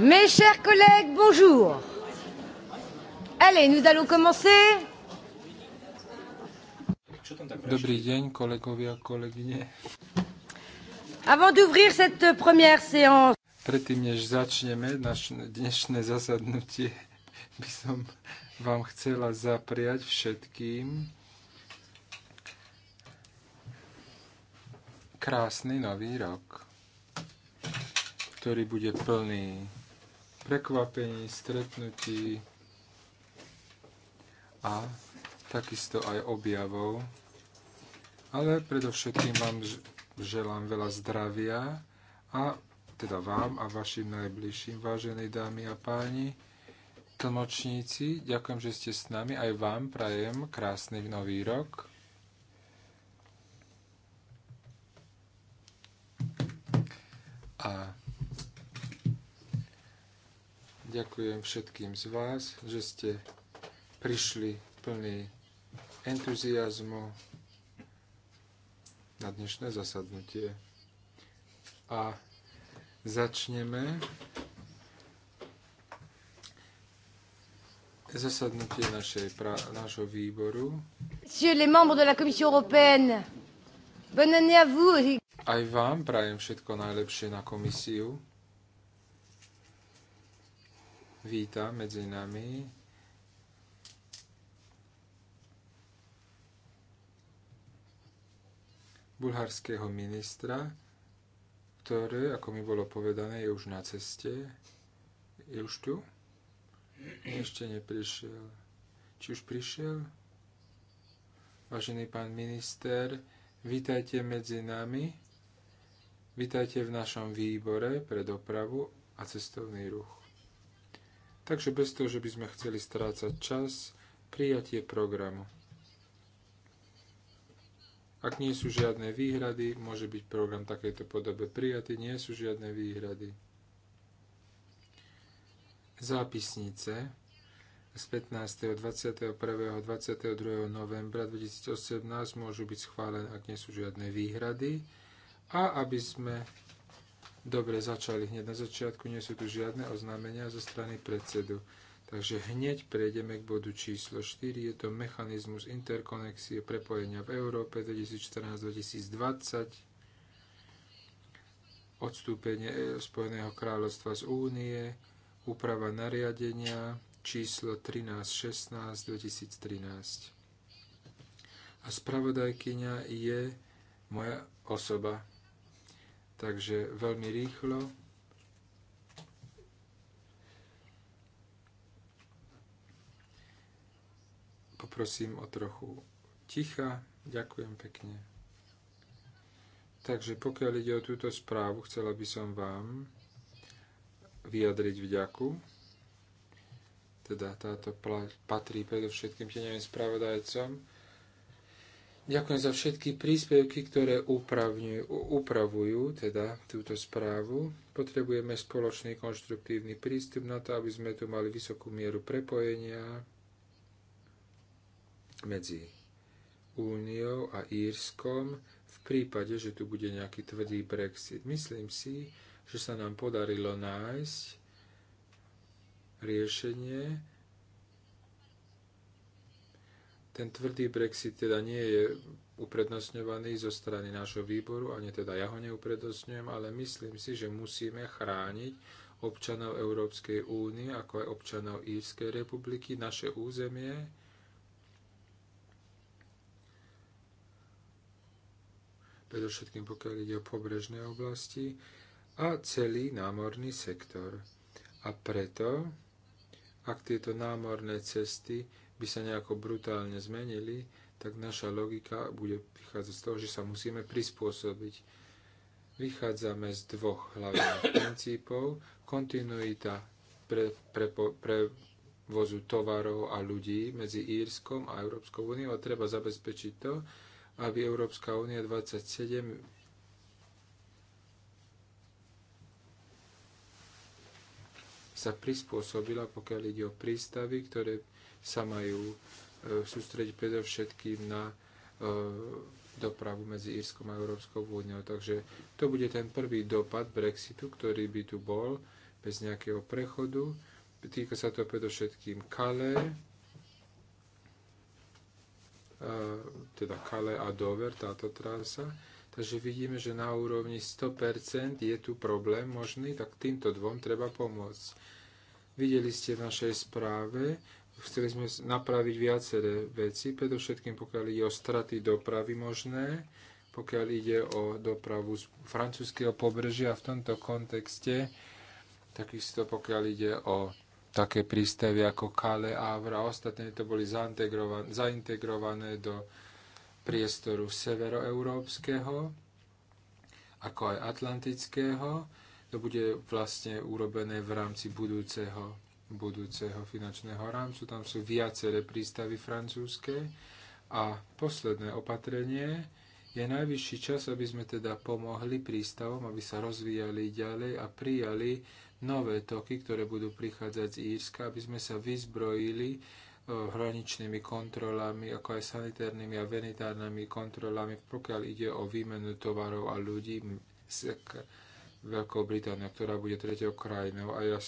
Mes chers collègues, bonjour. Allez, nous allons commencer. Dobrý deň, kolegovia, kolegyne. Avant d'ouvrir cette première séance. Predtým, než začneme naše dnešné zasadnutie, by som vám chcela zapriať všetkým krásny nový rok, ktorý bude plný prekvapení, stretnutí a takisto aj objavov. Ale predovšetkým vám želám veľa zdravia a teda vám a vašim najbližším, vážené dámy a páni, tlmočníci, ďakujem, že ste s nami, aj vám prajem krásny nový rok. A Ďakujem všetkým z vás, že ste prišli plný entuziasmu na dnešné zasadnutie. A začneme zasadnutie našej pra- nášho výboru. Monsieur les membres de la Commission européenne, bonne année à vous. Aj vám prajem všetko najlepšie na komisiu. Víta medzi nami. bulharského ministra, ktoré, ako mi bolo povedané, je už na ceste. Je už tu? Ešte neprišiel. Či už prišiel? Vážený pán minister, vítajte medzi nami. Vítajte v našom výbore pre dopravu a cestovný ruch. Takže bez toho, že by sme chceli strácať čas, prijatie programu. Ak nie sú žiadne výhrady, môže byť program takejto podobe prijatý, nie sú žiadne výhrady. Zápisnice z 15., 21., 22. novembra 2018 môžu byť schválené, ak nie sú žiadne výhrady. A aby sme Dobre, začali hneď na začiatku, nie sú tu žiadne oznámenia zo strany predsedu. Takže hneď prejdeme k bodu číslo 4, je to mechanizmus interkonexie prepojenia v Európe 2014-2020, odstúpenie e, Spojeného kráľovstva z únie, úprava nariadenia číslo 1316-2013. A spravodajkyňa je moja osoba. Takže veľmi rýchlo. Poprosím o trochu ticha. Ďakujem pekne. Takže pokiaľ ide o túto správu, chcela by som vám vyjadriť vďaku. Teda táto patrí predovšetkým tieňovým spravodajcom Ďakujem za všetky príspevky, ktoré upravujú teda túto správu. Potrebujeme spoločný konštruktívny prístup na to, aby sme tu mali vysokú mieru prepojenia medzi Úniou a Írskom v prípade, že tu bude nejaký tvrdý Brexit. Myslím si, že sa nám podarilo nájsť riešenie, Ten tvrdý Brexit teda nie je uprednostňovaný zo strany nášho výboru, ani teda ja ho neuprednostňujem, ale myslím si, že musíme chrániť občanov Európskej únie, ako aj občanov Írskej republiky, naše územie, predovšetkým pokiaľ ide o pobrežné oblasti, a celý námorný sektor. A preto, ak tieto námorné cesty by sa nejako brutálne zmenili, tak naša logika bude vychádzať z toho, že sa musíme prispôsobiť. Vychádzame z dvoch hlavných princípov. Kontinuita pre, pre, pre, vozu tovarov a ľudí medzi Írskom a Európskou úniou a treba zabezpečiť to, aby Európska únia 27 sa prispôsobila, pokiaľ ide o prístavy, ktoré sa majú e, sústrediť predovšetkým na e, dopravu medzi Írskom a Európskou úniou. Takže to bude ten prvý dopad Brexitu, ktorý by tu bol bez nejakého prechodu. Týka sa to predovšetkým Kale, teda Kale a Dover, táto trasa. Takže vidíme, že na úrovni 100% je tu problém možný, tak týmto dvom treba pomôcť. Videli ste v našej správe, chceli sme napraviť viaceré veci, predovšetkým pokiaľ ide o straty dopravy možné, pokiaľ ide o dopravu z francúzského pobrežia v tomto kontexte, takisto pokiaľ ide o také prístavy ako Kale, Avra a ostatné to boli zaintegrované, zaintegrované do priestoru severoeurópskeho, ako aj atlantického. To bude vlastne urobené v rámci budúceho budúceho finančného rámcu. Tam sú viaceré prístavy francúzske. A posledné opatrenie je najvyšší čas, aby sme teda pomohli prístavom, aby sa rozvíjali ďalej a prijali nové toky, ktoré budú prichádzať z Írska, aby sme sa vyzbrojili eh, hraničnými kontrolami, ako aj sanitárnymi a venitárnymi kontrolami, pokiaľ ide o výmenu tovarov a ľudí s Veľkou Britániou, ktorá bude tretou krajinou. A ja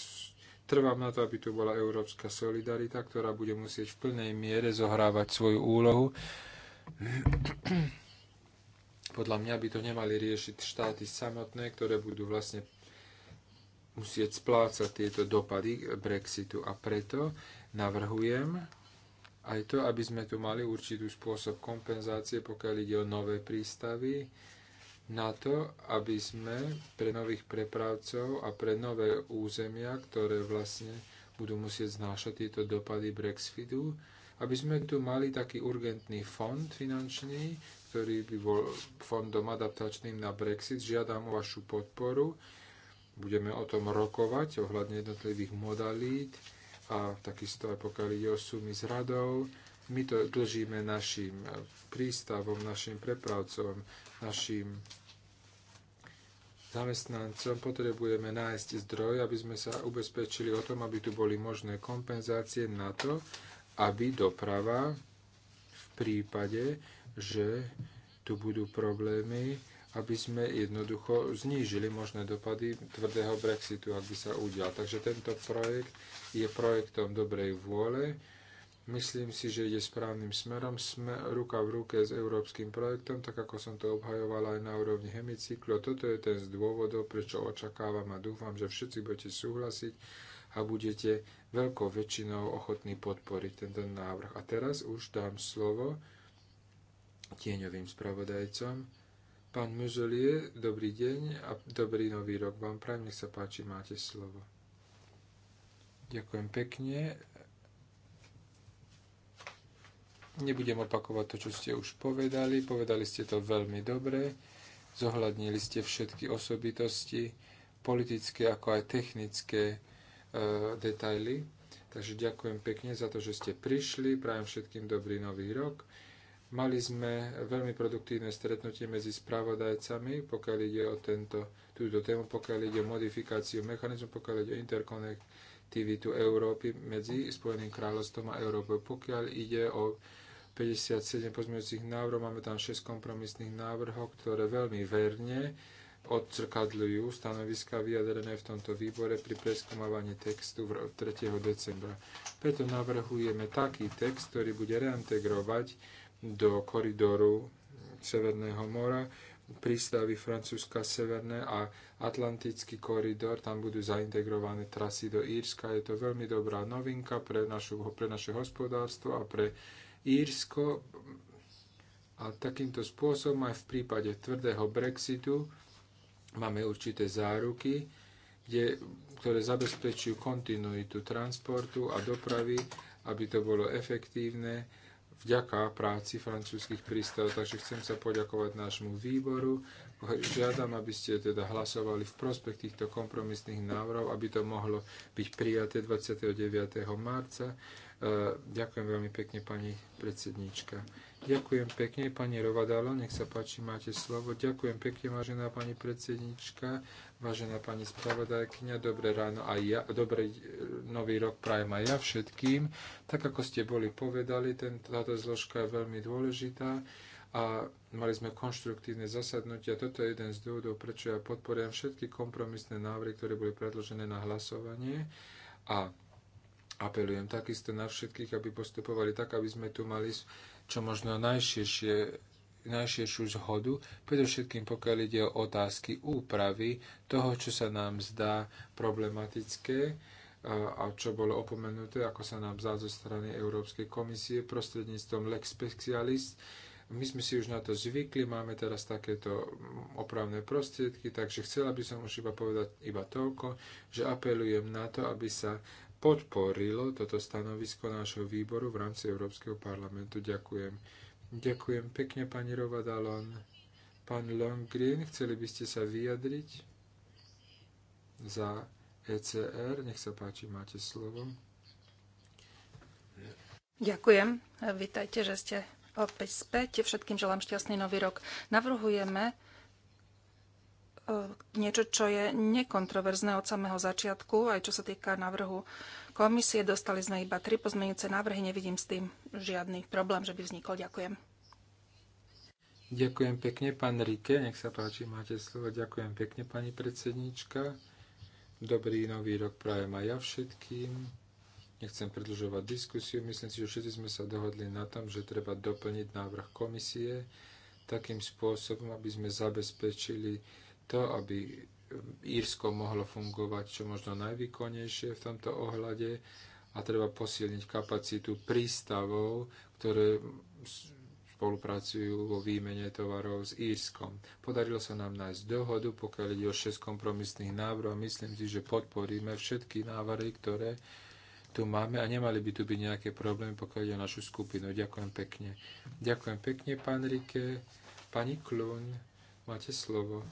Trvám na to, aby tu bola európska solidarita, ktorá bude musieť v plnej miere zohrávať svoju úlohu. Podľa mňa by to nemali riešiť štáty samotné, ktoré budú vlastne musieť splácať tieto dopady Brexitu a preto navrhujem aj to, aby sme tu mali určitý spôsob kompenzácie, pokiaľ ide o nové prístavy, na to, aby sme pre nových prepravcov a pre nové územia, ktoré vlastne budú musieť znášať tieto dopady Brexitu, aby sme tu mali taký urgentný fond finančný, ktorý by bol fondom adaptačným na Brexit. Žiadam o vašu podporu. Budeme o tom rokovať, ohľadne jednotlivých modalít a takisto aj pokiaľ ide o sumy z radou. My to dlžíme našim prístavom, našim prepravcom, našim zamestnancom potrebujeme nájsť zdroj, aby sme sa ubezpečili o tom, aby tu boli možné kompenzácie na to, aby doprava v prípade, že tu budú problémy, aby sme jednoducho znížili možné dopady tvrdého Brexitu, ak by sa udial. Takže tento projekt je projektom dobrej vôle, Myslím si, že ide správnym smerom. Sme ruka v ruke s európskym projektom, tak ako som to obhajovala aj na úrovni hemicyklu. A toto je ten z dôvodov, prečo očakávam a dúfam, že všetci budete súhlasiť a budete veľkou väčšinou ochotní podporiť tento návrh. A teraz už dám slovo tieňovým spravodajcom. Pán Muzolie, dobrý deň a dobrý nový rok vám prajem. Nech sa páči, máte slovo. Ďakujem pekne Nebudem opakovať to, čo ste už povedali. Povedali ste to veľmi dobre. Zohľadnili ste všetky osobitosti, politické ako aj technické e, detaily. Takže ďakujem pekne za to, že ste prišli. Prajem všetkým dobrý nový rok. Mali sme veľmi produktívne stretnutie medzi spravodajcami, pokiaľ ide o tento, túto tému, pokiaľ ide o modifikáciu mechanizmu, pokiaľ ide o interkonektivitu Európy medzi Spojeným kráľovstvom a Európou, pokiaľ ide o 57 pozmeňujúcich návrhov, máme tam 6 kompromisných návrhov, ktoré veľmi verne odcrkadľujú stanoviska vyjadrené v tomto výbore pri preskúmavaní textu 3. decembra. Preto navrhujeme taký text, ktorý bude reintegrovať do koridoru Severného mora prístavy Francúzska Severné a Atlantický koridor, tam budú zaintegrované trasy do Írska. Je to veľmi dobrá novinka pre, našu, pre naše hospodárstvo a pre Írsko a takýmto spôsobom aj v prípade tvrdého Brexitu máme určité záruky, kde, ktoré zabezpečujú kontinuitu transportu a dopravy, aby to bolo efektívne vďaka práci francúzských prístav, Takže chcem sa poďakovať nášmu výboru. Žiadam, aby ste teda hlasovali v prospech týchto kompromisných návrhov, aby to mohlo byť prijaté 29. marca E, ďakujem veľmi pekne, pani predsedníčka. Ďakujem pekne, pani Rovadalo, nech sa páči, máte slovo. Ďakujem pekne, vážená pani predsednička, vážená pani spravodajkynia, dobré ráno a ja, dobrý e, nový rok prajem aj ja všetkým. Tak ako ste boli povedali, ten, táto zložka je veľmi dôležitá a mali sme konštruktívne zasadnutia. Toto je jeden z dôvodov, prečo ja podporujem všetky kompromisné návrhy, ktoré boli predložené na hlasovanie. A apelujem takisto na všetkých, aby postupovali tak, aby sme tu mali čo možno najširšie najširšiu zhodu, predovšetkým pokiaľ ide o otázky úpravy toho, čo sa nám zdá problematické a čo bolo opomenuté, ako sa nám zdá zo strany Európskej komisie prostredníctvom Lex Specialist. My sme si už na to zvykli, máme teraz takéto opravné prostriedky, takže chcela by som už iba povedať iba toľko, že apelujem na to, aby sa podporilo toto stanovisko nášho výboru v rámci Európskeho parlamentu. Ďakujem. Ďakujem pekne, pani Rovadalon. Pán Longgren, chceli by ste sa vyjadriť za ECR? Nech sa páči, máte slovo. Ďakujem. Vítajte, že ste opäť späť. Všetkým želám šťastný nový rok. Navrhujeme E, niečo, čo je nekontroverzné od samého začiatku, aj čo sa týka návrhu komisie. Dostali sme iba tri pozmeňujúce návrhy, nevidím s tým žiadny problém, že by vznikol. Ďakujem. Ďakujem pekne, pán Rike, nech sa páči, máte slovo. Ďakujem pekne, pani predsednička. Dobrý nový rok prajem aj ja všetkým. Nechcem predlžovať diskusiu, myslím si, že všetci sme sa dohodli na tom, že treba doplniť návrh komisie takým spôsobom, aby sme zabezpečili to, aby um, Írsko mohlo fungovať čo možno najvýkonnejšie v tomto ohľade a treba posilniť kapacitu prístavov, ktoré spolupracujú vo výmene tovarov s Írskom. Podarilo sa nám nájsť dohodu, pokiaľ ide o 6 kompromisných návrhov. Myslím si, že podporíme všetky návrhy, ktoré tu máme a nemali by tu byť nejaké problémy, pokiaľ ide o našu skupinu. Ďakujem pekne. Ďakujem pekne, pán Rike. Pani Klun, máte slovo.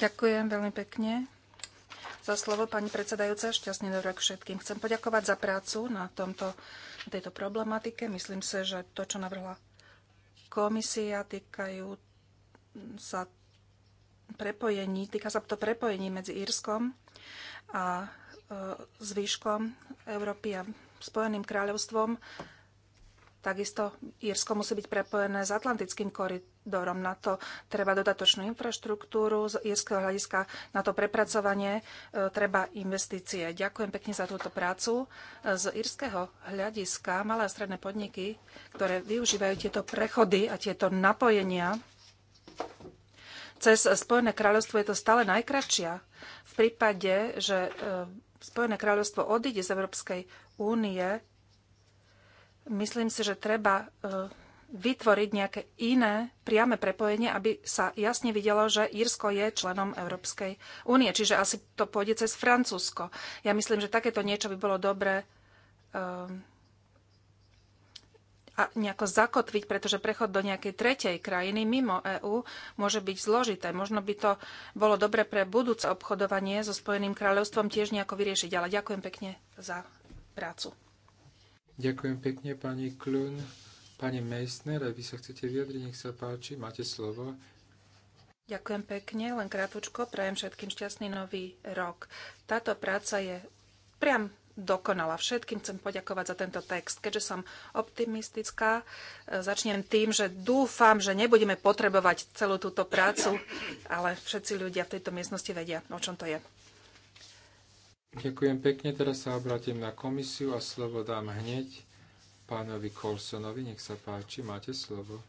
Ďakujem veľmi pekne za slovo, pani predsedajúca. Šťastný dobrok všetkým. Chcem poďakovať za prácu na tomto, tejto problematike. Myslím si, že to, čo navrhla komisia týkajú sa prepojení, týka sa to prepojení medzi Írskom a e, zvýškom Európy a Spojeným kráľovstvom. Takisto Írsko musí byť prepojené s Atlantickým korytom dorom na to treba dodatočnú infraštruktúru, z írskeho hľadiska na to prepracovanie e, treba investície. Ďakujem pekne za túto prácu. E, z írskeho hľadiska malé a stredné podniky, ktoré využívajú tieto prechody a tieto napojenia cez Spojené kráľovstvo je to stále najkračšia. V prípade, že e, Spojené kráľovstvo odíde z Európskej únie, myslím si, že treba vytvoriť nejaké iné priame prepojenie, aby sa jasne videlo, že Írsko je členom Európskej únie. Čiže asi to pôjde cez Francúzsko. Ja myslím, že takéto niečo by bolo dobré um, ehm, a nejako zakotviť, pretože prechod do nejakej tretej krajiny mimo EÚ môže byť zložité. Možno by to bolo dobre pre budúce obchodovanie so Spojeným kráľovstvom tiež nejako vyriešiť. Ale ďakujem pekne za prácu. Ďakujem pekne, pani Klun. Pani Meissner, aj vy sa chcete vyjadriť, nech sa páči, máte slovo. Ďakujem pekne, len krátko prajem všetkým šťastný nový rok. Táto práca je priam dokonala. Všetkým chcem poďakovať za tento text. Keďže som optimistická, e, začnem tým, že dúfam, že nebudeme potrebovať celú túto prácu, ale všetci ľudia v tejto miestnosti vedia, o čom to je. Ďakujem pekne, teraz sa obratím na komisiu a slovo dám hneď pánovi Colsonovi. Nech sa páči, máte slovo.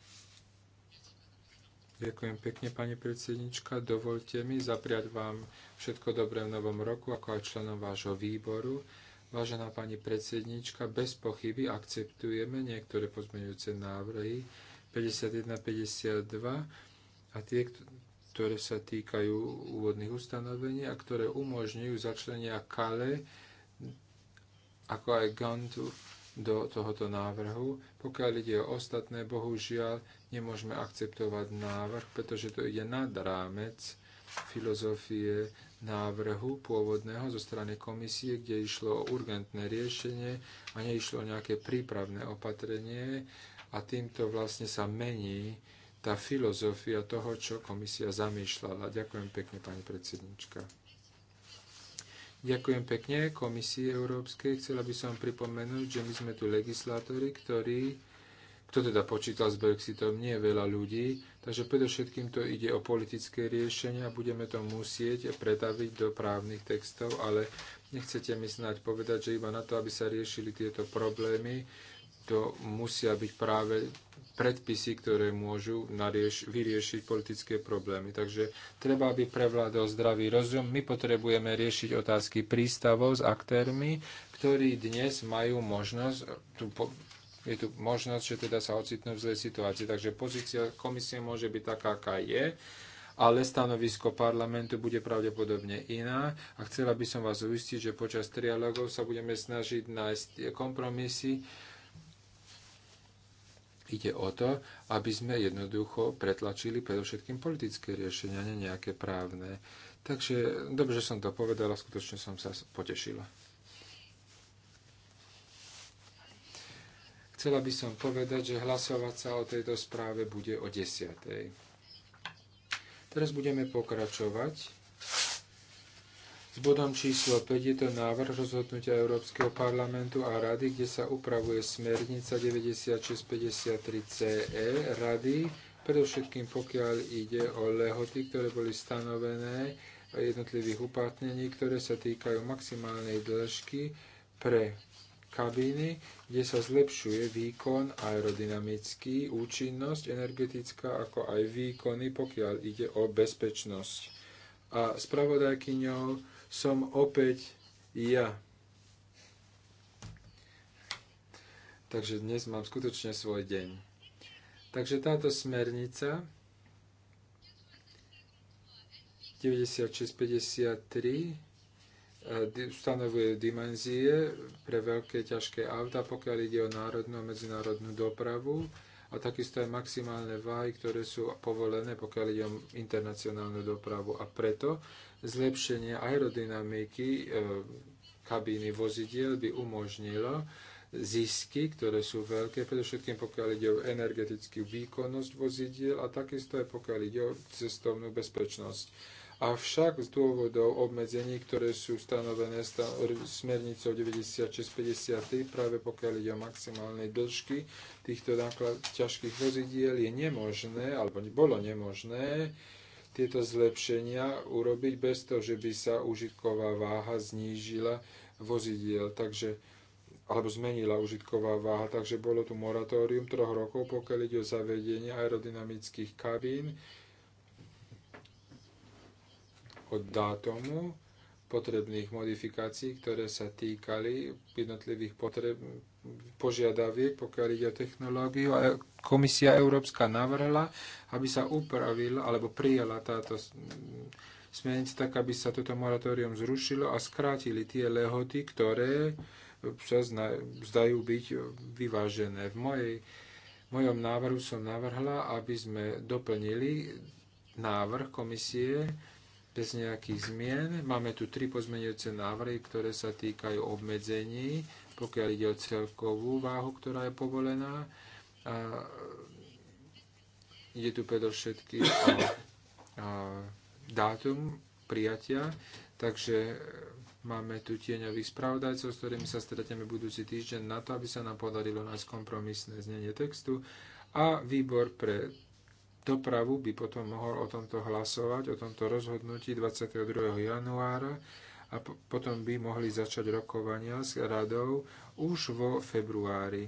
Ďakujem pekne, pani predsednička. Dovolte mi zapriať vám všetko dobré v novom roku, ako aj členom vášho výboru. Vážená pani predsednička, bez pochyby akceptujeme niektoré pozmeňujúce návrhy 51-52 a tie, ktoré sa týkajú úvodných ustanovení a ktoré umožňujú začlenia Kale ako aj Gantu do tohoto návrhu. Pokiaľ ide o ostatné, bohužiaľ nemôžeme akceptovať návrh, pretože to ide nad rámec filozofie návrhu pôvodného zo strany komisie, kde išlo o urgentné riešenie a neišlo o nejaké prípravné opatrenie a týmto vlastne sa mení tá filozofia toho, čo komisia zamýšľala. Ďakujem pekne, pani predsednička. Ďakujem pekne Komisii Európskej. Chcela by som pripomenúť, že my sme tu legislátori, ktorí, kto teda počítal s Brexitom, nie je veľa ľudí, takže predovšetkým to ide o politické riešenia, budeme to musieť pretaviť do právnych textov, ale nechcete mi snáď povedať, že iba na to, aby sa riešili tieto problémy, to musia byť práve predpisy, ktoré môžu narieš, vyriešiť politické problémy. Takže treba, aby prevládol zdravý rozum. My potrebujeme riešiť otázky prístavov s aktérmi, ktorí dnes majú možnosť, tu po, je tu možnosť, že teda sa ocitnú v zlej situácii. Takže pozícia komisie môže byť taká, aká je ale stanovisko parlamentu bude pravdepodobne iná a chcela by som vás uistiť, že počas trialogov sa budeme snažiť nájsť kompromisy, Ide o to, aby sme jednoducho pretlačili predovšetkým politické riešenia, nie nejaké právne. Takže dobre, že som to povedala, skutočne som sa potešila. Chcela by som povedať, že hlasovať sa o tejto správe bude o 10. Teraz budeme pokračovať s bodom číslo 5 je to návrh rozhodnutia Európskeho parlamentu a rady, kde sa upravuje smernica 9653CE rady, predovšetkým pokiaľ ide o lehoty, ktoré boli stanovené jednotlivých uplatnení, ktoré sa týkajú maximálnej dĺžky pre kabíny, kde sa zlepšuje výkon aerodynamický, účinnosť energetická, ako aj výkony, pokiaľ ide o bezpečnosť. A spravodajkyňou som opäť ja. Takže dnes mám skutočne svoj deň. Takže táto smernica 9653 e, stanovuje dimenzie pre veľké ťažké auta, pokiaľ ide o národnú a medzinárodnú dopravu a takisto aj maximálne váhy, ktoré sú povolené, pokiaľ ide o internacionálnu dopravu. A preto zlepšenie aerodynamiky e, kabíny vozidiel by umožnilo zisky, ktoré sú veľké, predovšetkým pokiaľ ide o energetickú výkonnosť vozidiel a takisto aj pokiaľ ide o cestovnú bezpečnosť. Avšak z dôvodov obmedzení, ktoré sú stanovené smernicou 96 9653, práve pokiaľ ide o maximálnej dĺžky týchto náklad, ťažkých vozidiel, je nemožné, alebo bolo nemožné, tieto zlepšenia urobiť bez toho, že by sa užitková váha znížila vozidiel, takže, alebo zmenila užitková váha. Takže bolo tu moratórium troch rokov, pokiaľ ide o zavedenie aerodynamických kabín od dátumu potrebných modifikácií, ktoré sa týkali jednotlivých potreb, požiadaviek, pokiaľ ide o technológiu. komisia Európska navrhla, aby sa upravila alebo prijala táto smernica tak, aby sa toto moratórium zrušilo a skrátili tie lehoty, ktoré sa zdajú byť vyvážené. V mojej, mojom návrhu som navrhla, aby sme doplnili návrh komisie bez nejakých zmien. Máme tu tri pozmeňujúce návrhy, ktoré sa týkajú obmedzení pokiaľ ide o celkovú váhu, ktorá je povolená. A ide tu predovšetky o, dátum prijatia, takže Máme tu tieňových spravodajcov, s ktorými sa stretneme budúci týždeň na to, aby sa nám podarilo nájsť kompromisné znenie textu. A výbor pre dopravu by potom mohol o tomto hlasovať, o tomto rozhodnutí 22. januára a potom by mohli začať rokovania s radou už vo februári.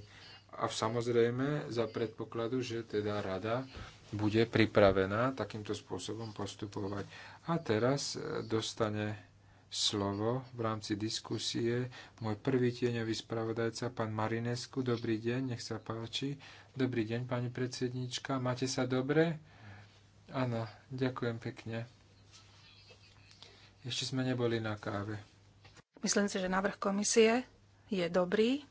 A samozrejme za predpokladu, že teda rada bude pripravená takýmto spôsobom postupovať. A teraz e, dostane slovo v rámci diskusie môj prvý tieňový spravodajca, pán Marinesku. Dobrý deň, nech sa páči. Dobrý deň, pani predsednička. Máte sa dobre? Áno, ďakujem pekne. Ešte sme neboli na káve. Myslím si, že návrh komisie je dobrý.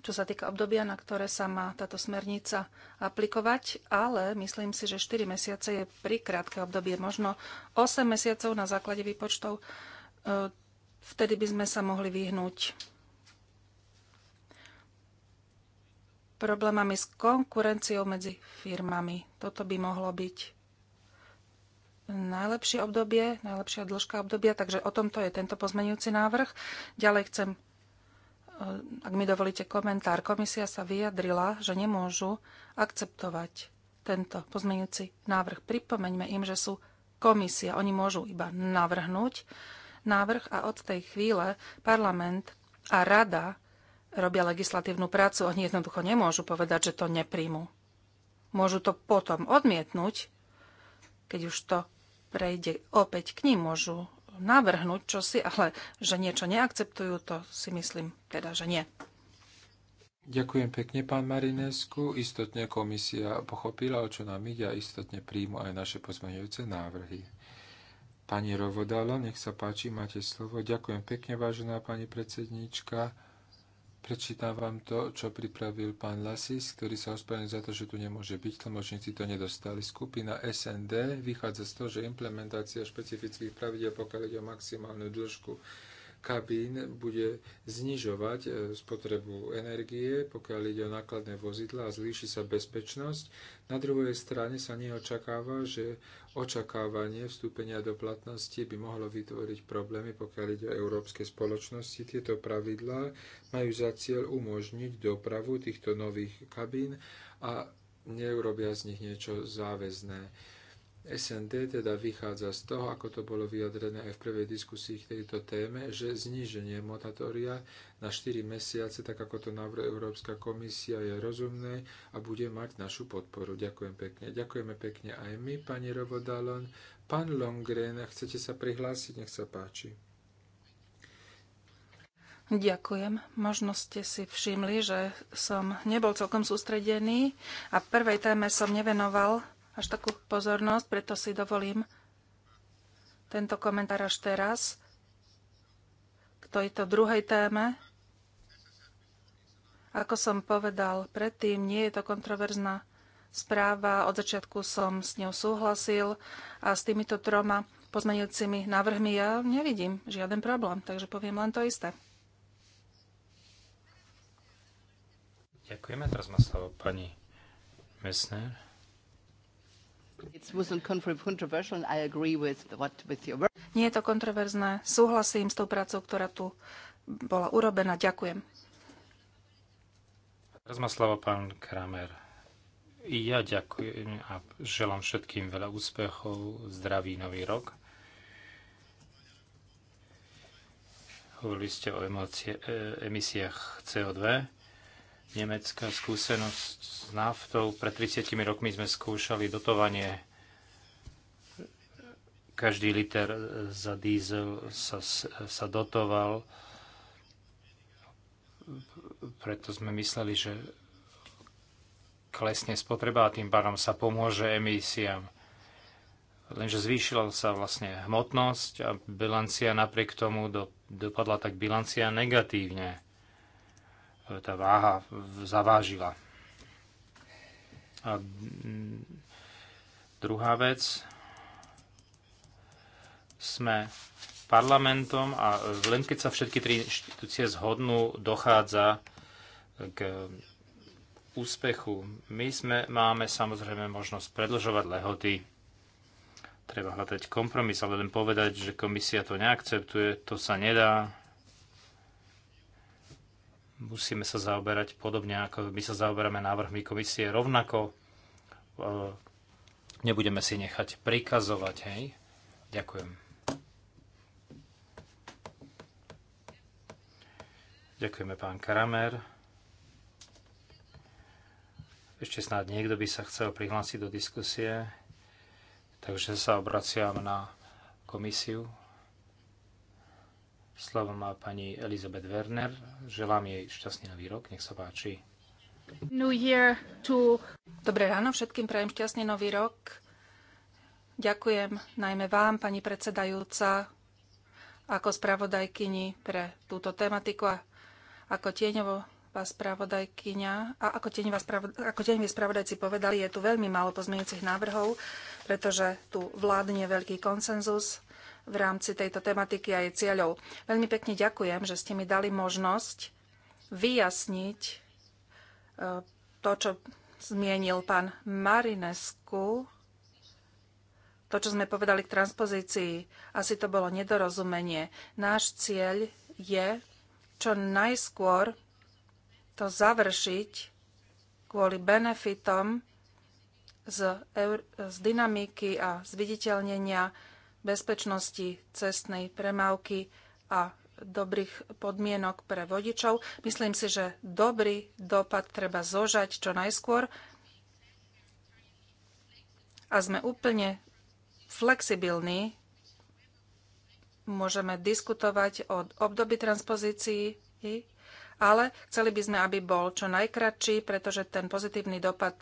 čo sa týka obdobia, na ktoré sa má táto smernica aplikovať, ale myslím si, že 4 mesiace je pri krátke obdobie, možno 8 mesiacov na základe výpočtov. E, vtedy by sme sa mohli vyhnúť problémami s konkurenciou medzi firmami. Toto by mohlo byť najlepšie obdobie, najlepšia dĺžka obdobia, takže o tomto je tento pozmenujúci návrh. Ďalej chcem, eh, ak mi dovolíte komentár, komisia sa vyjadrila, že nemôžu akceptovať tento pozmenujúci návrh. Pripomeňme im, že sú komisia, oni môžu iba navrhnúť návrh a od tej chvíle parlament a rada robia legislatívnu prácu, oni jednoducho nemôžu povedať, že to nepríjmu. Môžu to potom odmietnúť, keď už to prejde opäť k ním, môžu navrhnúť čosi, ale že niečo neakceptujú, to si myslím teda, že nie. Ďakujem pekne, pán Marinesku. Istotne komisia pochopila, o čo nám ide a istotne príjmu aj naše pozmeňujúce návrhy. Pani Rovodala, nech sa páči, máte slovo. Ďakujem pekne, vážená pani predsednička. Prečítam vám to, čo pripravil pán Lasis, ktorý sa ospravedlňuje za to, že tu nemôže byť. Tlmočníci to nedostali. Skupina SND vychádza z toho, že implementácia špecifických pravidel, pokiaľ ide o maximálnu dĺžku kabín bude znižovať e, spotrebu energie, pokiaľ ide o nákladné vozidla a zvýši sa bezpečnosť. Na druhej strane sa neočakáva, že očakávanie vstúpenia do platnosti by mohlo vytvoriť problémy, pokiaľ ide o európske spoločnosti. Tieto pravidlá majú za cieľ umožniť dopravu týchto nových kabín a neurobia z nich niečo záväzné SND teda vychádza z toho, ako to bolo vyjadrené aj v prvej diskusii k tejto téme, že zníženie moratória na 4 mesiace, tak ako to navrhuje Európska komisia, je rozumné a bude mať našu podporu. Ďakujem pekne. Ďakujeme pekne aj my, pani Rovodalon. Pán Longren, chcete sa prihlásiť? Nech sa páči. Ďakujem. Možno ste si všimli, že som nebol celkom sústredený a prvej téme som nevenoval až takú pozornosť, preto si dovolím tento komentár až teraz k tejto druhej téme. Ako som povedal predtým, nie je to kontroverzná správa. Od začiatku som s ňou súhlasil a s týmito troma pozmenujúcimi návrhmi ja nevidím žiaden problém, takže poviem len to isté. Ďakujeme. Teraz má slovo pani Messner. Nie je to kontroverzné. Súhlasím s tou prácou, ktorá tu bola urobená. Ďakujem. Teraz má slovo pán Kramer. I ja ďakujem a želám všetkým veľa úspechov, zdravý nový rok. Hovorili ste o emócie, e, emisiách CO2 nemecká skúsenosť s naftou. Pred 30 rokmi sme skúšali dotovanie. Každý liter za diesel sa, sa dotoval. Preto sme mysleli, že klesne spotreba a tým pádom sa pomôže emisiám. Lenže zvýšila sa vlastne hmotnosť a bilancia napriek tomu do, dopadla tak bilancia negatívne tá váha zavážila. A mm, druhá vec, sme parlamentom a len keď sa všetky tri inštitúcie zhodnú, dochádza k úspechu. My sme, máme samozrejme možnosť predlžovať lehoty, treba hľadať kompromis, ale len povedať, že komisia to neakceptuje, to sa nedá. Musíme sa zaoberať podobne, ako my sa zaoberáme návrhmi komisie rovnako. E, nebudeme si nechať prikazovať, hej? Ďakujem. Ďakujeme, pán Karamer. Ešte snáď niekto by sa chcel prihlásiť do diskusie, takže sa obraciam na komisiu. Slovo má pani Elizabeth Werner. Želám jej šťastný nový rok. Nech sa páči. New year to... Dobré ráno všetkým. Prajem šťastný nový rok. Ďakujem najmä vám, pani predsedajúca, ako spravodajkyni pre túto tematiku a ako tieňovo vás spravodajkyňa a ako tieňová ako tieňoví spravodajci povedali, je tu veľmi málo pozmeňujúcich návrhov, pretože tu vládne veľký konsenzus v rámci tejto tematiky a jej cieľov. Veľmi pekne ďakujem, že ste mi dali možnosť vyjasniť e, to, čo zmienil pán Marinesku, to, čo sme povedali k transpozícii. Asi to bolo nedorozumenie. Náš cieľ je čo najskôr to završiť kvôli benefitom z, eur, z dynamiky a zviditeľnenia bezpečnosti cestnej premávky a dobrých podmienok pre vodičov. Myslím si, že dobrý dopad treba zožať čo najskôr a sme úplne flexibilní. Môžeme diskutovať o období transpozícií, ale chceli by sme, aby bol čo najkratší, pretože ten pozitívny dopad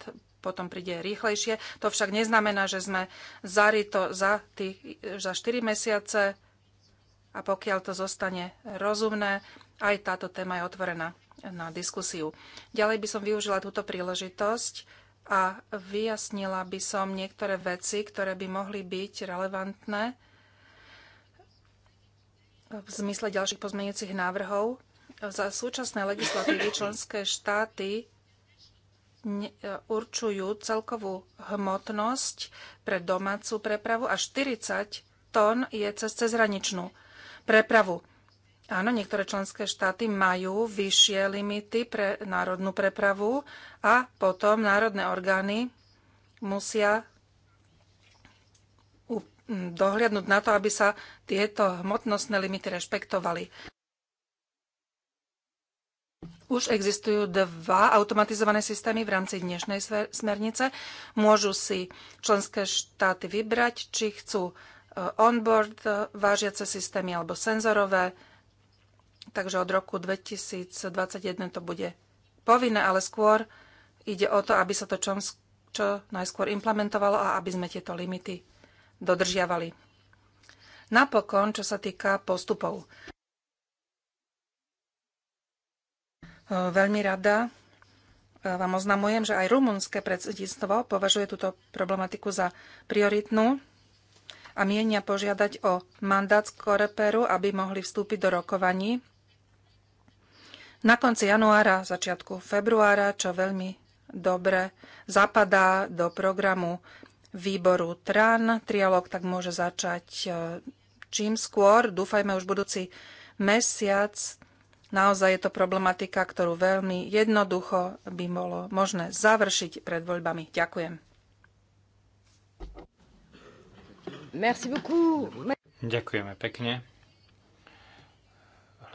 potom príde rýchlejšie. To však neznamená, že sme zarito za, tých, za 4 mesiace a pokiaľ to zostane rozumné, aj táto téma je otvorená na diskusiu. Ďalej by som využila túto príležitosť a vyjasnila by som niektoré veci, ktoré by mohli byť relevantné v zmysle ďalších pozmeniacich návrhov. Za súčasné legislatívy členské štáty E, určujú celkovú hmotnosť pre domácu prepravu a 40 tón je cez cezhraničnú prepravu. Áno, niektoré členské štáty majú vyššie limity pre národnú prepravu a potom národné orgány musia dohliadnúť na to, aby sa tieto hmotnostné limity rešpektovali. Už existujú dva automatizované systémy v rámci dnešnej smernice. Môžu si členské štáty vybrať, či chcú e, onboard e, vážiace systémy alebo senzorové. Takže od roku 2021 to bude povinné, ale skôr ide o to, aby sa to čo, čo najskôr implementovalo a aby sme tieto limity dodržiavali. Napokon, čo sa týka postupov. Eh, veľmi rada eh, vám oznamujem, že aj rumunské predsedníctvo považuje túto problematiku za prioritnú a mienia požiadať o mandát z Koreperu, aby mohli vstúpiť do rokovaní na konci januára, začiatku februára, čo veľmi dobre zapadá do programu výboru TRAN. Trialóg tak môže začať eh, čím skôr, dúfajme už budúci mesiac Naozaj je to problematika, ktorú veľmi jednoducho by bolo možné završiť pred voľbami. Ďakujem. Merci Ďakujeme pekne.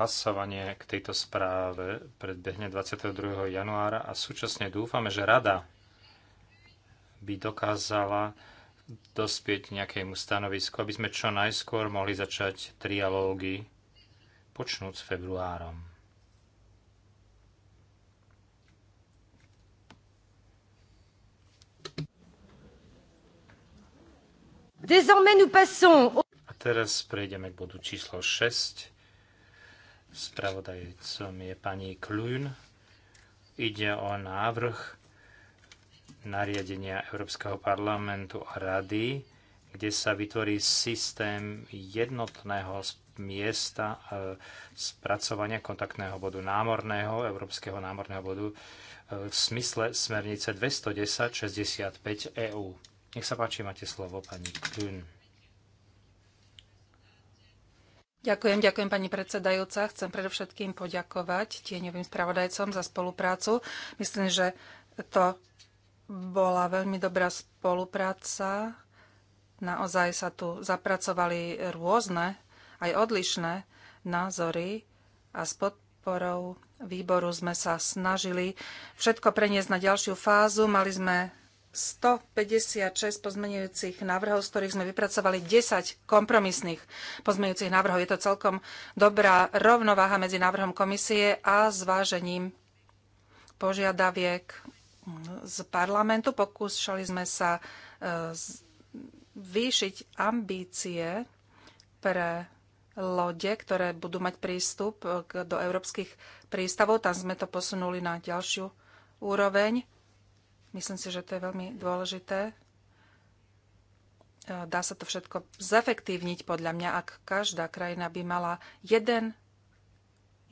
Hlasovanie k tejto správe predbehne 22. januára a súčasne dúfame, že rada by dokázala dospieť nejakému stanovisku, aby sme čo najskôr mohli začať trialógy počnúc februárom. A teraz prejdeme k bodu číslo 6. Spravodajcom je pani Kluň. Ide o návrh nariadenia Európskeho parlamentu a rady, kde sa vytvorí systém jednotného miesta e, spracovania kontaktného bodu námorného, Európskeho námorného bodu e, v smysle smernice 210-65 EU. Nech sa páči, máte slovo, pani Kuhn. Ďakujem, ďakujem pani predsedajúca. Chcem predovšetkým poďakovať tieňovým spravodajcom za spoluprácu. Myslím, že to bola veľmi dobrá spolupráca. Naozaj sa tu zapracovali rôzne aj odlišné názory a s podporou výboru sme sa snažili všetko preniesť na ďalšiu fázu. Mali sme 156 pozmenujúcich návrhov, z ktorých sme vypracovali 10 kompromisných pozmenujúcich návrhov. Je to celkom dobrá rovnováha medzi návrhom komisie a zvážením požiadaviek z parlamentu. Pokúšali sme sa e, výšiť ambície pre lode, ktoré budú mať prístup e, do európskych prístavov. Tam sme to posunuli na ďalšiu úroveň. Myslím si, že to je veľmi dôležité. E, dá sa to všetko zefektívniť podľa mňa, ak každá krajina by mala jeden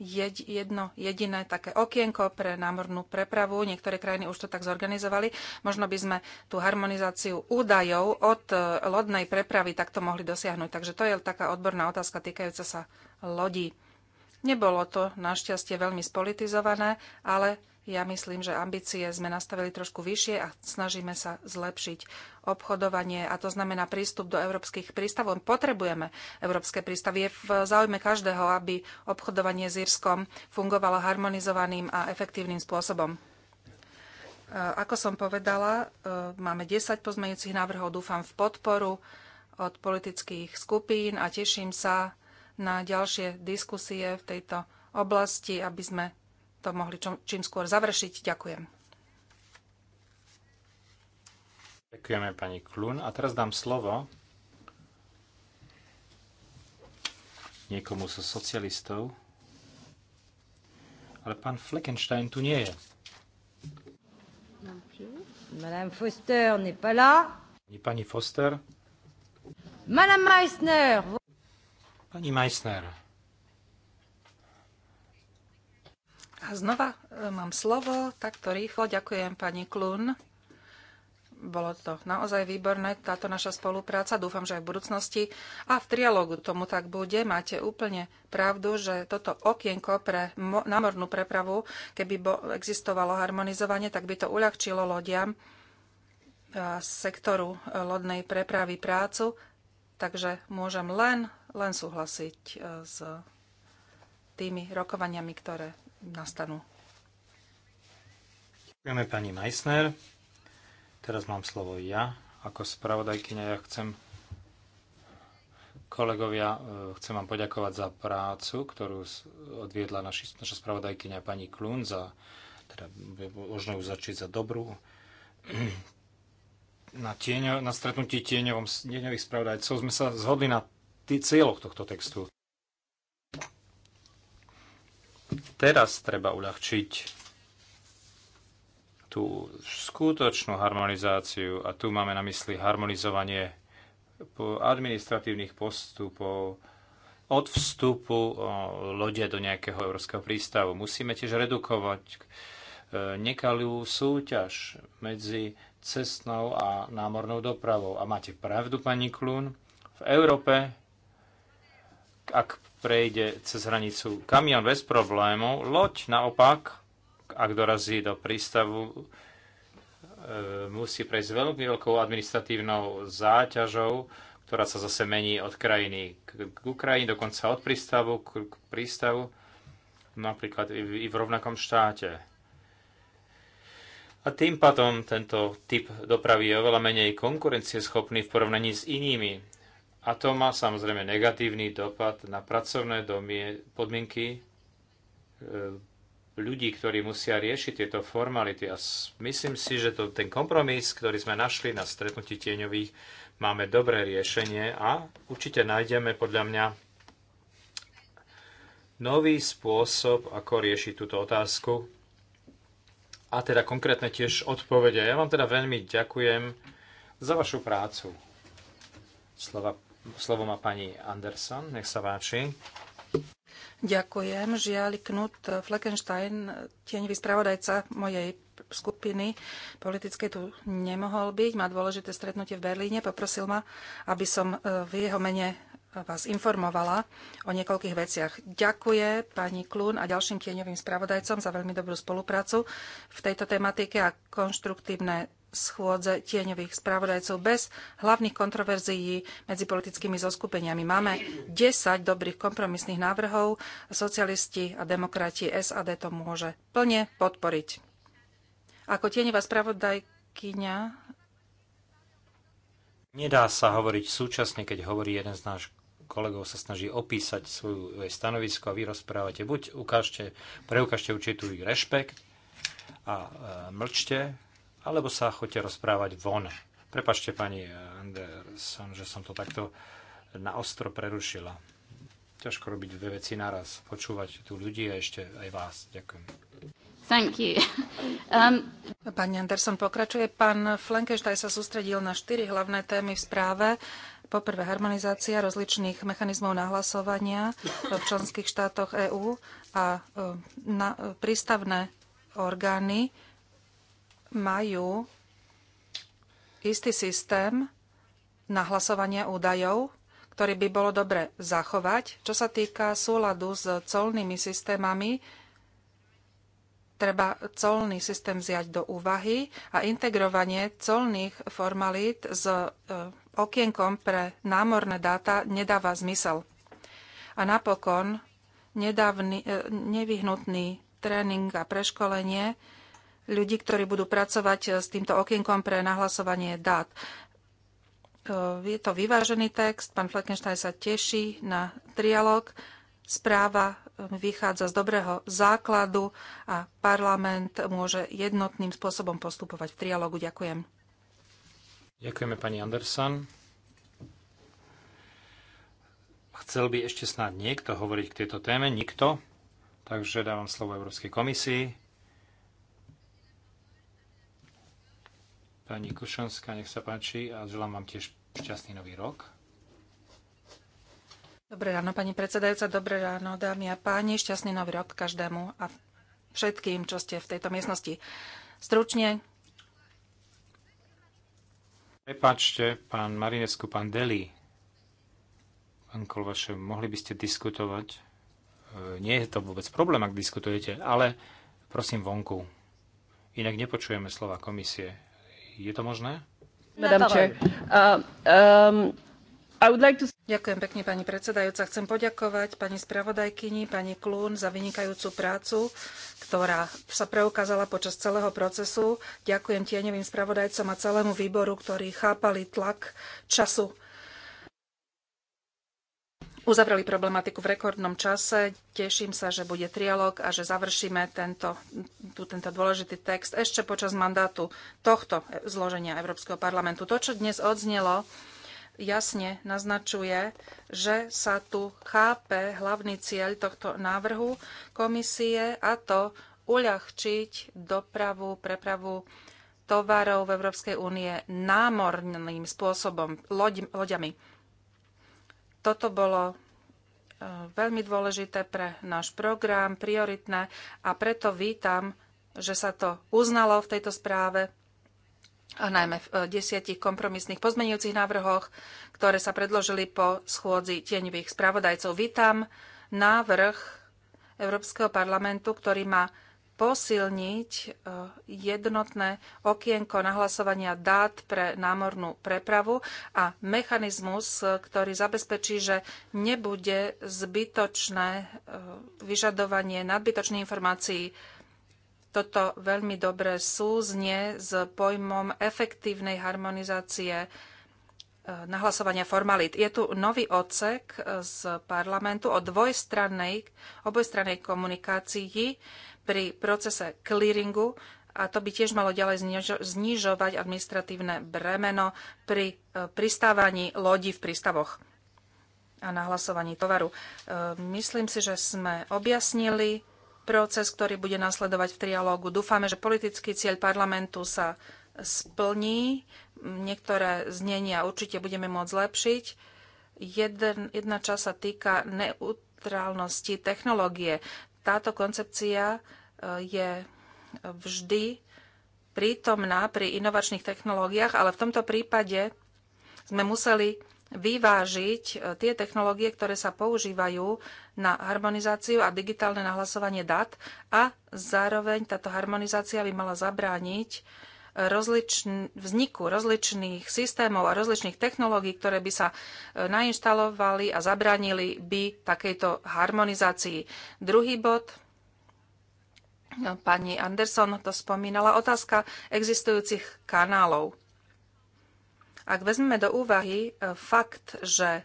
jedno jediné také okienko pre námornú prepravu. Niektoré krajiny už to tak zorganizovali. Možno by sme tú harmonizáciu údajov od e, lodnej prepravy takto mohli dosiahnuť. Takže to je taká odborná otázka týkajúca sa lodí. Nebolo to našťastie veľmi spolitizované, ale ja myslím, že ambície sme nastavili trošku vyššie a snažíme sa zlepšiť obchodovanie a to znamená prístup do európskych prístavov. Potrebujeme európske prístavy. Je v záujme každého, aby obchodovanie s Írskom fungovalo harmonizovaným a efektívnym spôsobom. E, ako som povedala, e, máme 10 pozmeňujúcich návrhov, dúfam v podporu od politických skupín a teším sa na ďalšie diskusie v tejto oblasti, aby sme to mohli čím skôr završiť. Ďakujem. Ďakujeme pani Klun. A teraz dám slovo niekomu zo so socialistov. Ale pán Fleckenstein tu nie je. Madame Foster n'est pas là. Ani pani Foster. Madame Meissner. Pani Meissner. A znova e, mám slovo, takto rýchlo. Ďakujem pani Klun. Bolo to naozaj výborné, táto naša spolupráca. Dúfam, že aj v budúcnosti. A v trialógu tomu tak bude. Máte úplne pravdu, že toto okienko pre námornú prepravu, keby existovalo harmonizovanie, tak by to uľahčilo lodiam e, sektoru e, lodnej prepravy prácu. Takže môžem len, len súhlasiť s tými rokovaniami, ktoré nastanú. Ďakujeme pani Meissner. Teraz mám slovo ja. Ako spravodajkyňa ja chcem kolegovia, e, chcem vám poďakovať za prácu, ktorú odviedla naši, naša spravodajkyňa pani Klun za, teda možno ju začiť za dobrú. Na, tieňo, na stretnutí tieňovom, tieňových spravodajcov sme sa zhodli na tý, cieľoch tohto textu. Teraz treba uľahčiť tú skutočnú harmonizáciu a tu máme na mysli harmonizovanie administratívnych postupov od vstupu lode do nejakého európskeho prístavu. Musíme tiež redukovať e, nekalú súťaž medzi cestnou a námornou dopravou. A máte pravdu, pani Klún, v Európe, ak prejde cez hranicu kamion bez problémov, loď naopak, ak dorazí do prístavu, e, musí prejsť veľmi veľkou administratívnou záťažou, ktorá sa zase mení od krajiny k Ukrajine, dokonca od prístavu k prístavu, napríklad i v rovnakom štáte. A tým pádom tento typ dopravy je oveľa menej konkurencieschopný v porovnaní s inými a to má samozrejme negatívny dopad na pracovné domie, podmienky e, ľudí, ktorí musia riešiť tieto formality. A myslím si, že to, ten kompromis, ktorý sme našli na stretnutí tieňových, máme dobré riešenie a určite nájdeme podľa mňa nový spôsob, ako riešiť túto otázku. A teda konkrétne tiež odpovede. Ja vám teda veľmi ďakujem za vašu prácu. Slova Slovo má pani Anderson, nech sa váči. Ďakujem. Žiaľ, Knut Fleckenstein, tieňový spravodajca mojej skupiny politickej tu nemohol byť. Má dôležité stretnutie v Berlíne. Poprosil ma, aby som e, v jeho mene vás informovala o niekoľkých veciach. Ďakuje pani Klún a ďalším tieňovým spravodajcom za veľmi dobrú spoluprácu v tejto tematike a konštruktívne schôdze tieňových spravodajcov bez hlavných kontroverzií medzi politickými zoskupeniami. Máme 10 dobrých kompromisných návrhov. Socialisti a demokrati SAD to môže plne podporiť. Ako tieňová spravodajkyňa Nedá sa hovoriť súčasne, keď hovorí jeden z náš kolegov sa snaží opísať svoje stanovisko a vy rozprávate. Buď ukážte, preukážte určitý rešpekt a e, mlčte, alebo sa chodte rozprávať von. Prepašte, pani Anderson, že som to takto naostro prerušila. Ťažko robiť dve veci naraz, počúvať tu ľudí a ešte aj vás. Ďakujem. Thank you. Um... Pani Anderson pokračuje. Pán Flankenstein sa sústredil na štyri hlavné témy v správe. Poprvé harmonizácia rozličných mechanizmov nahlasovania v členských štátoch EÚ a e, na, e, prístavné orgány majú istý systém nahlasovania údajov, ktorý by bolo dobre zachovať. Čo sa týka súladu s colnými systémami, treba colný systém vziať do úvahy a integrovanie colných formalít s e, okienkom pre námorné dáta nedáva zmysel. A napokon nedávny, e, nevyhnutný tréning a preškolenie ľudí, ktorí budú pracovať eh, s týmto okienkom pre nahlasovanie dát. Eh, je to vyvážený text, pán Fleckenstein sa teší na trialog. Správa eh, vychádza z dobrého základu a parlament môže jednotným spôsobom postupovať v trialogu. Ďakujem. Ďakujeme pani Anderson. Chcel by ešte snáď niekto hovoriť k tejto téme? Nikto? Takže dávam slovo Európskej komisii. Pani Kušonská, nech sa páči a želám vám tiež šťastný nový rok. Dobré ráno, pani predsedajúca, dobré ráno, dámy a páni, šťastný nový rok každému a všetkým, čo ste v tejto miestnosti. Stručne. Prepačte, pán Marinesku, pán Deli, pán Kolvaše, mohli by ste diskutovať? E, nie je to vôbec problém, ak diskutujete, ale prosím vonku. Inak nepočujeme slova komisie. Je to možné? Uh, um, Ďakujem pekne, pani predsedajúca. Chcem poďakovať pani spravodajkyni, pani Klún za vynikajúcu prácu, ktorá sa preukázala počas celého procesu. Ďakujem tieňovým spravodajcom a celému výboru, ktorí chápali tlak času uzavreli problematiku v rekordnom čase. Teším sa, že bude trialog a že završíme tento, tu, tento dôležitý text ešte počas mandátu tohto zloženia Európskeho parlamentu. To, čo dnes odznelo, jasne naznačuje, že sa tu chápe hlavný cieľ tohto návrhu komisie a to uľahčiť dopravu, prepravu tovarov v Európskej únie námorným spôsobom, loď, loďami. Toto bolo e, veľmi dôležité pre náš program, prioritné a preto vítam, že sa to uznalo v tejto správe a najmä v e, desiatich kompromisných pozmenujúcich návrhoch, ktoré sa predložili po schôdzi tieňových spravodajcov. Vítam návrh Európskeho parlamentu, ktorý má posilniť eh, jednotné okienko nahlasovania dát pre námornú prepravu a mechanizmus, eh, ktorý zabezpečí, že nebude zbytočné eh, vyžadovanie nadbytočných informácií. Toto veľmi dobre súznie s pojmom efektívnej harmonizácie nahlasovania formalít. Je tu nový odsek z parlamentu o dvojstrannej, obojstrannej komunikácii, pri procese clearingu a to by tiež malo ďalej znižovať administratívne bremeno pri e, pristávaní lodí v prístavoch a na hlasovaní tovaru. E, myslím si, že sme objasnili proces, ktorý bude nasledovať v trialógu. Dúfame, že politický cieľ parlamentu sa splní. Niektoré znenia určite budeme môcť zlepšiť. jedna časť sa týka neutrálnosti technológie táto koncepcia e, je vždy prítomná pri inovačných technológiách, ale v tomto prípade sme museli vyvážiť e, tie technológie, ktoré sa používajú na harmonizáciu a digitálne nahlasovanie dát a zároveň táto harmonizácia by mala zabrániť rozličn- vzniku rozličných systémov a rozličných technológií, ktoré by sa e, nainštalovali a zabranili by takejto harmonizácii. Druhý bod, e, pani Anderson to spomínala, otázka existujúcich kanálov. Ak vezmeme do úvahy e, fakt, že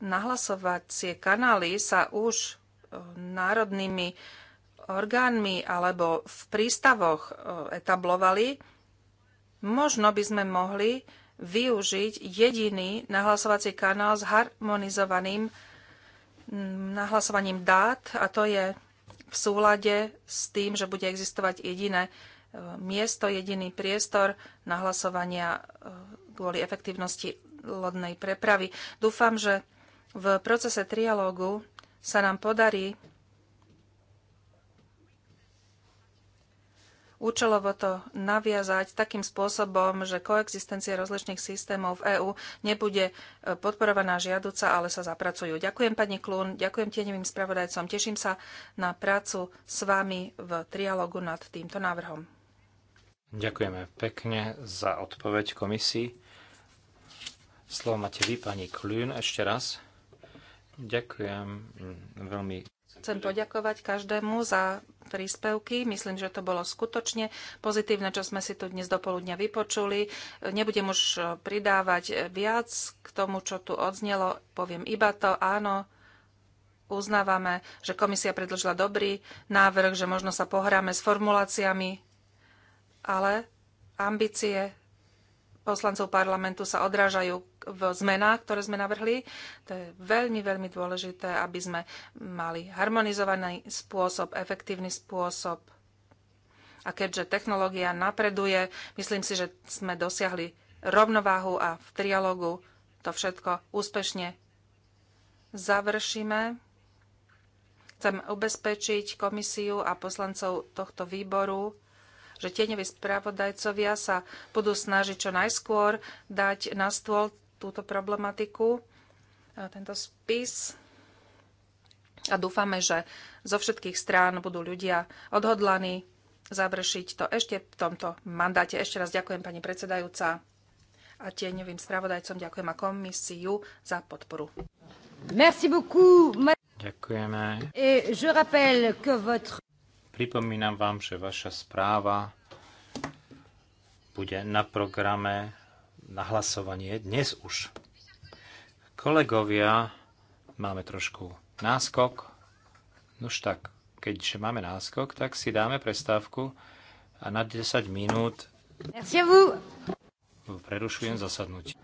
nahlasovacie kanály sa už národnými orgánmi alebo v prístavoch etablovali, Možno by sme mohli využiť jediný nahlasovací kanál s harmonizovaným mm, nahlasovaním dát a to je v súlade s tým, že bude existovať jediné e, miesto, jediný priestor nahlasovania e, kvôli efektívnosti lodnej prepravy. Dúfam, že v procese trialógu sa nám podarí účelovo to naviazať takým spôsobom, že koexistencia rozličných systémov v EÚ nebude e, podporovaná žiaduca, ale sa zapracujú. Ďakujem pani Klún, ďakujem tieňovým spravodajcom, teším sa na prácu s vami v trialogu nad týmto návrhom. Ďakujeme pekne za odpoveď komisii. Slovo máte vy, pani Klún, ešte raz. Ďakujem veľmi Chcem poďakovať každému za príspevky. Myslím, že to bolo skutočne pozitívne, čo sme si tu dnes dopoludňa vypočuli. Nebudem už pridávať viac k tomu, čo tu odznelo. Poviem iba to, áno, uznávame, že komisia predložila dobrý návrh, že možno sa pohráme s formuláciami, ale ambície poslancov parlamentu sa odrážajú v zmenách, ktoré sme navrhli. To je veľmi, veľmi dôležité, aby sme mali harmonizovaný spôsob, efektívny spôsob. A keďže technológia napreduje, myslím si, že sme dosiahli rovnováhu a v trialogu to všetko úspešne završíme. Chcem ubezpečiť komisiu a poslancov tohto výboru, že tieňoví spravodajcovia sa budú snažiť čo najskôr dať na stôl túto problematiku, e, tento spis. A dúfame, že zo všetkých strán budú ľudia odhodlaní završiť to ešte v tomto mandáte. Ešte raz ďakujem pani predsedajúca a tieňovým spravodajcom ďakujem a komisiu za podporu. Merci beaucoup. Ďakujeme. Et je rappelle que votre... Pripomínam vám, že vaša správa bude na programe na hlasovanie dnes už. Kolegovia, máme trošku náskok. Už tak, keďže máme náskok, tak si dáme prestávku a na 10 minút prerušujem zasadnutie.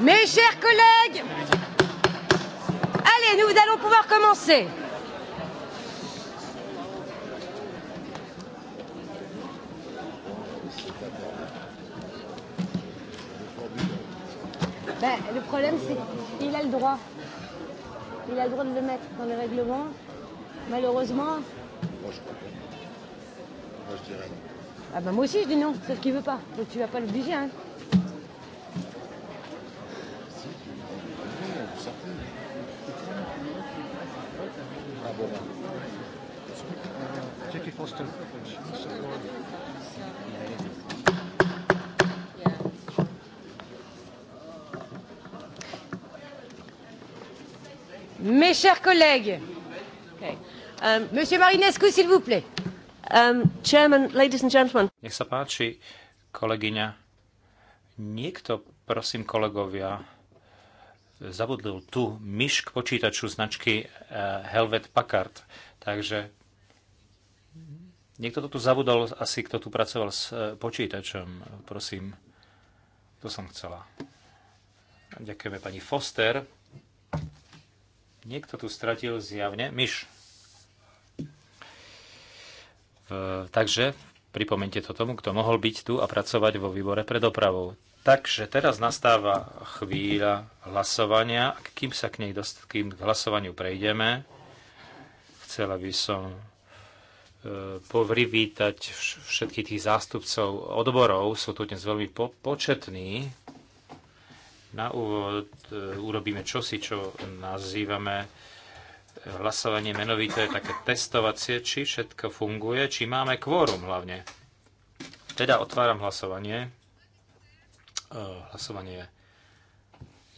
Mes chers collègues, allez, nous allons pouvoir commencer. Ben, le problème, c'est qu'il a le droit. Il a le droit de le mettre dans les règlements. Malheureusement. Moi, je crois pas. Moi, je dirais non. Ah ben, moi aussi, je dis non, sauf qu'il veut pas. Donc, tu vas pas l'obliger, hein. chers collègues. Okay. Um, Monsieur Marinescu, s'il vous plaît. Um, chairman, ladies and gentlemen. Nech sa páči, kolegyňa. Niekto, prosím kolegovia, zabudlil tu myš k počítaču značky uh, Helvet Packard. Takže niekto to tu zabudol, asi kto tu pracoval s uh, počítačom. Prosím, to som chcela. Ďakujeme pani Foster. Niekto tu stratil zjavne myš. Takže pripomente to tomu, kto mohol byť tu a pracovať vo výbore pre dopravou. Takže teraz nastáva chvíľa hlasovania. Kým sa k nej dost- kým k hlasovaniu prejdeme, chcela by som e, povrivítať všetkých tých zástupcov odborov. Sú tu dnes veľmi po- početní. Na úvod e, urobíme čosi, čo nazývame e, hlasovanie menovité, také testovacie, či všetko funguje, či máme kvórum hlavne. Teda otváram hlasovanie. E, hlasovanie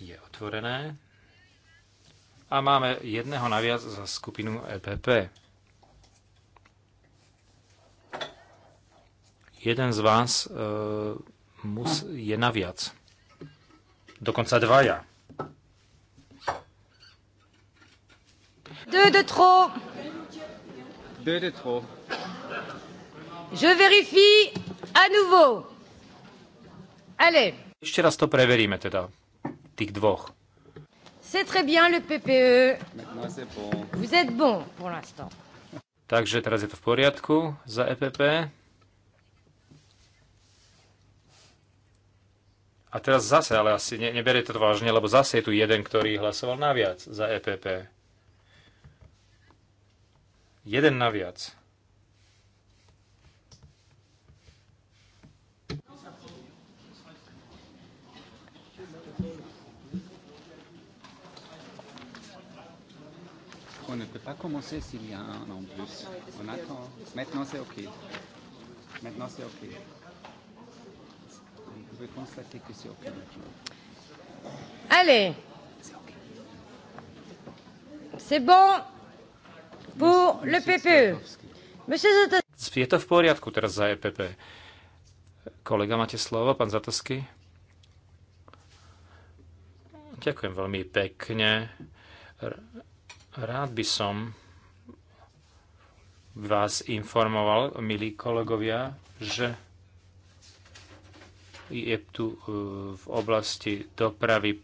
je otvorené. A máme jedného naviac za skupinu EPP. Jeden z vás e, mus, je naviac. Dokonca dvaja. Deux de trop. Deux de trop. Je vérifie à nouveau. Allez. Ešte raz to preveríme teda, tých dvoch. C'est très bien le PPE. Bon. Vous êtes bon pour l'instant. Takže teraz je to v poriadku za EPP. A teraz zase, ale asi ne, neberie to vážne, lebo zase je tu jeden, ktorý hlasoval naviac za EPP. Jeden naviac. On ne peut pas commencer s'il y a un en plus. On attend. Maintenant c'est OK. Maintenant c'est OK pouvez constater que c'est OK Allez. C'est bon pour le PPE. Monsieur Zotowski. Je to v poriadku teraz za EPP. E? Kolega, máte slovo, pán Zatosky. Ďakujem veľmi pekne. Rád by som vás informoval, milí kolegovia, že je tu e, v oblasti dopravy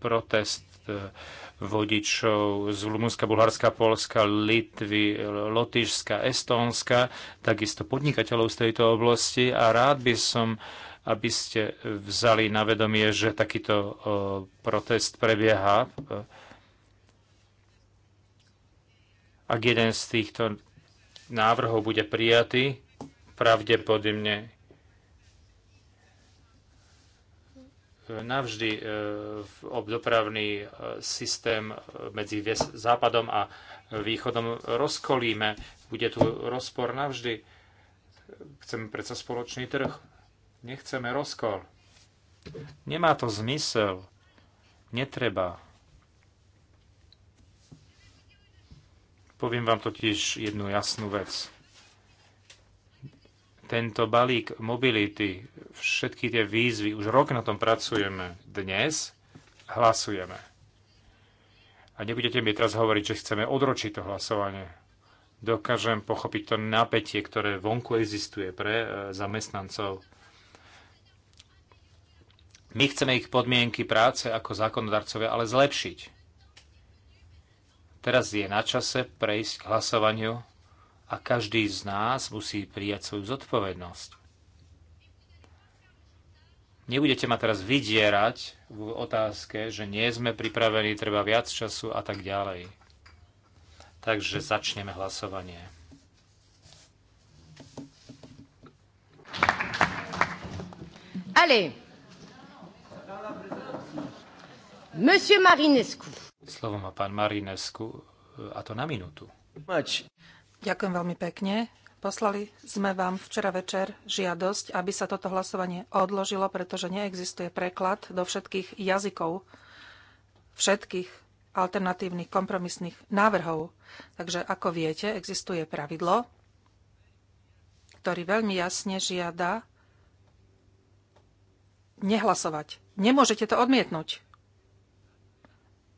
protest e, vodičov z Rumunska, Bulharska, Polska, Litvy, Lotyšska, Estónska, takisto podnikateľov z tejto oblasti a rád by som, aby ste vzali na vedomie, že takýto e, protest prebieha. Ak jeden z týchto návrhov bude prijatý, pravdepodobne navždy e, obdopravný e, systém e, medzi západom a východom rozkolíme. Bude tu rozpor navždy. Chceme predsa spoločný trh. Nechceme rozkol. Nemá to zmysel. Netreba. Poviem vám totiž jednu jasnú vec tento balík mobility, všetky tie výzvy, už rok na tom pracujeme dnes, hlasujeme. A nebudete mi teraz hovoriť, že chceme odročiť to hlasovanie. Dokážem pochopiť to napätie, ktoré vonku existuje pre e, zamestnancov. My chceme ich podmienky práce ako zákonodarcovia ale zlepšiť. Teraz je na čase prejsť k hlasovaniu a každý z nás musí prijať svoju zodpovednosť. Nebudete ma teraz vydierať v otázke, že nie sme pripravení, treba viac času a tak ďalej. Takže začneme hlasovanie. Allez. Monsieur Marinescu. Slovo má pán Marinescu a to na minútu. Mač. Ďakujem veľmi pekne. Poslali sme vám včera večer žiadosť, aby sa toto hlasovanie odložilo, pretože neexistuje preklad do všetkých jazykov, všetkých alternatívnych kompromisných návrhov. Takže ako viete, existuje pravidlo, ktorý veľmi jasne žiada nehlasovať. Nemôžete to odmietnúť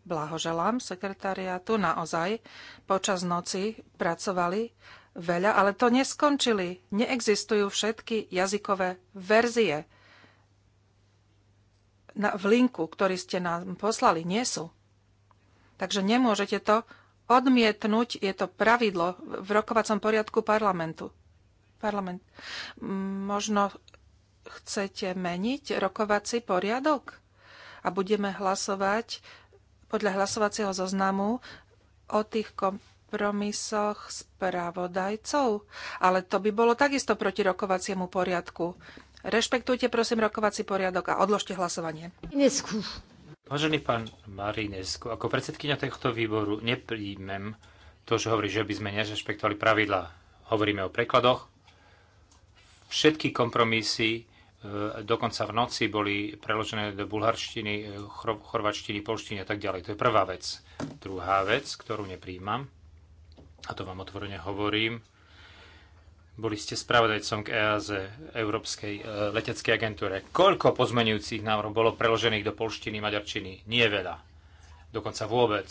blahoželám sekretariátu. Naozaj počas noci pracovali veľa, ale to neskončili. Neexistujú všetky jazykové verzie. Na, v linku, ktorý ste nám poslali, nie sú. Takže nemôžete to odmietnúť. Je to pravidlo v rokovacom poriadku parlamentu. Parlament. Možno chcete meniť rokovací poriadok? A budeme hlasovať podľa hlasovacieho zoznamu o tých kompromisoch spravodajcov. Ale to by bolo takisto proti rokovaciemu poriadku. Rešpektujte prosím rokovací poriadok a odložte hlasovanie. Inesku. Vážený pán Marinesku, ako predsedkynia tohto výboru nepríjmem to, že hovorí, že by sme nerešpektovali pravidla. Hovoríme o prekladoch. Všetky kompromisy E, dokonca v noci boli preložené do bulharštiny, e, chorvačtiny, polštiny a tak ďalej. To je prvá vec. Druhá vec, ktorú nepríjmam, a to vám otvorene hovorím, boli ste spravodajcom k EAZ, Európskej e, leteckej agentúre. Koľko pozmenujúcich návrhov bolo preložených do polštiny, maďarčiny? Nie veľa. Dokonca vôbec.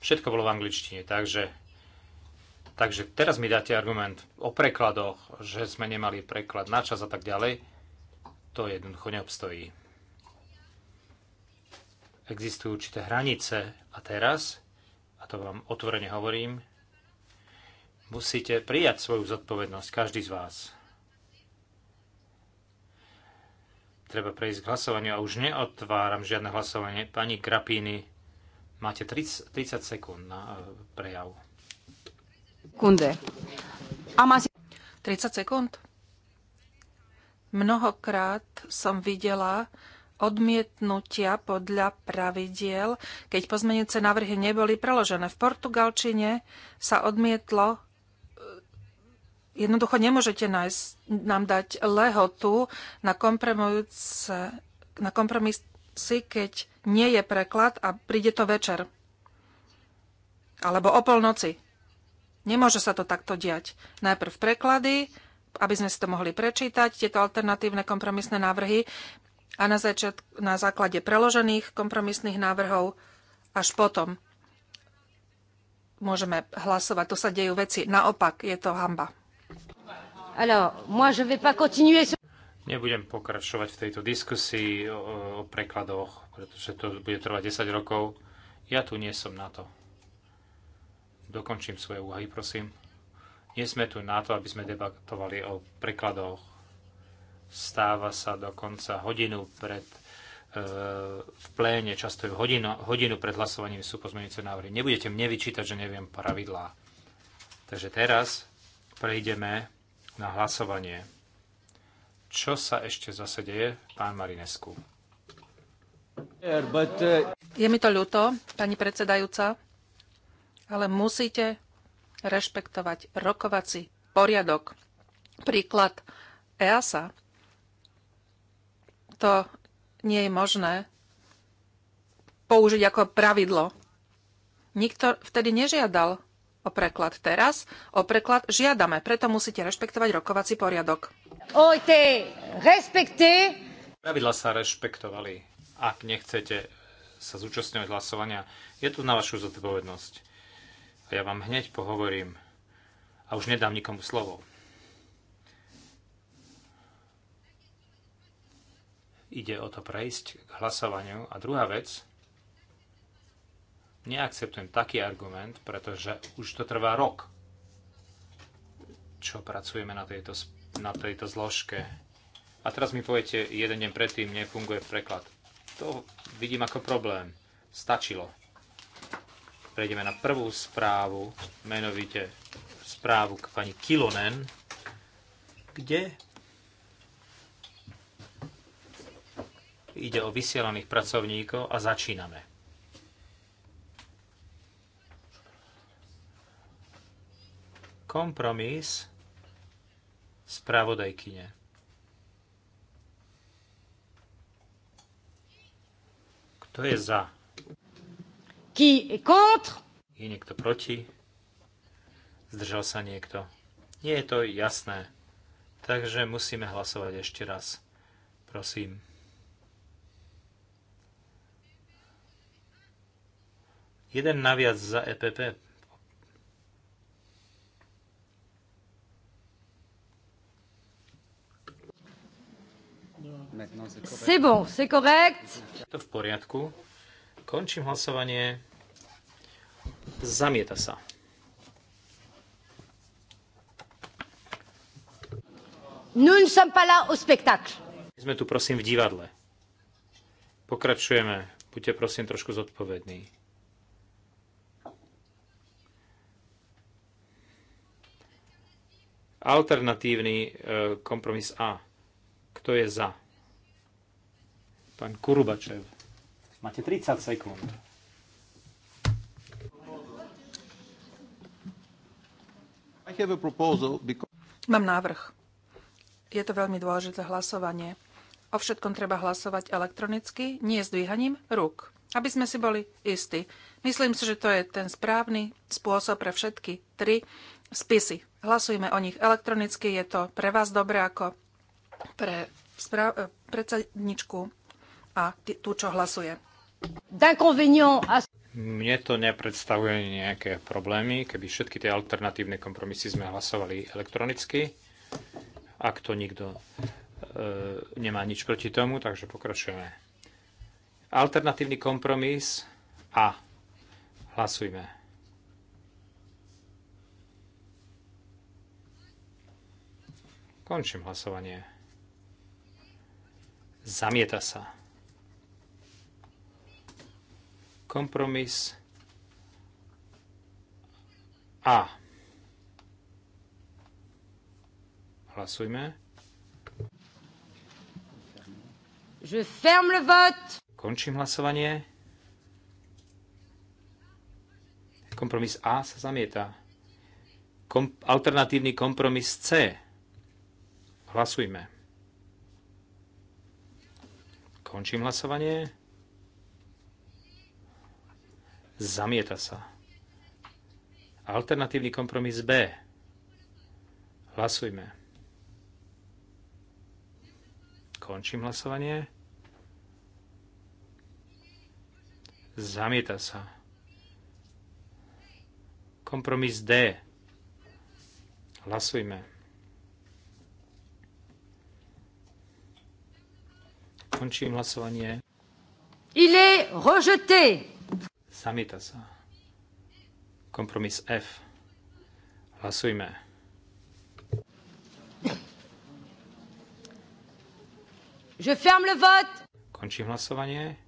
Všetko bolo v angličtine, takže Takže teraz mi dáte argument o prekladoch, že sme nemali preklad na čas a tak ďalej to jednoducho neobstojí. Existujú určité hranice a teraz, a to vám otvorene hovorím, musíte prijať svoju zodpovednosť, každý z vás. Treba prejsť k hlasovaniu a už neotváram žiadne hlasovanie. Pani Krapíny, máte 30, 30 sekúnd na e, prejav. Kunde. A má 30 sekúnd? Mnohokrát som videla odmietnutia podľa pravidiel, keď pozmenujúce návrhy neboli preložené. V portugalčine sa odmietlo e, jednoducho nemôžete nájsť, nám dať lehotu na, na kompromisy, keď nie je preklad a príde to večer. Alebo o polnoci. Nemôže sa to takto diať. Najprv preklady, aby sme si to mohli prečítať, tieto alternatívne kompromisné návrhy a na, začiat, na základe preložených kompromisných návrhov až potom môžeme hlasovať. Tu sa dejú veci. Naopak, je to hamba. Nebudem pokračovať v tejto diskusii o, o prekladoch, pretože to bude trvať 10 rokov. Ja tu nie som na to. Dokončím svoje úvahy, prosím. Nie sme tu na to, aby sme debatovali o prekladoch. Stáva sa dokonca hodinu pred e, v pléne, často je hodinu, hodinu pred hlasovaním sú pozmeňujúce návrhy. Nebudete mne vyčítať, že neviem pravidlá. Takže teraz prejdeme na hlasovanie. Čo sa ešte zase deje, pán Marinesku? Uh, je mi to ľúto, pani predsedajúca, ale musíte rešpektovať rokovací poriadok. Príklad EASA. To nie je možné použiť ako pravidlo. Nikto vtedy nežiadal o preklad. Teraz o preklad žiadame, preto musíte rešpektovať rokovací poriadok. Ojte, respekty! Pravidla sa rešpektovali. Ak nechcete sa zúčastňovať hlasovania, je to na vašu zodpovednosť. A ja vám hneď pohovorím. A už nedám nikomu slovo. Ide o to prejsť k hlasovaniu. A druhá vec, neakceptujem taký argument, pretože už to trvá rok, čo pracujeme na tejto, na tejto zložke. A teraz mi poviete, jeden deň predtým nefunguje preklad. To vidím ako problém. Stačilo. Prejdeme na prvú správu, menovite správu k pani Kilonen, kde ide o vysielaných pracovníkov a začíname. Kompromis spravodajkyne. Kto je za? Qui est contre? Je niekto proti? Zdržal sa niekto? Nie je to jasné. Takže musíme hlasovať ešte raz. Prosím. Jeden naviac za EPP. C'est bon, c'est correct. to v poriadku. Končím hlasovanie. Zamieta sa. Nous ne sommes pas là au spectacle. Sme tu prosím v divadle. Pokračujeme. Buďte prosím trošku zodpovední. Alternatívny e, kompromis A. Kto je za? Pán Kurubačev. Máte 30 sekúnd. Mám návrh. Je to veľmi dôležité hlasovanie. O všetkom treba hlasovať elektronicky, nie s dvíhaním rúk. Aby sme si boli istí. Myslím si, že to je ten správny spôsob pre všetky tri spisy. Hlasujme o nich elektronicky, je to pre vás dobré ako pre eh, predsedničku a tú, čo hlasuje. D'inconvénient à mne to nepredstavuje nejaké problémy, keby všetky tie alternatívne kompromisy sme hlasovali elektronicky. Ak to nikto e, nemá nič proti tomu, takže pokračujeme. Alternatívny kompromis A. Hlasujme. Končím hlasovanie. Zamieta sa. Kompromis A. Hlasujme. Je ferme le vote. Končím hlasovanie. Kompromis A sa zamieta. Kom- alternatívny kompromis C. Hlasujme. Končím hlasovanie. Zamieta sa. Alternatívny kompromis B. Hlasujme. Končím hlasovanie. Zamieta sa. Kompromis D. Hlasujme. Končím hlasovanie. Il est rejeté. Samita sa. Kompromis F. Hlasujme. Je ferme le vote. Končím hlasovanie.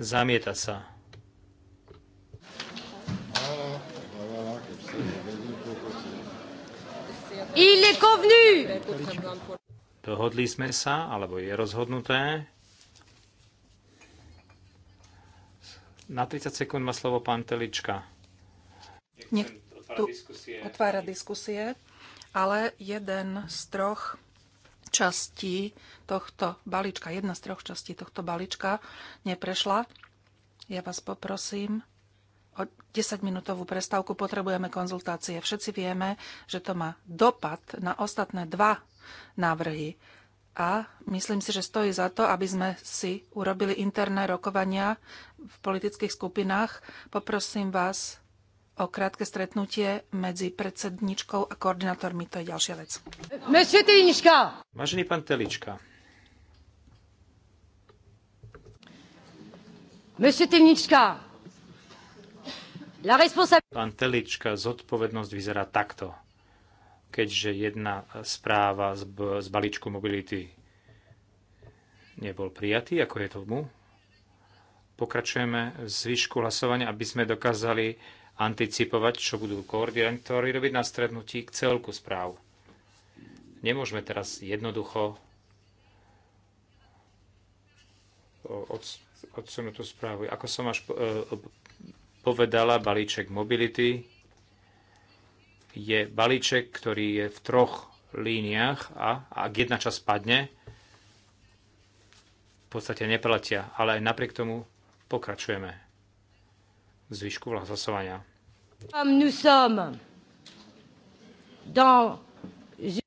Zamieta sa. Il est convenu. Dohodli sme sa, alebo je rozhodnuté, Na 30 sekúnd má slovo pán Telička. Nech tu otvára diskusie, ale jeden z troch častí tohto balíčka, jedna z troch častí tohto balíčka neprešla. Ja vás poprosím o 10-minútovú prestávku. Potrebujeme konzultácie. Všetci vieme, že to má dopad na ostatné dva návrhy. A myslím si, že stojí za to, aby sme si urobili interné rokovania v politických skupinách. Poprosím vás o krátke stretnutie medzi predsedničkou a koordinátormi. To je ďalšia vec. Vážený pán Telička. Pán Telička, zodpovednosť vyzerá takto keďže jedna správa z, z balíčku mobility nebol prijatý, ako je tomu. Pokračujeme v zvyšku hlasovania, aby sme dokázali anticipovať, čo budú koordinátori robiť na strednutí k celku správ. Nemôžeme teraz jednoducho od, odsunúť tú správu. Ako som až e, povedala, balíček mobility je balíček, ktorý je v troch líniách a ak jedna časť padne, v podstate neplatia. Ale aj napriek tomu pokračujeme v zvyšku hlasovania.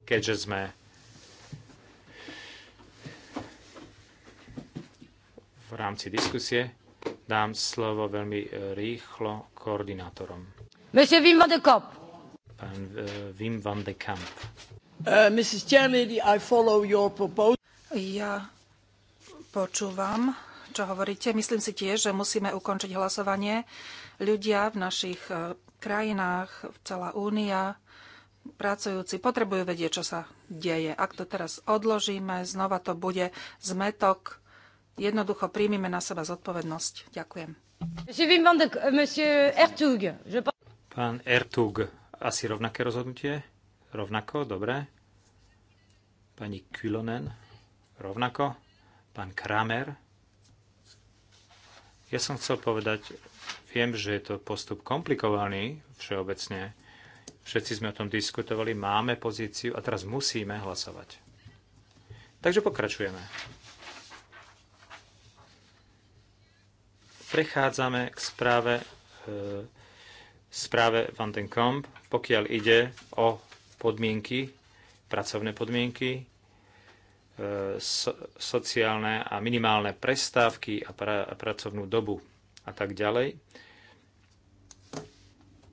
Keďže sme v rámci diskusie, dám slovo veľmi rýchlo koordinátorom. Monsieur Vimont de Kopp pán uh, Wim van de Kamp. Uh, ja počúvam, čo hovoríte. Myslím si tiež, že musíme ukončiť hlasovanie. Ľudia v našich uh, krajinách, celá únia, pracujúci potrebujú vedieť, čo sa deje. Ak to teraz odložíme, znova to bude zmetok. Jednoducho príjmime na seba zodpovednosť. Ďakujem. Euh, pán Ertug, asi rovnaké rozhodnutie? Rovnako, dobre. Pani Kylonen, rovnako. Pán Kramer. Ja som chcel povedať, viem, že je to postup komplikovaný všeobecne. Všetci sme o tom diskutovali, máme pozíciu a teraz musíme hlasovať. Takže pokračujeme. Prechádzame k správe e, správe Van den Kamp, pokiaľ ide o podmienky, pracovné podmienky, e, so, sociálne a minimálne prestávky a, pra, a pracovnú dobu a tak ďalej.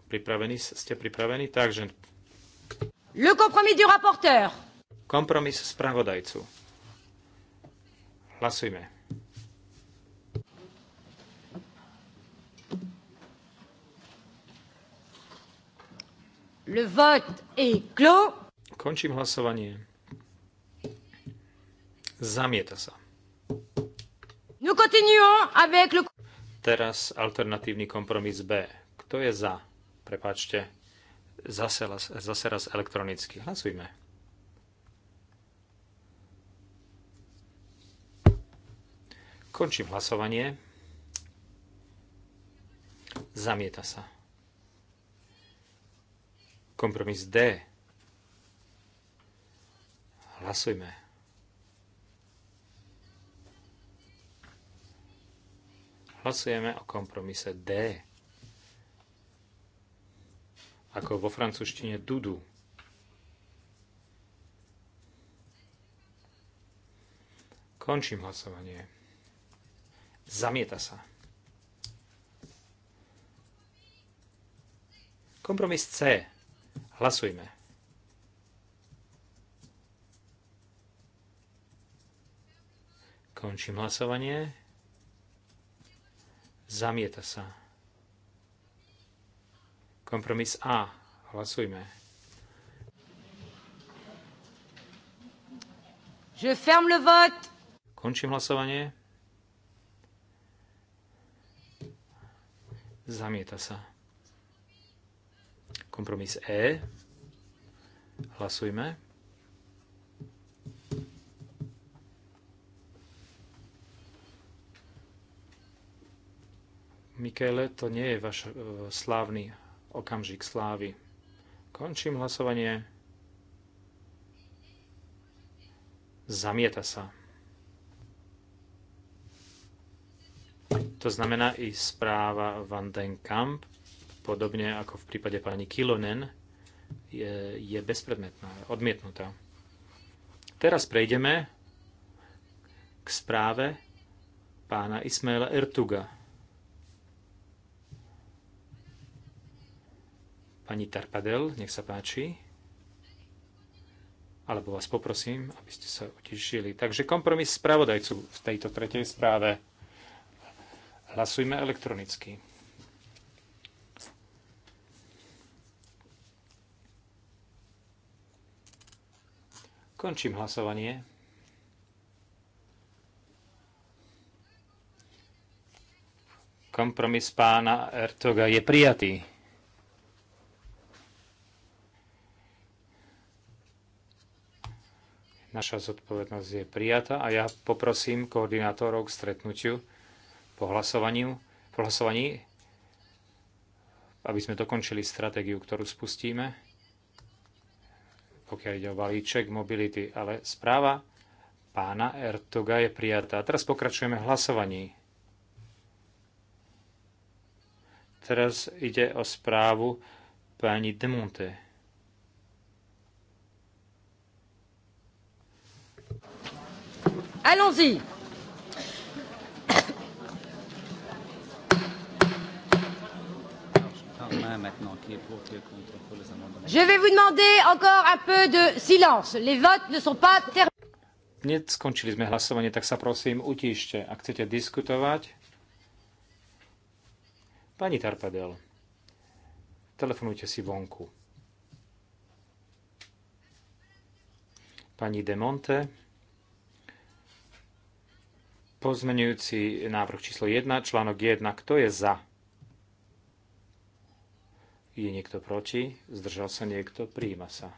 Pripravení, ste pripravení? Takže... Le compromis du rapporteur. Kompromis spravodajcu. Hlasujme. Le vote est clos. Končím hlasovanie. Zamieta sa. Nous continuons avec le... Teraz alternatívny kompromis B. Kto je za? Prepačte. Zase, zase raz elektronicky. Hlasujme. Končím hlasovanie. Zamieta sa. Kompromis D. Hlasujme. Hlasujeme o kompromise D. Ako vo francúzštine Dudu. Končím hlasovanie. Zamieta sa. Kompromis C. Hlasujme. Končím hlasovanie. Zamieta sa. Kompromis A. Hlasujme. Je ferme le vote. Končím hlasovanie. Zamieta sa. Kompromis E. Hlasujme. Michele, to nie je váš e, slávny okamžik slávy. Končím hlasovanie. Zamieta sa. To znamená i správa Van den Kamp podobne ako v prípade pani Kilonen, je, je bezpredmetná, odmietnutá. Teraz prejdeme k správe pána Ismaela Ertuga. Pani Tarpadel, nech sa páči. Alebo vás poprosím, aby ste sa utišili. Takže kompromis spravodajcu v tejto tretej správe. Hlasujme elektronicky. Končím hlasovanie. Kompromis pána Ertoga je prijatý. Naša zodpovednosť je prijatá a ja poprosím koordinátorov k stretnutiu po, hlasovaniu, po hlasovaní, aby sme dokončili stratégiu, ktorú spustíme pokiaľ ide o balíček mobility, ale správa pána Ertoga je prijatá. teraz pokračujeme v hlasovaní. Teraz ide o správu pani Demonte. Allons-y! Je vais vous demander encore un peu de silence. Les votes ne sont pas terminés. Neskončili sme hlasovanie, tak sa prosím, utíšte, ak chcete diskutovať. Pani Tarpadel, telefonujte si vonku. Pani Demonte, pozmenujúci návrh číslo 1, článok 1, kto je za? Je niekto proti? Zdržal sa niekto? Príjima sa.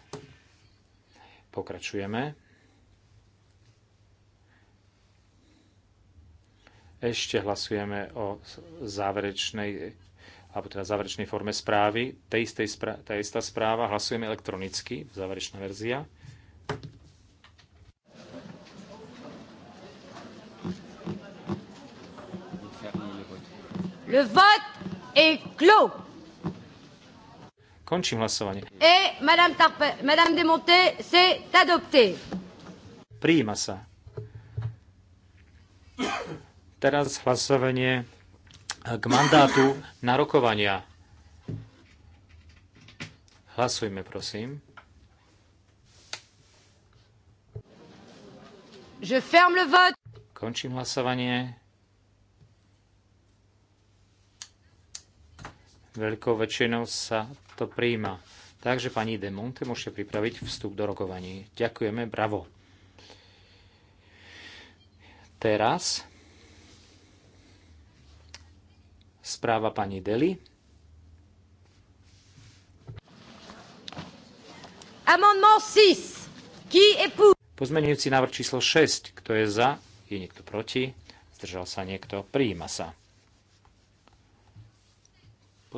Pokračujeme. Ešte hlasujeme o záverečnej alebo teda záverečnej forme správy. Tá, istej spra- tá istá správa, hlasujeme elektronicky, záverečná verzia. Le vote est clos. Končím hlasovanie. E, madame, Tarpe, madame de Monte, c'est adopté. Prijíma sa. Teraz hlasovanie k mandátu na rokovania. Hlasujme, prosím. Je ferme le vote. Končím hlasovanie. Veľkou väčšinou sa to príjma. Takže, pani De Monte, môžete pripraviť vstup do rokovaní. Ďakujeme, bravo. Teraz správa pani Deli. Amendement 6. Qui est pour? Pozmenujúci návrh číslo 6. Kto je za? Je niekto proti? Zdržal sa niekto? Prijíma sa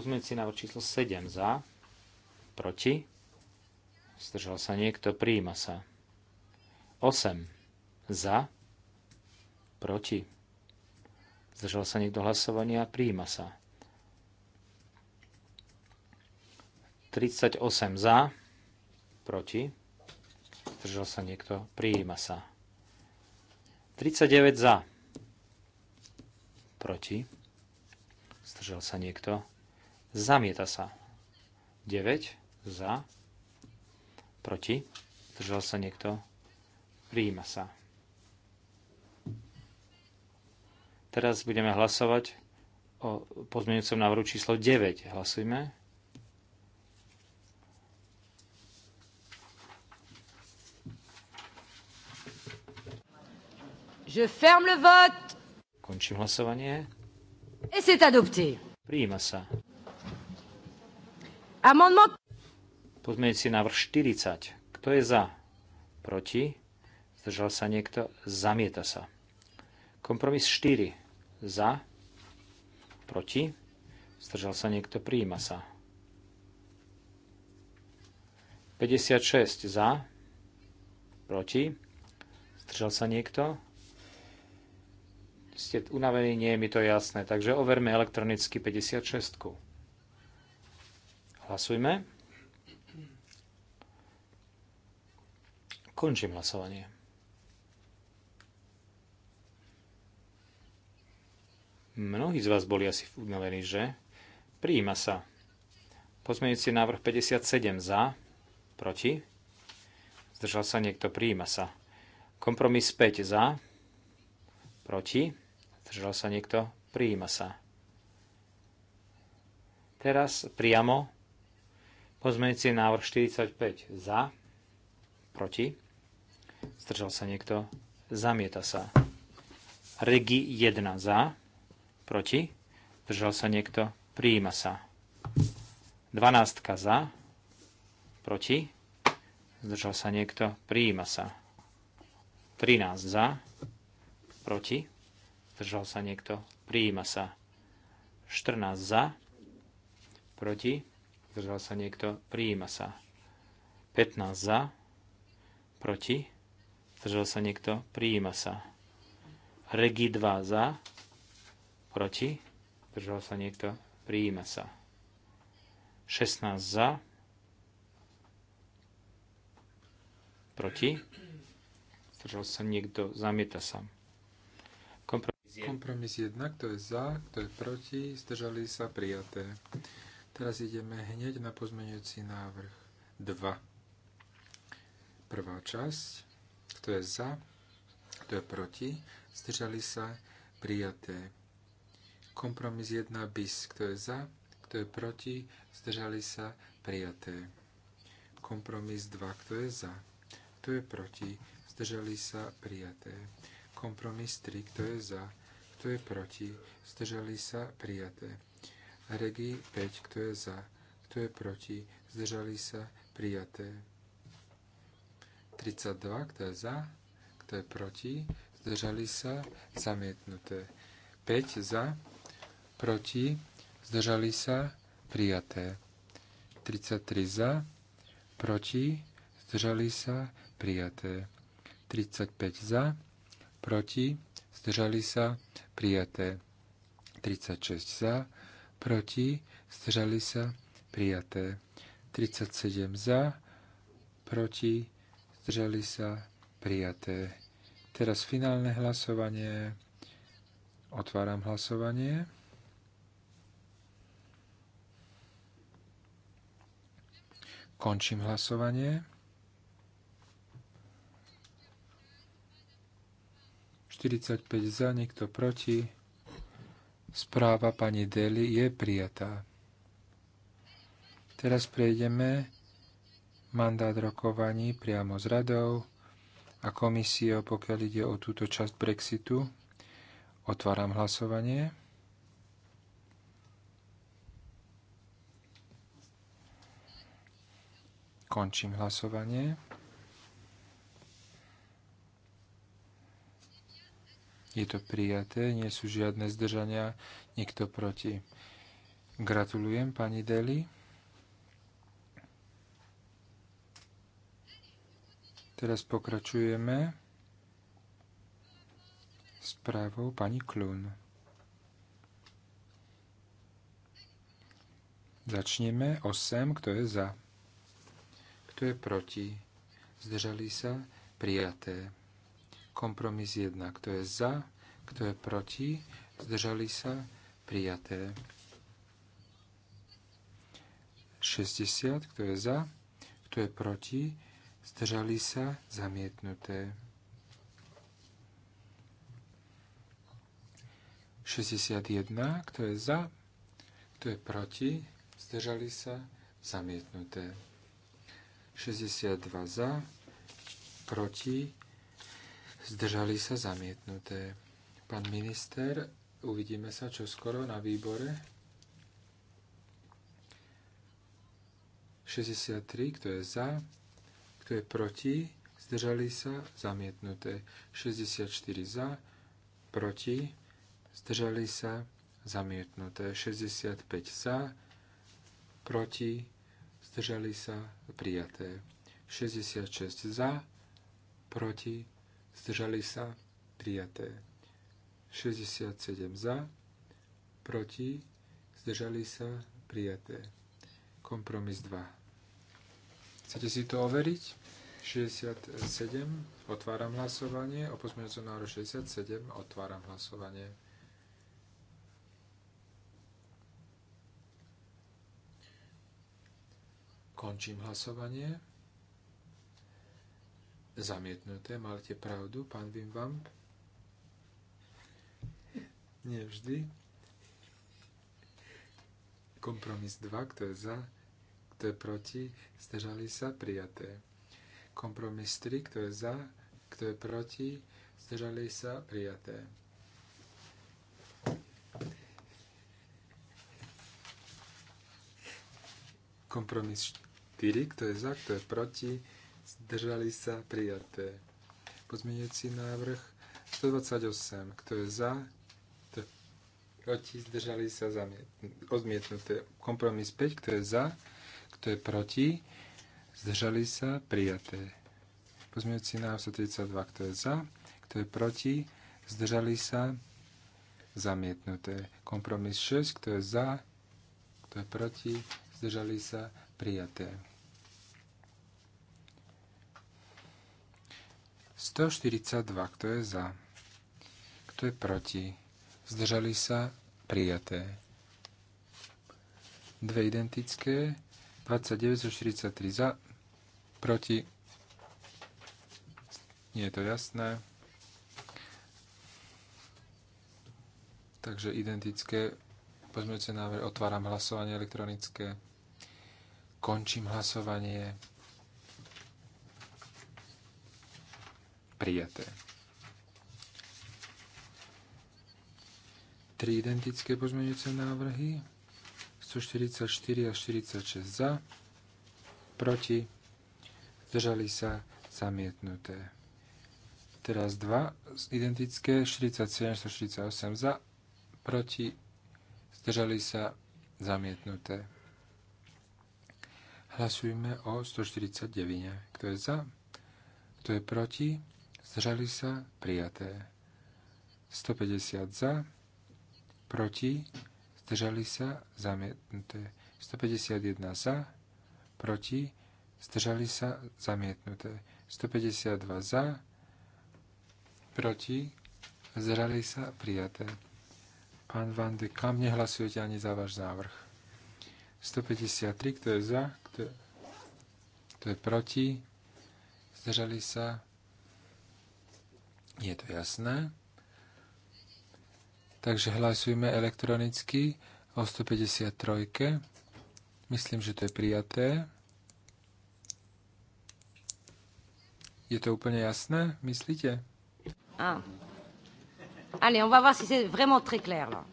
si na číslo 7 za, proti, zdržal sa niekto, prijíma sa. 8 za, proti, zdržal sa niekto hlasovania, prijíma sa. 38 za, proti, zdržal sa niekto, prijíma sa. 39 za, proti, zdržal sa niekto, Zamieta sa. 9 za. Proti. Zdržal sa niekto. Prijíma sa. Teraz budeme hlasovať o pozmeňujúcom návrhu číslo 9. Hlasujme. Je ferme le vote. Končím hlasovanie. Et c'est adopté. Prijíma sa. Amendment... si návrh 40. Kto je za? Proti? Zdržal sa niekto? Zamieta sa. Kompromis 4. Za? Proti? Zdržal sa niekto? Prijíma sa. 56 za, proti, zdržal sa niekto. Ste unavení, nie je mi to jasné, takže overme elektronicky 56. Hlasujme. Končím hlasovanie. Mnohí z vás boli asi unavení, že? Prijíma sa. Pozmeňujúci návrh 57 za, proti. Zdržal sa niekto, prijíma sa. Kompromis 5 za, proti. Zdržal sa niekto, prijíma sa. Teraz priamo Pozmeňujúci návrh 45 za, proti, zdržal sa niekto, zamieta sa. Regi 1 za, proti, zdržal sa niekto, prijíma sa. 12 za, proti, zdržal sa niekto, prijíma sa. 13 za, proti, zdržal sa niekto, prijíma sa. 14 za, proti, zdržal sa niekto, prijíma sa. 15 za, proti, zdržal sa niekto, prijíma sa. Regi 2 za, proti, zdržal sa niekto, prijíma sa. 16 za, proti, zdržal sa niekto, zamieta sa. Kompromis 1, kto je za, kto je proti, zdržali sa, prijaté. Teraz ideme hneď na pozmeňujúci návrh 2. Prvá časť, kto je za, kto je proti, zdržali sa, prijaté. Kompromis 1 bis, kto je za, kto je proti, zdržali sa, prijaté. Kompromis 2, kto je za, kto je proti, zdržali sa, prijaté. Kompromis 3, kto je za, kto je proti, zdržali sa, prijaté Regi 5, kto je za, kto je proti, zdržali sa, prijaté. 32, kto je za, kto je proti, zdržali sa, zamietnuté. 5 za, proti, zdržali sa, prijaté. 33 za, proti, zdržali sa, prijaté. 35 za, proti, zdržali sa, prijaté. 36 za, proti, zdržali sa, prijaté. 37 za, proti, zdržali sa, prijaté. Teraz finálne hlasovanie. Otváram hlasovanie. Končím hlasovanie. 45 za, nikto proti. Správa pani Deli je prijatá. Teraz prejdeme mandát rokovaní priamo s radou a komisiou, pokiaľ ide o túto časť Brexitu. Otváram hlasovanie. Končím hlasovanie. Je to prijaté, nie sú žiadne zdržania, nikto proti. Gratulujem pani Deli. Teraz pokračujeme právou pani Klun. Začneme 8, kto je za, kto je proti, zdržali sa, prijaté. Kompromis 1. Kto je za? Kto je proti? Zdržali sa? Prijaté. 60. Kto je za? Kto je proti? Zdržali sa? Zamietnuté. 61. Kto je za? Kto je proti? Zdržali sa? Zamietnuté. 62 za, proti, zdržali sa zamietnuté. Pán minister, uvidíme sa čo skoro na výbore. 63, kto je za, kto je proti, zdržali sa, zamietnuté. 64 za, proti, zdržali sa, zamietnuté. 65 za, proti, zdržali sa, prijaté. 66 za, proti, zdržali sa, prijaté. 67 za, proti, zdržali sa, prijaté. Kompromis 2. Chcete si to overiť? 67, otváram hlasovanie, o pozmeňujúcom návrhu 67, otváram hlasovanie. Končím hlasovanie zamietnuté. Máte pravdu, pán Wim Nevždy. vždy. Kompromis 2, kto je za, kto je proti, zdržali sa, prijaté. Kompromis 3, kto je za, kto je proti, zdržali sa, prijaté. Kompromis 4, kto je za, kto je proti, zdržali sa, prijaté. Pozmeňujúci návrh 128, kto je za, kto je proti, zdržali sa, odmietnuté. Kompromis 5, kto je za, kto je proti, zdržali sa, prijaté. Pozmeňujúci návrh 132, kto je za, kto je proti, zdržali sa, zamietnuté. Kompromis 6, kto je za, kto je proti, zdržali sa, prijaté. 142, kto je za, kto je proti, zdržali sa, prijaté. Dve identické, 29 zo 43 za, proti, nie je to jasné. Takže identické pozmeňujúce návrhy. Otváram hlasovanie elektronické. Končím hlasovanie. prijaté. Tri identické pozmeňujúce návrhy. 144 a 46 za, proti, zdržali sa zamietnuté. Teraz dva identické, 47 148 za, proti, zdržali sa zamietnuté. Hlasujme o 149. Kto je za? Kto je proti? zdržali sa, prijaté. 150 za, proti, zdržali sa, zamietnuté. 151 za, proti, zdržali sa, zamietnuté. 152 za, proti, zdržali sa, prijaté. Pán Van de Kam, nehlasujete ani za váš návrh. 153, kto je za, kto je, kto je proti, zdržali sa, je to jasné. Takže hlasujme elektronicky o 153. Myslím, že to je prijaté. Je to úplne jasné, myslíte? Ah. Allez, on va voir si c'est vraiment très clair là.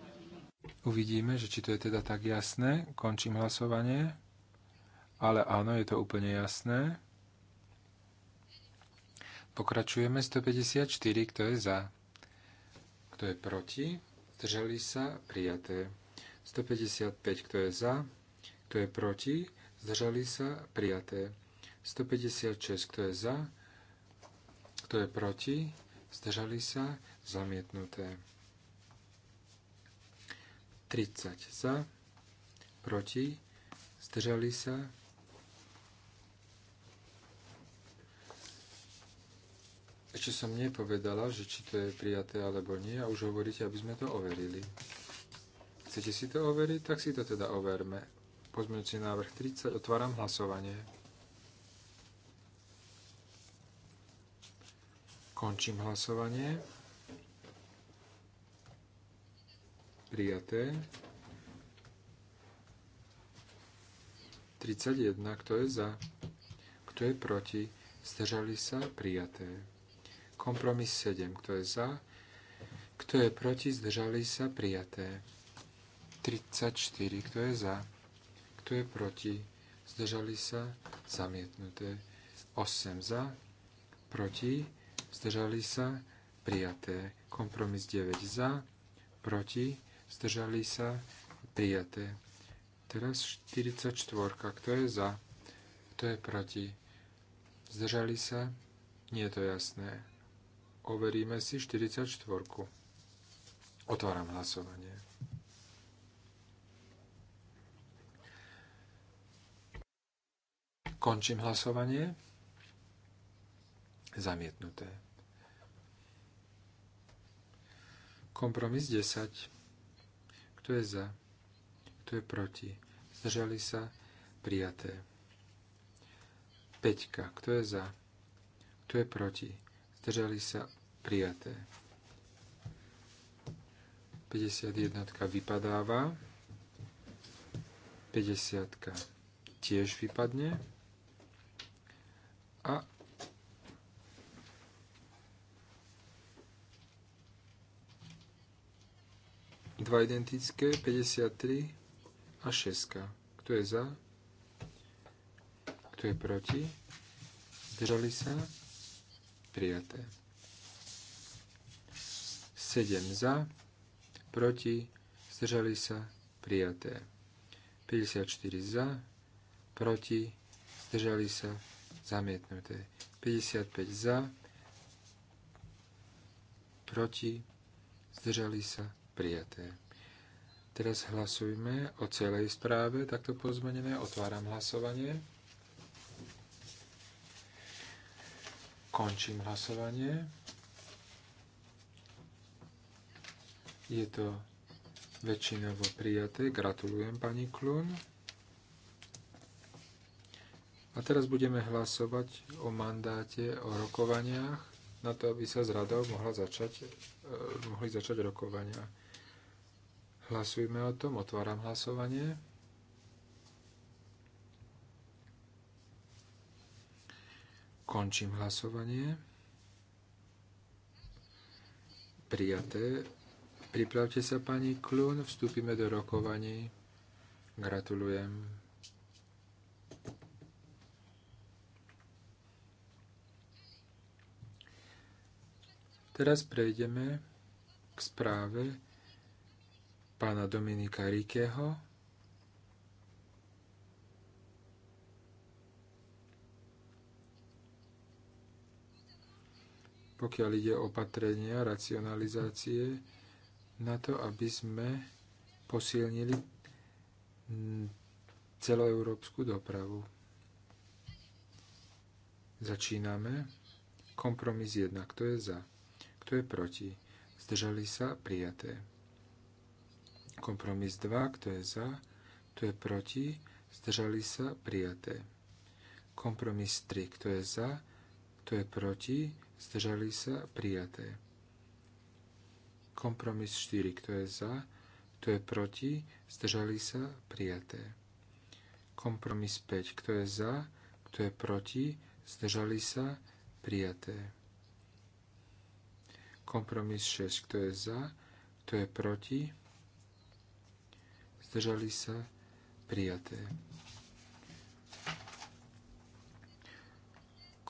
Uvidíme, že či to je teda tak jasné. Končím hlasovanie. Ale áno, je to úplne jasné. Pokračujeme 154, kto je za, kto je proti, zdržali sa, prijaté. 155, kto je za, kto je proti, zdržali sa, prijaté. 156, kto je za, kto je proti, zdržali sa, zamietnuté. 30 za, proti, zdržali sa, ešte som nepovedala, že či to je prijaté alebo nie a už hovoríte, aby sme to overili. Chcete si to overiť? Tak si to teda overme. Pozmeňujúci návrh 30. Otváram hlasovanie. Končím hlasovanie. Prijaté. 31. Kto je za? Kto je proti? Zdržali sa? Prijaté. Kompromis 7. Kto je za? Kto je proti? Zdržali sa? Prijaté. 34. Kto je za? Kto je proti? Zdržali sa? Zamietnuté. 8 za, proti, zdržali sa, prijaté. Kompromis 9 za, proti, zdržali sa, prijaté. Teraz 44. Kto je za? Kto je proti? Zdržali sa? Nie je to jasné. Overíme si 44. Otváram hlasovanie. Končím hlasovanie. Zamietnuté. Kompromis 10. Kto je za? Kto je proti? Zdržali sa? Prijaté. 5. Kto je za? Kto je proti? držali sa prijaté. 51 vypadáva, 50 tiež vypadne a dva identické, 53 a 6. Kto je za? Kto je proti? Zdržali sa? prijaté. 7 za, proti, zdržali sa, prijaté. 54 za, proti, zdržali sa, zamietnuté. 55 za, proti, zdržali sa, prijaté. Teraz hlasujme o celej správe, takto pozmenené. Otváram hlasovanie. Končím hlasovanie. Je to väčšinovo prijaté. Gratulujem pani Klun. A teraz budeme hlasovať o mandáte, o rokovaniach, na to, aby sa z radou mohla začať, e, mohli začať rokovania. Hlasujme o tom, otváram hlasovanie. Končím hlasovanie. Prijaté. Pripravte sa, pani Klun, vstúpime do rokovaní. Gratulujem. Teraz prejdeme k správe pána Dominika Rikeho pokiaľ ide o opatrenia, racionalizácie, na to, aby sme posilnili celoeurópsku dopravu. Začíname. Kompromis 1. Kto je za? Kto je proti? Zdržali sa? Prijaté. Kompromis 2. Kto je za? Kto je proti? Zdržali sa? Prijaté. Kompromis 3. Kto je za? Kto je proti? zdržali sa, prijaté. Kompromis 4, kto je za, kto je proti, zdržali sa, prijaté. Kompromis 5, kto je za, kto je proti, zdržali sa, prijaté. Kompromis 6, kto je za, kto je proti, zdržali sa, prijaté.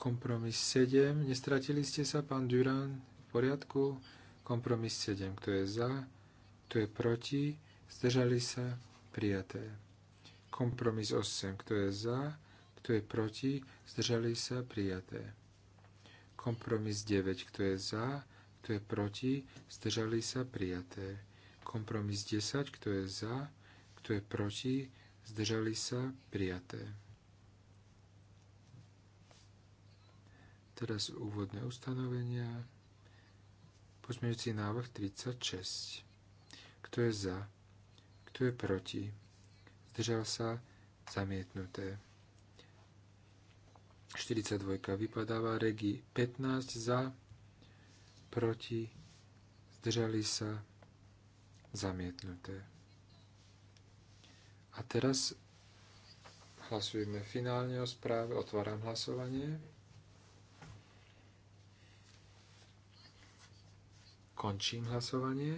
Kompromis 7. Nestratili ste sa, pán Durán? V poriadku. Kompromis 7. Kto je za? Kto je proti? Zdržali sa? Prijaté. Kompromis 8. Kto je za? Kto je proti? Zdržali sa? Prijaté. Kompromis 9. Kto je za? Kto je proti? Zdržali sa? Prijaté. Kompromis 10. Kto je za? Kto je proti? Zdržali sa? Prijaté. Teraz úvodné ustanovenia. Pozmeňujúci návrh 36. Kto je za? Kto je proti? Zdržal sa? Zamietnuté. 42. Vypadáva regi 15 za, proti, zdržali sa, zamietnuté. A teraz hlasujeme finálne o správe. Otváram hlasovanie. Končím hlasovanie.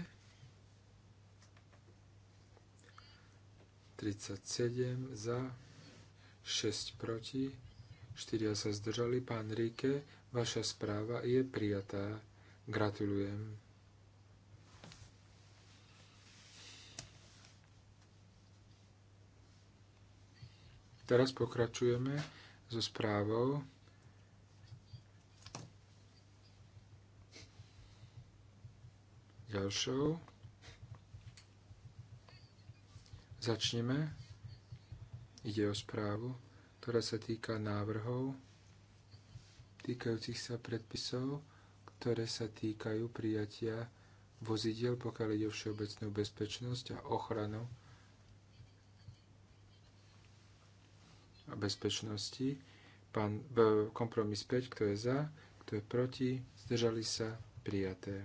37 za, 6 proti, 4 sa zdržali. Pán Ríke, vaša správa je prijatá. Gratulujem. Teraz pokračujeme so správou ďalšou. Začneme. Ide o správu, ktorá sa týka návrhov týkajúcich sa predpisov, ktoré sa týkajú prijatia vozidiel, pokiaľ ide o všeobecnú bezpečnosť a ochranu a bezpečnosti. Pán, kompromis 5, kto je za, kto je proti, zdržali sa, prijaté.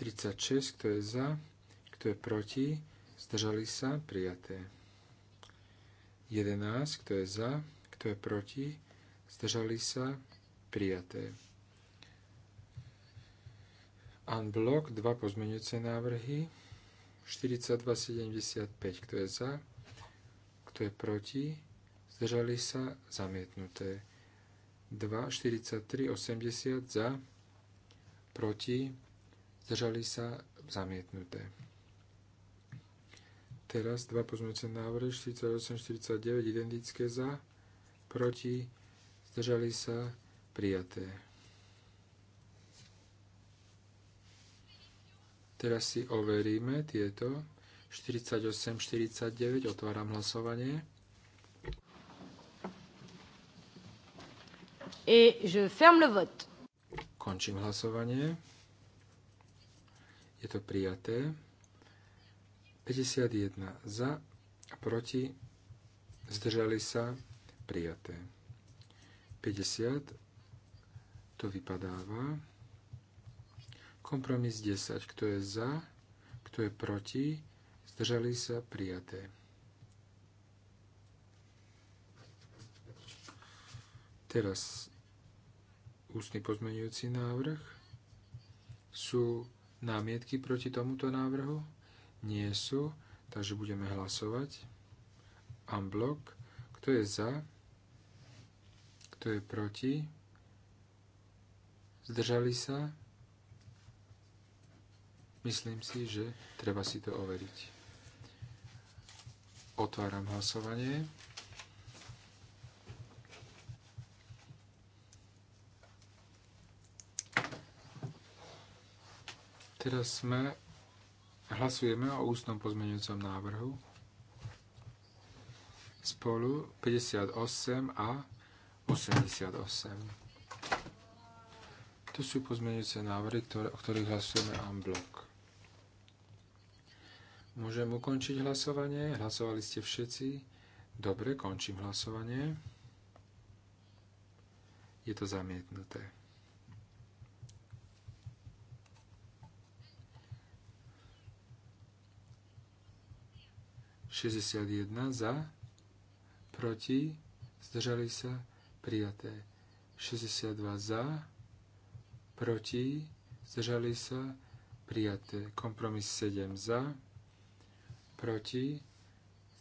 36, kto je za, kto je proti, zdržali sa, prijaté. 11, kto je za, kto je proti, zdržali sa, prijaté. Unblock, dva pozmeňujúce návrhy, 42, 75, kto je za, kto je proti, zdržali sa, zamietnuté. 80 za, proti, zdržali sa zamietnuté. Teraz dva pozmeňujúce návrhy 4849, identické za, proti, zdržali sa prijaté. Teraz si overíme tieto 48-49, otváram hlasovanie. Et je ferme le vote. Končím hlasovanie je to prijaté. 51 za, proti, zdržali sa, prijaté. 50, to vypadáva. Kompromis 10, kto je za, kto je proti, zdržali sa, prijaté. Teraz ústny pozmenujúci návrh sú Námietky proti tomuto návrhu? Nie sú, takže budeme hlasovať. Unblock. Kto je za? Kto je proti? Zdržali sa? Myslím si, že treba si to overiť. Otváram hlasovanie. Teraz sme, hlasujeme o ústnom pozmeňujúcom návrhu spolu 58 a 88. To sú pozmeňujúce návrhy, ktoré, o ktorých hlasujeme en bloc. Môžem ukončiť hlasovanie? Hlasovali ste všetci? Dobre, končím hlasovanie. Je to zamietnuté. 61 za, proti, zdržali sa, prijaté. 62 za, proti, zdržali sa, prijaté. Kompromis 7 za, proti,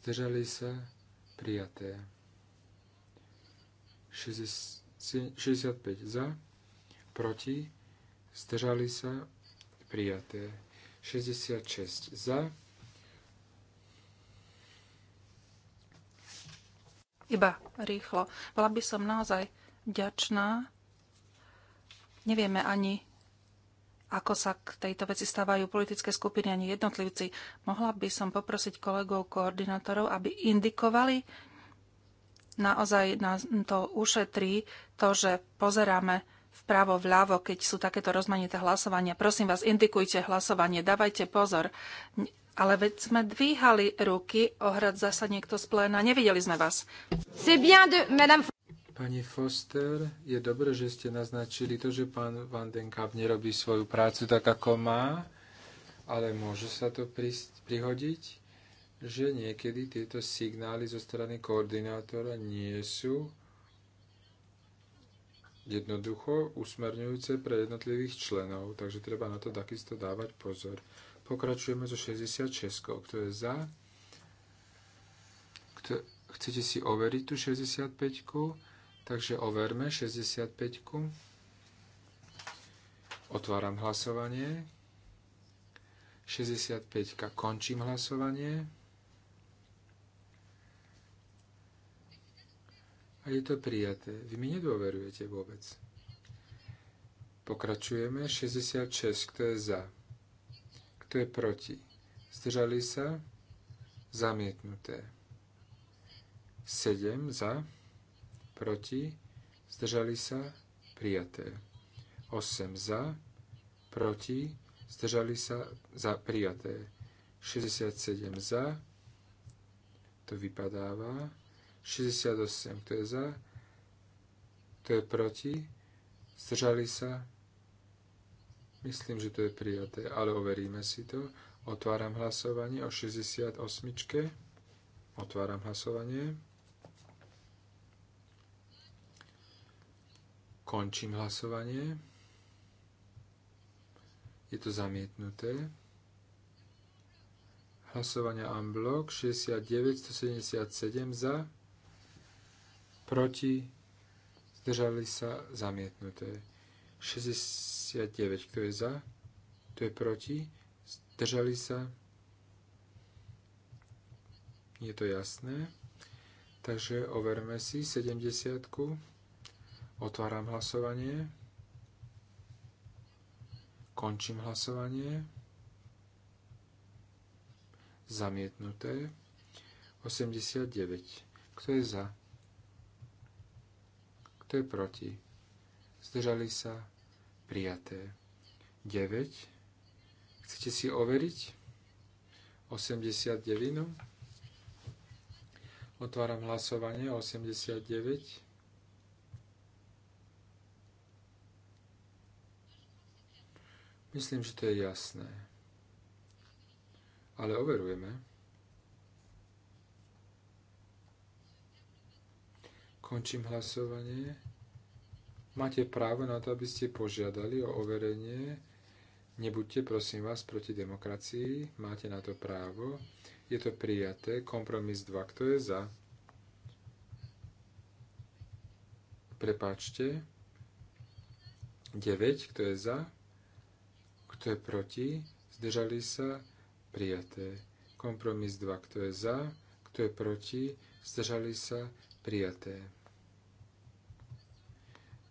zdržali sa, prijaté. 65 za, proti, zdržali sa, prijaté. 66 za, iba rýchlo. Bola by som naozaj ďačná. Nevieme ani, ako sa k tejto veci stávajú politické skupiny ani jednotlivci. Mohla by som poprosiť kolegov koordinátorov, aby indikovali naozaj na to ušetrí to, že pozeráme vpravo, vľavo, keď sú takéto rozmanité hlasovania. Prosím vás, indikujte hlasovanie, dávajte pozor. Ale veď sme dvíhali ruky, ohrad zasa niekto z pléna, nevideli sme vás. Pani Foster, je dobré, že ste naznačili to, že pán Van den Kamp nerobí svoju prácu tak, ako má, ale môže sa to prihodiť, že niekedy tieto signály zo strany koordinátora nie sú jednoducho usmerňujúce pre jednotlivých členov, takže treba na to takisto dávať pozor. Pokračujeme so 66. Kto je za? Kto, chcete si overiť tú 65? -ku? Takže overme 65. -ku. Otváram hlasovanie. 65. -ka. Končím hlasovanie. A je to prijaté. Vy mi nedôverujete vôbec. Pokračujeme. 66. Kto je za? Kto je proti? Zdržali sa? Zamietnuté. 7 za, proti, zdržali sa, prijaté. 8 za, proti, zdržali sa, za, prijaté. 67 za, to vypadáva. 68, to je za, to je proti, zdržali sa, Myslím, že to je prijaté, ale overíme si to. Otváram hlasovanie o 68. Otváram hlasovanie. Končím hlasovanie. Je to zamietnuté. Hlasovania unblock 69177 za, proti, zdržali sa zamietnuté. 69, kto je za, kto je proti, zdržali sa. Je to jasné. Takže overme si 70. Otváram hlasovanie. Končím hlasovanie. Zamietnuté. 89. Kto je za? Kto je proti? zdržali sa, prijaté. 9. Chcete si overiť? 89. No. Otváram hlasovanie 89. Myslím, že to je jasné. Ale overujeme. Končím hlasovanie. Máte právo na to, aby ste požiadali o overenie. Nebuďte, prosím vás, proti demokracii. Máte na to právo. Je to prijaté. Kompromis 2. Kto je za? Prepáčte. 9. Kto je za? Kto je proti? Zdržali sa? Prijaté. Kompromis 2. Kto je za? Kto je proti? Zdržali sa? Prijaté.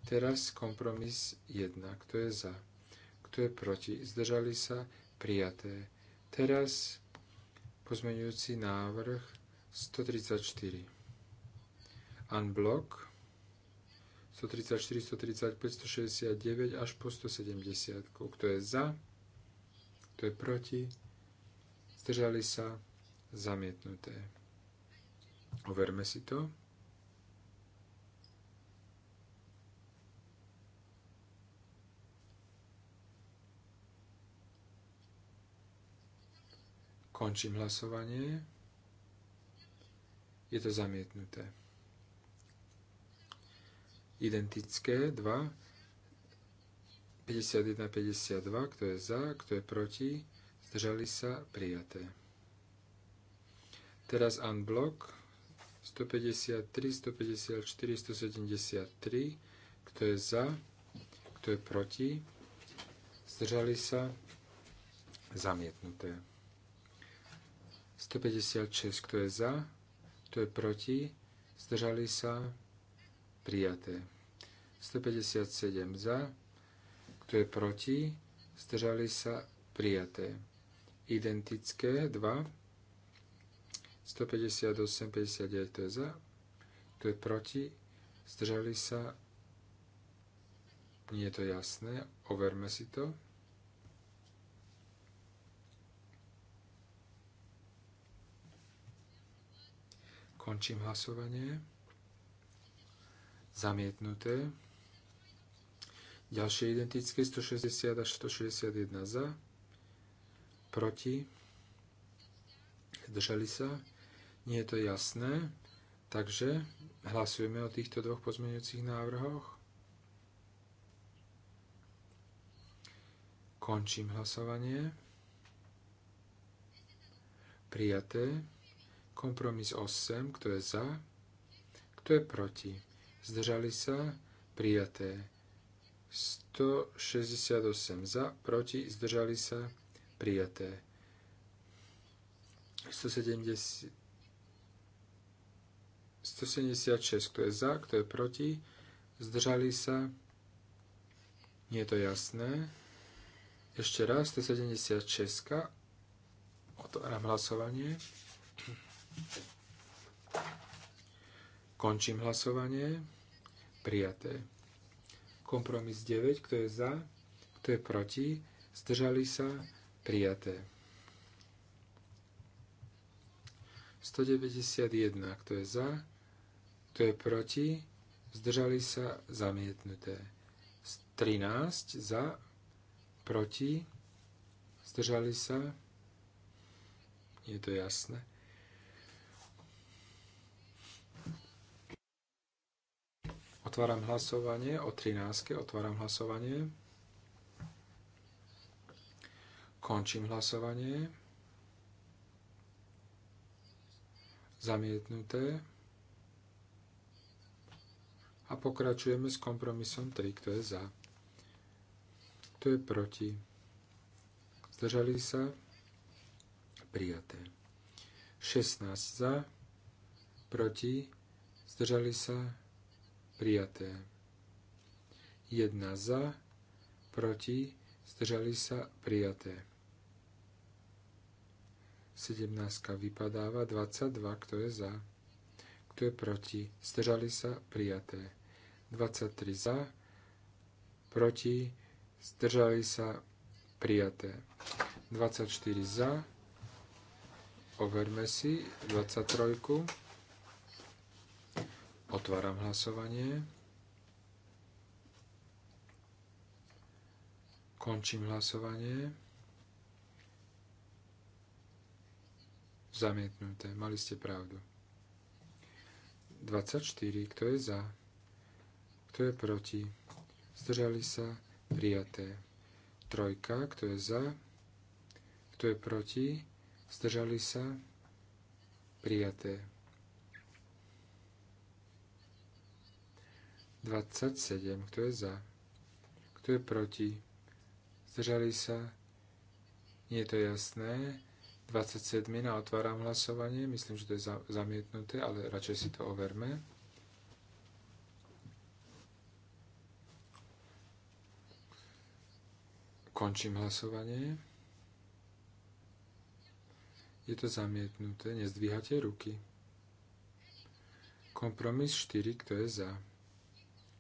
Teraz kompromis 1. Kto je za? Kto je proti? Zdržali sa? Prijaté. Teraz pozmeňujúci návrh 134. Unblock 134, 135, 169 až po 170. Kto je za? Kto je proti? Zdržali sa? Zamietnuté. Overme si to. Končím hlasovanie. Je to zamietnuté. Identické 2. 51, 52, kto je za, kto je proti, zdržali sa, prijaté. Teraz unblock 153, 154, 173, kto je za, kto je proti, zdržali sa, zamietnuté. 156, kto je za, kto je proti, zdržali sa, prijaté. 157 za, kto je proti, zdržali sa, prijaté. Identické 2, 158, 59, kto je za, kto je proti, zdržali sa, nie je to jasné, overme si to. Končím hlasovanie. Zamietnuté. Ďalšie identické 160 až 161 za. Proti. Zdržali sa. Nie je to jasné. Takže hlasujeme o týchto dvoch pozmeňujúcich návrhoch. Končím hlasovanie. Prijaté. Kompromis 8, kto je za, kto je proti. Zdržali sa, prijaté. 168 za, proti, zdržali sa, prijaté. 170, 176, kto je za, kto je proti, zdržali sa, nie je to jasné. Ešte raz, 176, otváram hlasovanie. Končím hlasovanie. Prijaté. Kompromis 9. Kto je za? Kto je proti? Zdržali sa? Prijaté. 191. Kto je za? Kto je proti? Zdržali sa? Zamietnuté. 13. Za? Proti? Zdržali sa? Je to jasné. Otváram hlasovanie o 13. Otváram hlasovanie. Končím hlasovanie. Zamietnuté. A pokračujeme s kompromisom 3, kto je za. Kto je proti. Zdržali sa. Prijaté. 16 za. Proti. Zdržali sa prijaté. 1 za, proti, zdržali sa, prijaté. 17 vypadáva, 22, kto je za, kto je proti, zdržali sa, prijaté. 23 za, proti, zdržali sa, prijaté. 24 za, overme si 23. Otváram hlasovanie. Končím hlasovanie. Zamietnuté. Mali ste pravdu. 24. Kto je za? Kto je proti? Zdržali sa? Prijaté. Trojka. Kto je za? Kto je proti? Zdržali sa? Prijaté. 27. Kto je za? Kto je proti? Zdržali sa? Nie je to jasné. 27. Otváram hlasovanie. Myslím, že to je zamietnuté, ale radšej si to overme. Končím hlasovanie. Je to zamietnuté. Nezdvíhate ruky. Kompromis 4. Kto je za?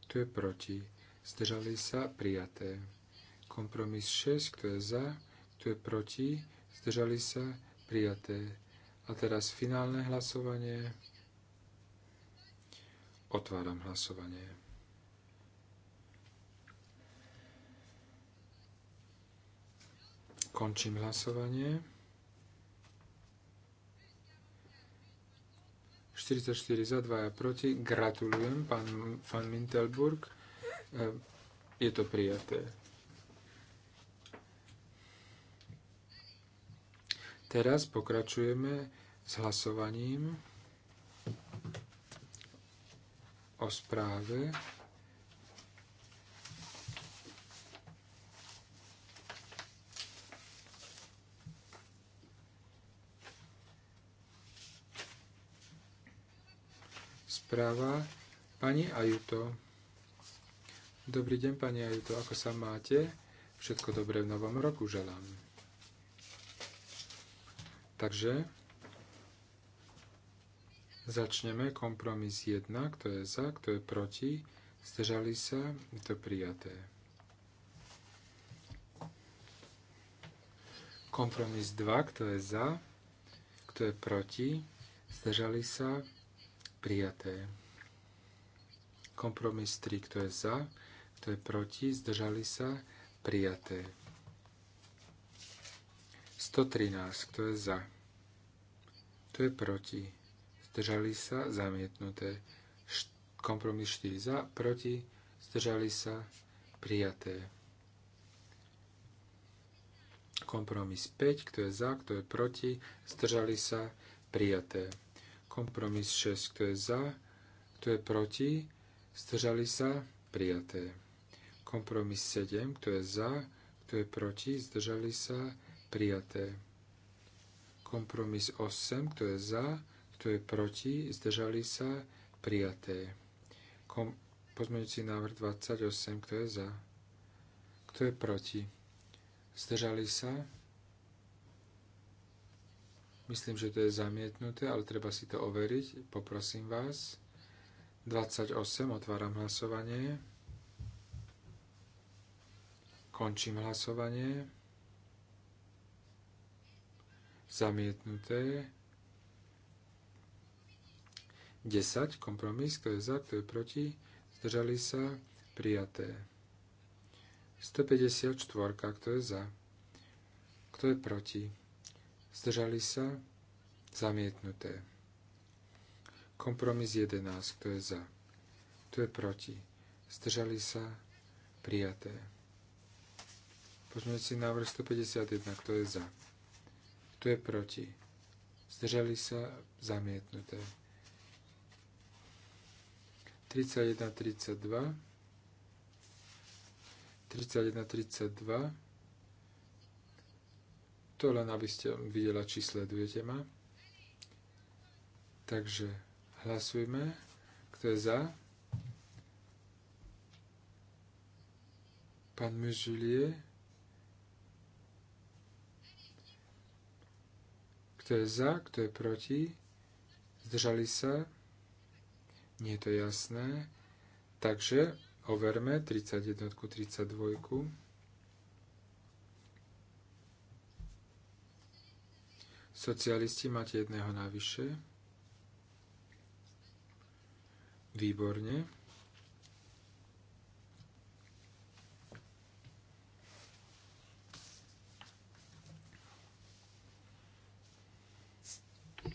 kto je proti, zdržali sa, prijaté. Kompromis 6, kto je za, kto je proti, zdržali sa, prijaté. A teraz finálne hlasovanie. Otváram hlasovanie. Končím hlasovanie. 44 za, 2 proti. Gratulujem, pán van Mintelburg. Eh, je to prijaté. Teraz pokračujeme s hlasovaním o správe práva. Pani Ajuto. Dobrý deň, pani Ajuto. Ako sa máte? Všetko dobré v novom roku želám. Takže začneme kompromis 1, kto je za, kto je proti, zdržali sa, je to prijaté. Kompromis 2, kto je za, kto je proti, zdržali sa, prijaté. Kompromis 3, kto je za, kto je proti, zdržali sa, prijaté. 113, kto je za, kto je proti, zdržali sa, zamietnuté. Kompromis 4 za, proti, zdržali sa, prijaté. Kompromis 5, kto je za, kto je proti, zdržali sa, prijaté. Kompromis 6, kto je za, kto je proti, zdržali sa, prijaté. Kompromis 7, kto je za, kto je proti, zdržali sa, prijaté. Kompromis 8, kto je za, kto je proti, zdržali sa, prijaté. Kom- pozmeňujúci návrh 28, kto je za, kto je proti, zdržali sa, prijaté. Myslím, že to je zamietnuté, ale treba si to overiť. Poprosím vás. 28, otváram hlasovanie. Končím hlasovanie. Zamietnuté. 10, kompromis, kto je za, kto je proti, zdržali sa, prijaté. 154, kto je za, kto je proti, zdržali sa, zamietnuté. Kompromis 11, kto je za, kto je proti, zdržali sa, prijaté. Pozmeňujúci návrh 151, kto je za, kto je proti, zdržali sa, zamietnuté. 31, 32, 31, 32, to len aby ste videla, či sledujete ma. Takže hlasujme. Kto je za? Pán Mežilie. Kto je za? Kto je proti? Zdržali sa? Nie je to jasné. Takže overme 31, 32. Socialisti máte jedného navyše. Výborne.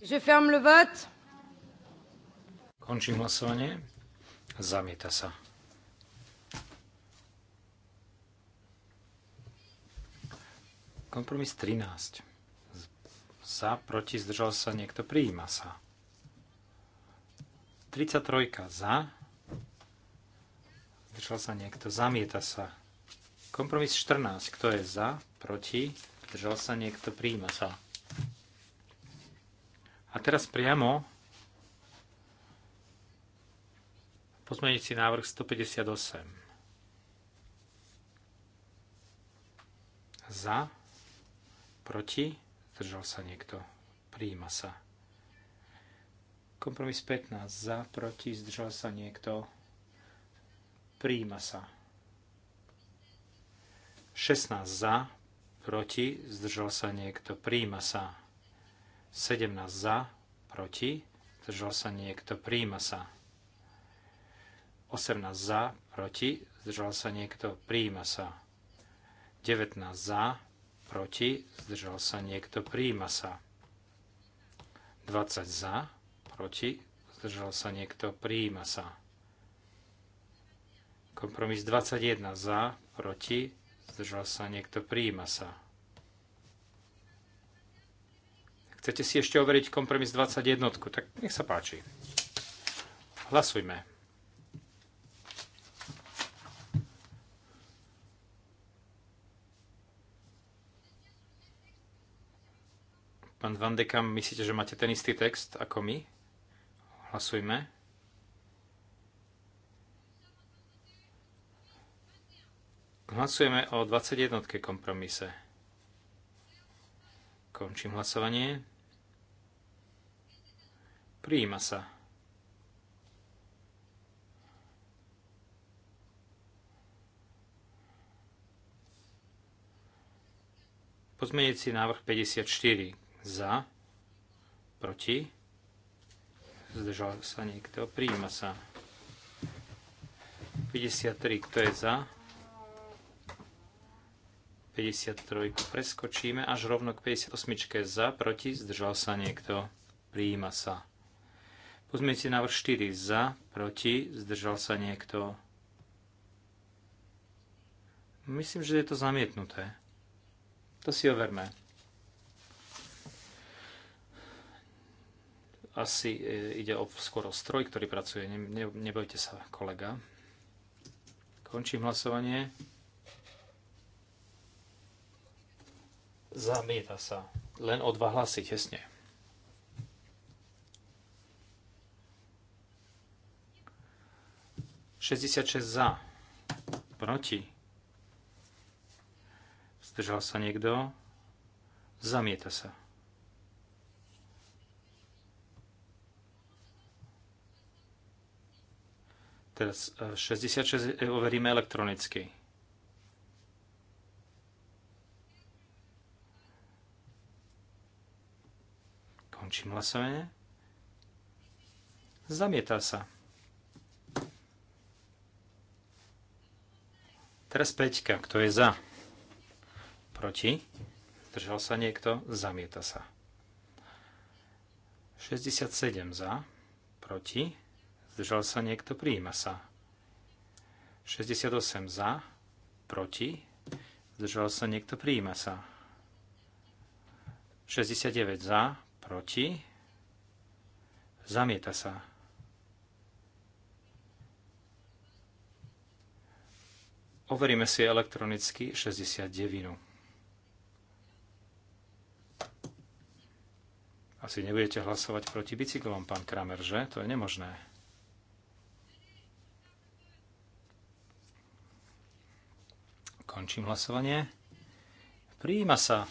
Je ferme le vote. Končím hlasovanie. Zamieta sa. Kompromis 13 za, proti, zdržal sa niekto, prijíma sa. 33 za, zdržal sa niekto, zamieta sa. Kompromis 14, kto je za, proti, zdržal sa niekto, prijíma sa. A teraz priamo pozmeňujúci návrh 158. Za, proti, zdržal sa niekto, prijíma sa. Kompromis 15 za, proti, zdržal sa niekto, prijíma sa. 16 za, proti, zdržal sa niekto, prijíma sa. 17 za, proti, zdržal sa niekto, prijíma sa. 18 za, proti, zdržal sa niekto, prijíma sa. 19 za, proti, zdržal sa niekto, príjma sa. 20 za, proti, zdržal sa niekto, príjma sa. Kompromis 21 za, proti, zdržal sa niekto, príjma sa. Chcete si ešte overiť kompromis 21, tak nech sa páči. Hlasujme. Pán Van de myslíte, že máte ten istý text ako my? Hlasujme. Hlasujeme o 21. kompromise. Končím hlasovanie. Prijíma sa. si návrh 54 za, proti, zdržal sa niekto, prijíma sa. 53, kto je za, 53 preskočíme až rovno k 58 za, proti, zdržal sa niekto, prijíma sa. si návrh 4 za, proti, zdržal sa niekto. Myslím, že je to zamietnuté. To si overme. asi e, ide o skoro stroj, ktorý pracuje. Ne, ne, nebojte sa, kolega. Končím hlasovanie. Zamieta sa. Len o dva hlasy, tesne. za. Proti. Zdržal sa niekto? Zamieta sa. Teraz 66 e, e, overíme elektronicky. Končím hlasovanie. Zamieta sa. Teraz Peťka, kto je za? Proti? Držal sa niekto? Zamieta sa. 67 za, proti, Zdržal sa niekto? Prijíma sa. 68 za. Proti. Zdržal sa niekto? Prijíma sa. 69 za. Proti. Zamieta sa. Overíme si elektronicky 69. Asi nebudete hlasovať proti bicyklom, pán Kramer, že? To je nemožné. Končím hlasovanie. Prijíma sa.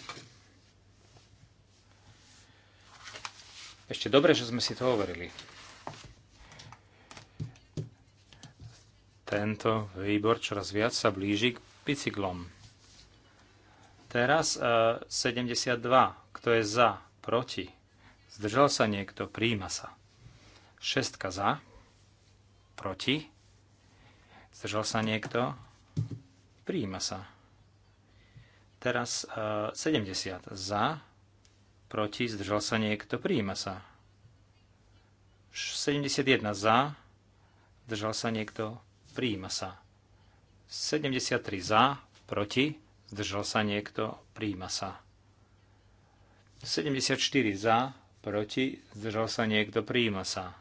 Ešte dobre, že sme si to overili. Tento výbor čoraz viac sa blíži k bicyklom. Teraz e, 72. Kto je za? Proti? Zdržal sa niekto? Prijíma sa. Šestka za? Proti? Zdržal sa niekto? Prijíma sa. Teraz 70 e, za, proti, zdržal sa niekto, prijíma sa. 71 za, zdržal sa niekto, prijíma sa. 73 za, proti, zdržal sa niekto, prijíma sa. 74 za, proti, zdržal sa niekto, prijíma sa.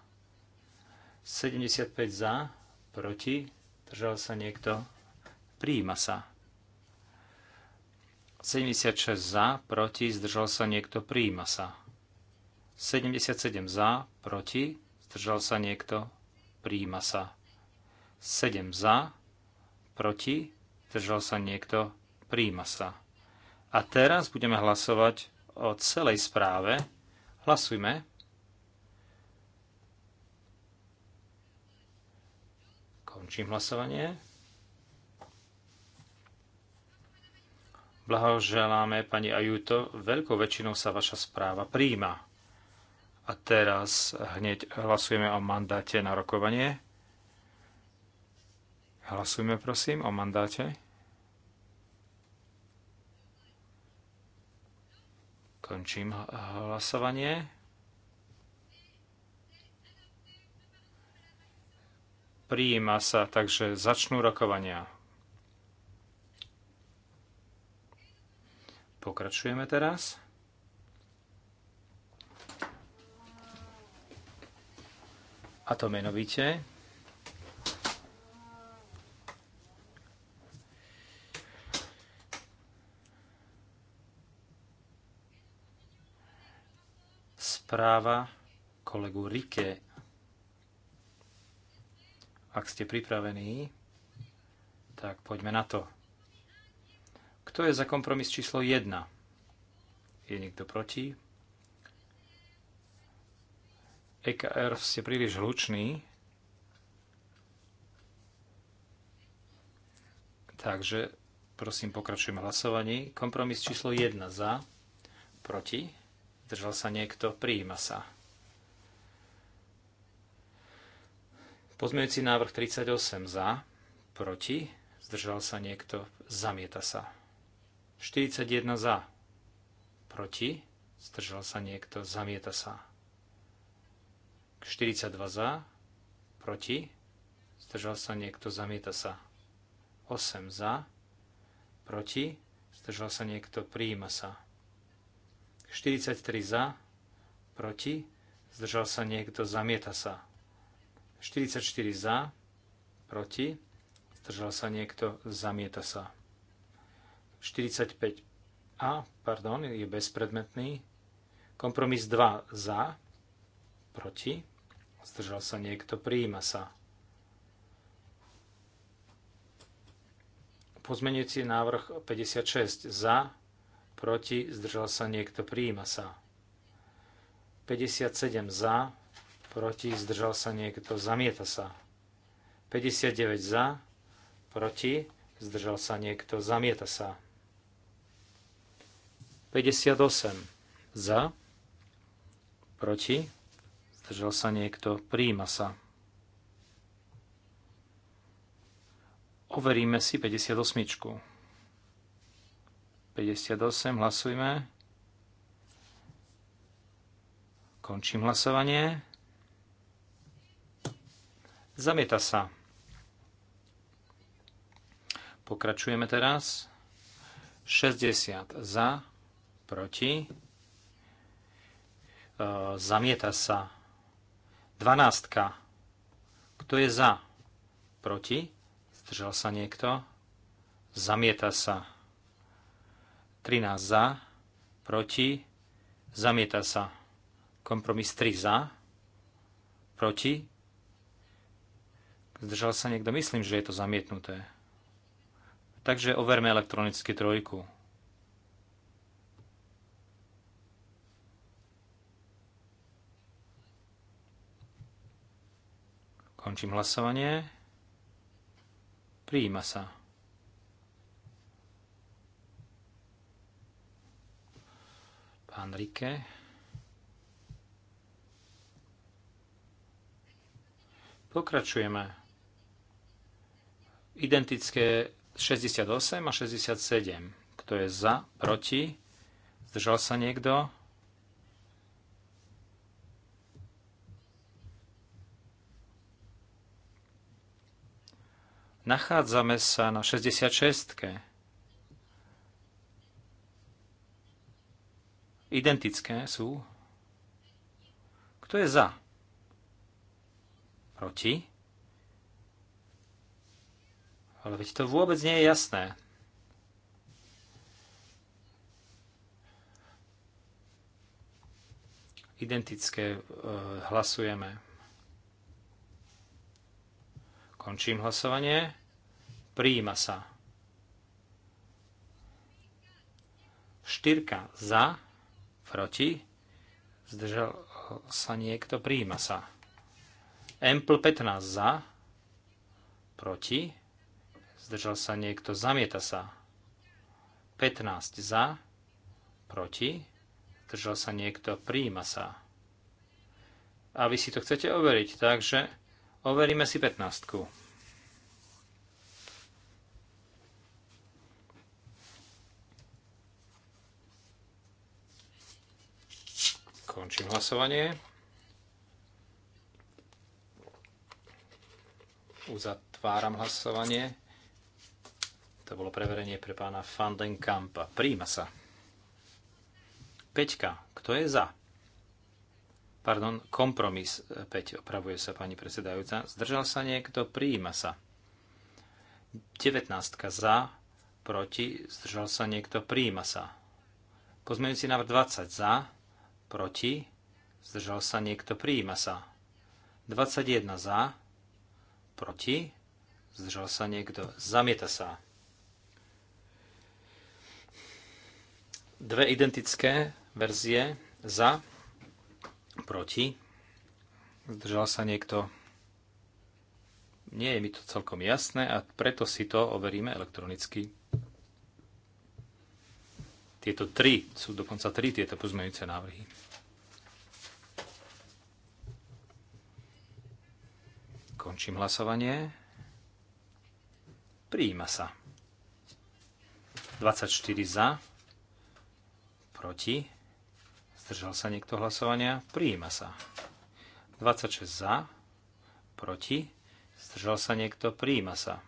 75 za, proti, zdržal sa niekto, Príjima sa. 76 za, proti, zdržal sa niekto, príjima sa. 77 za, proti, zdržal sa niekto, príjima sa. 7 za, proti, zdržal sa niekto, príjima sa. A teraz budeme hlasovať o celej správe. Hlasujme. Končím hlasovanie. Blahoželáme, pani Ajuto, veľkou väčšinou sa vaša správa príjma. A teraz hneď hlasujeme o mandáte na rokovanie. Hlasujme prosím o mandáte. Končím hlasovanie. Prijíma sa, takže začnú rokovania. Pokračujeme teraz. A to menovite. Správa kolegu Rike. Ak ste pripravení, tak poďme na to. Kto je za kompromis číslo 1? Je niekto proti? EKR ste príliš hluční. Takže prosím, pokračujeme hlasovaní. Kompromis číslo 1 za, proti, držal sa niekto, prijíma sa. Pozmeňujúci návrh 38 za, proti, zdržal sa niekto, zamieta sa. 41 za. Proti. Zdržal sa niekto. Zamieta sa. 42 za. Proti. Zdržal sa niekto. Zamieta sa. 8 za. Proti. Zdržal sa niekto. Prijíma sa. 43 za. Proti. Zdržal sa niekto. Zamieta sa. 44 za. Proti. Zdržal sa niekto. Zamieta sa. 45a, pardon, je bezpredmetný. Kompromis 2 za, proti. Zdržal sa niekto, prijíma sa. Pozmenujúci návrh 56 za, proti, zdržal sa niekto, prijíma sa. 57 za, proti, zdržal sa niekto, zamieta sa. 59 za, proti, zdržal sa niekto, zamieta sa. 58 za, proti, zdržal sa niekto, príjma sa. Overíme si 58. 58, hlasujme. Končím hlasovanie. Zamieta sa. Pokračujeme teraz. 60 za, proti, e, zamieta sa. 12. Kto je za? Proti? Zdržal sa niekto? Zamieta sa. 13 za, proti, zamieta sa. Kompromis 3 za, proti. Zdržal sa niekto? Myslím, že je to zamietnuté. Takže overme elektronicky trojku. Končím hlasovanie. Prijíma sa. Pán Rike. Pokračujeme. Identické 68 a 67. Kto je za, proti? Zdržal sa niekto? Nachádzame sa na 66. Identické sú. Kto je za? Proti? Ale veď to vôbec nie je jasné. Identické e, hlasujeme. Končím hlasovanie. Prijíma sa. Štyrka za, proti, zdržal sa niekto, prijíma sa. Ample 15 za, proti, zdržal sa niekto, zamieta sa. 15 za, proti, zdržal sa niekto, prijíma sa. A vy si to chcete overiť, takže Overíme si 15. -ku. Končím hlasovanie. Uzatváram hlasovanie. To bolo preverenie pre pána Fandenkampa. Príjma sa. Peťka, kto je za? Pardon, kompromis 5, e, opravuje sa pani predsedajúca. Zdržal sa niekto, prijíma sa. 19 za, proti, zdržal sa niekto, prijíma sa. Pozmeňujúci návrh 20 za, proti, zdržal sa niekto, prijíma sa. 21 za, proti, zdržal sa niekto, zamieta sa. Dve identické verzie za, Proti? Zdržal sa niekto? Nie je mi to celkom jasné a preto si to overíme elektronicky. Tieto tri, sú dokonca tri tieto pozmeňujúce návrhy. Končím hlasovanie. Prijíma sa. 24 za, proti Zdržal sa niekto hlasovania? Prijíma sa. 26 za, proti. Zdržal sa niekto? Prijíma sa.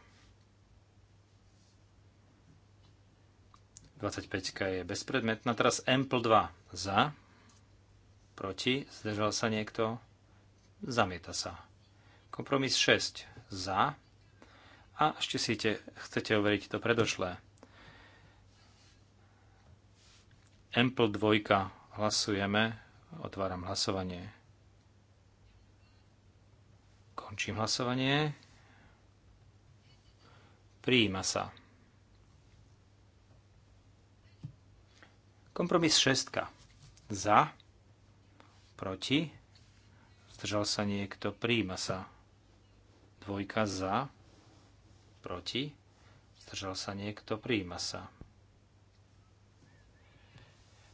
25 je bezpredmetná. Teraz Ample 2 za, proti. Zdržal sa niekto? Zamieta sa. Kompromis 6 za. A ešte si te, chcete overiť to predošlé. Ample 2 Hlasujeme. Otváram hlasovanie. Končím hlasovanie. Prijíma sa. Kompromis 6. Za. Proti. Zdržal sa niekto. Prijíma sa. Dvojka za. Proti. Zdržal sa niekto. Prijíma sa.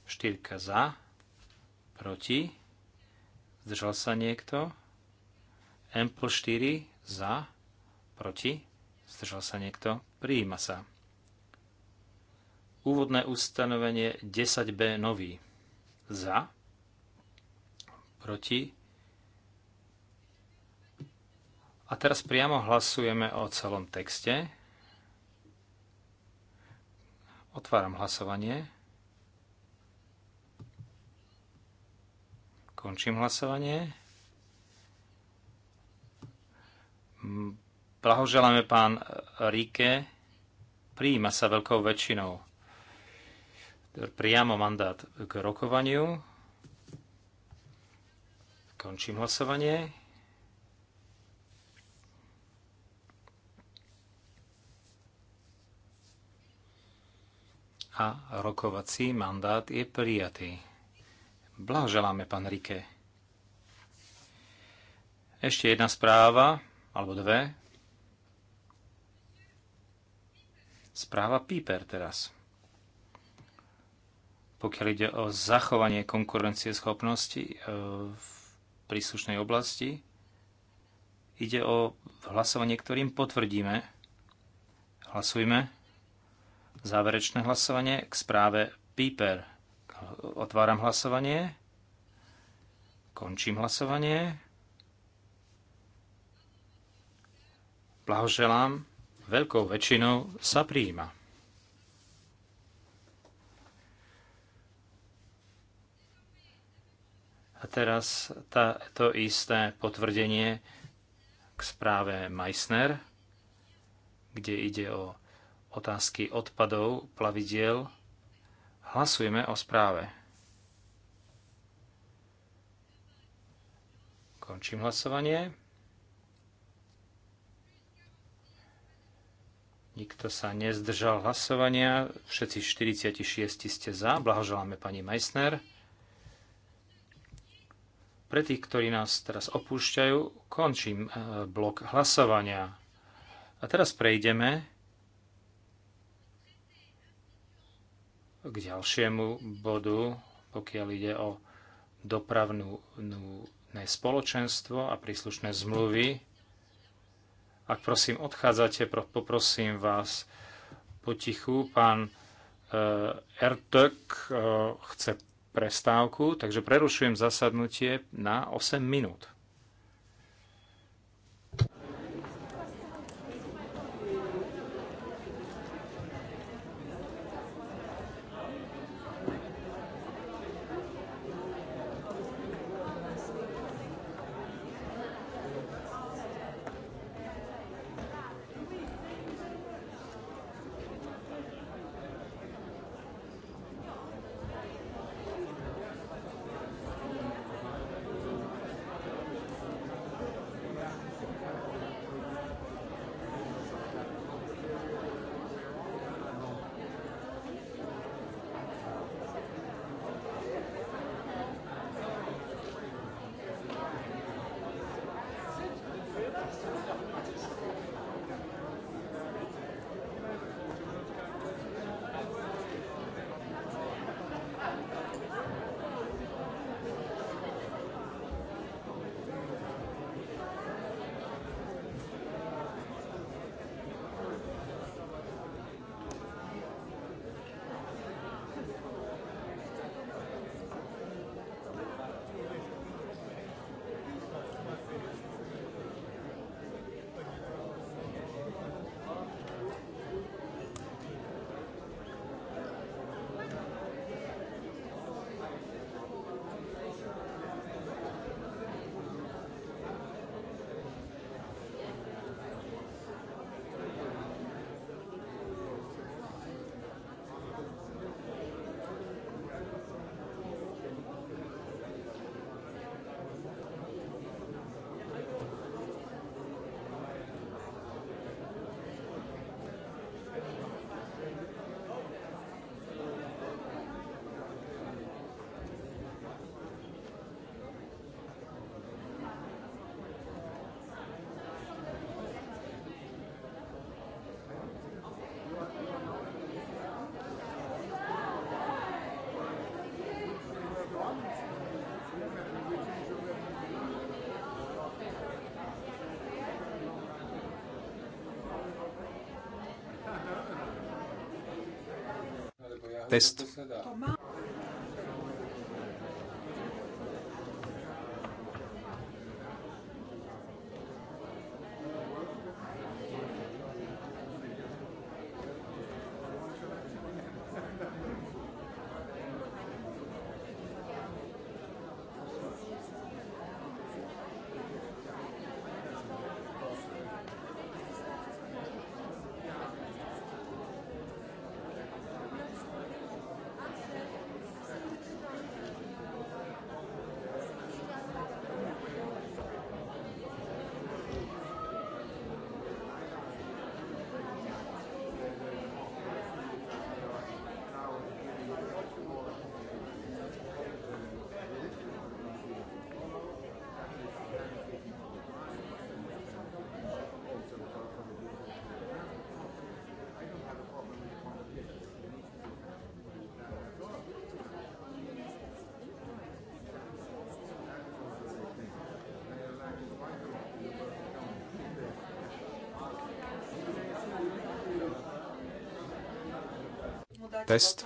Štyrka za, proti, zdržal sa niekto. plus 4 za, proti, zdržal sa niekto. Prijíma sa. Úvodné ustanovenie 10b nový. Za, proti. A teraz priamo hlasujeme o celom texte. Otváram hlasovanie. Končím hlasovanie. Blahoželáme pán Ríke. Prijíma sa veľkou väčšinou. Priamo mandát k rokovaniu. Končím hlasovanie. A rokovací mandát je prijatý. Blahoželáme, pán Rike. Ešte jedna správa, alebo dve. Správa Piper teraz. Pokiaľ ide o zachovanie konkurencieschopnosti e, v príslušnej oblasti, ide o hlasovanie, ktorým potvrdíme. Hlasujme. Záverečné hlasovanie k správe Piper. Otváram hlasovanie. Končím hlasovanie. Blahoželám. Veľkou väčšinou sa prijíma. A teraz tá, to isté potvrdenie k správe Meissner, kde ide o otázky odpadov plavidiel Hlasujeme o správe. Končím hlasovanie. Nikto sa nezdržal hlasovania. Všetci 46 ste za. Blahoželáme pani Meissner. Pre tých, ktorí nás teraz opúšťajú, končím eh, blok hlasovania. A teraz prejdeme k ďalšiemu bodu, pokiaľ ide o dopravnú spoločenstvo a príslušné zmluvy. Ak prosím odchádzate, poprosím vás potichu. Pán eh, Ertök eh, chce prestávku, takže prerušujem zasadnutie na 8 minút. test. test.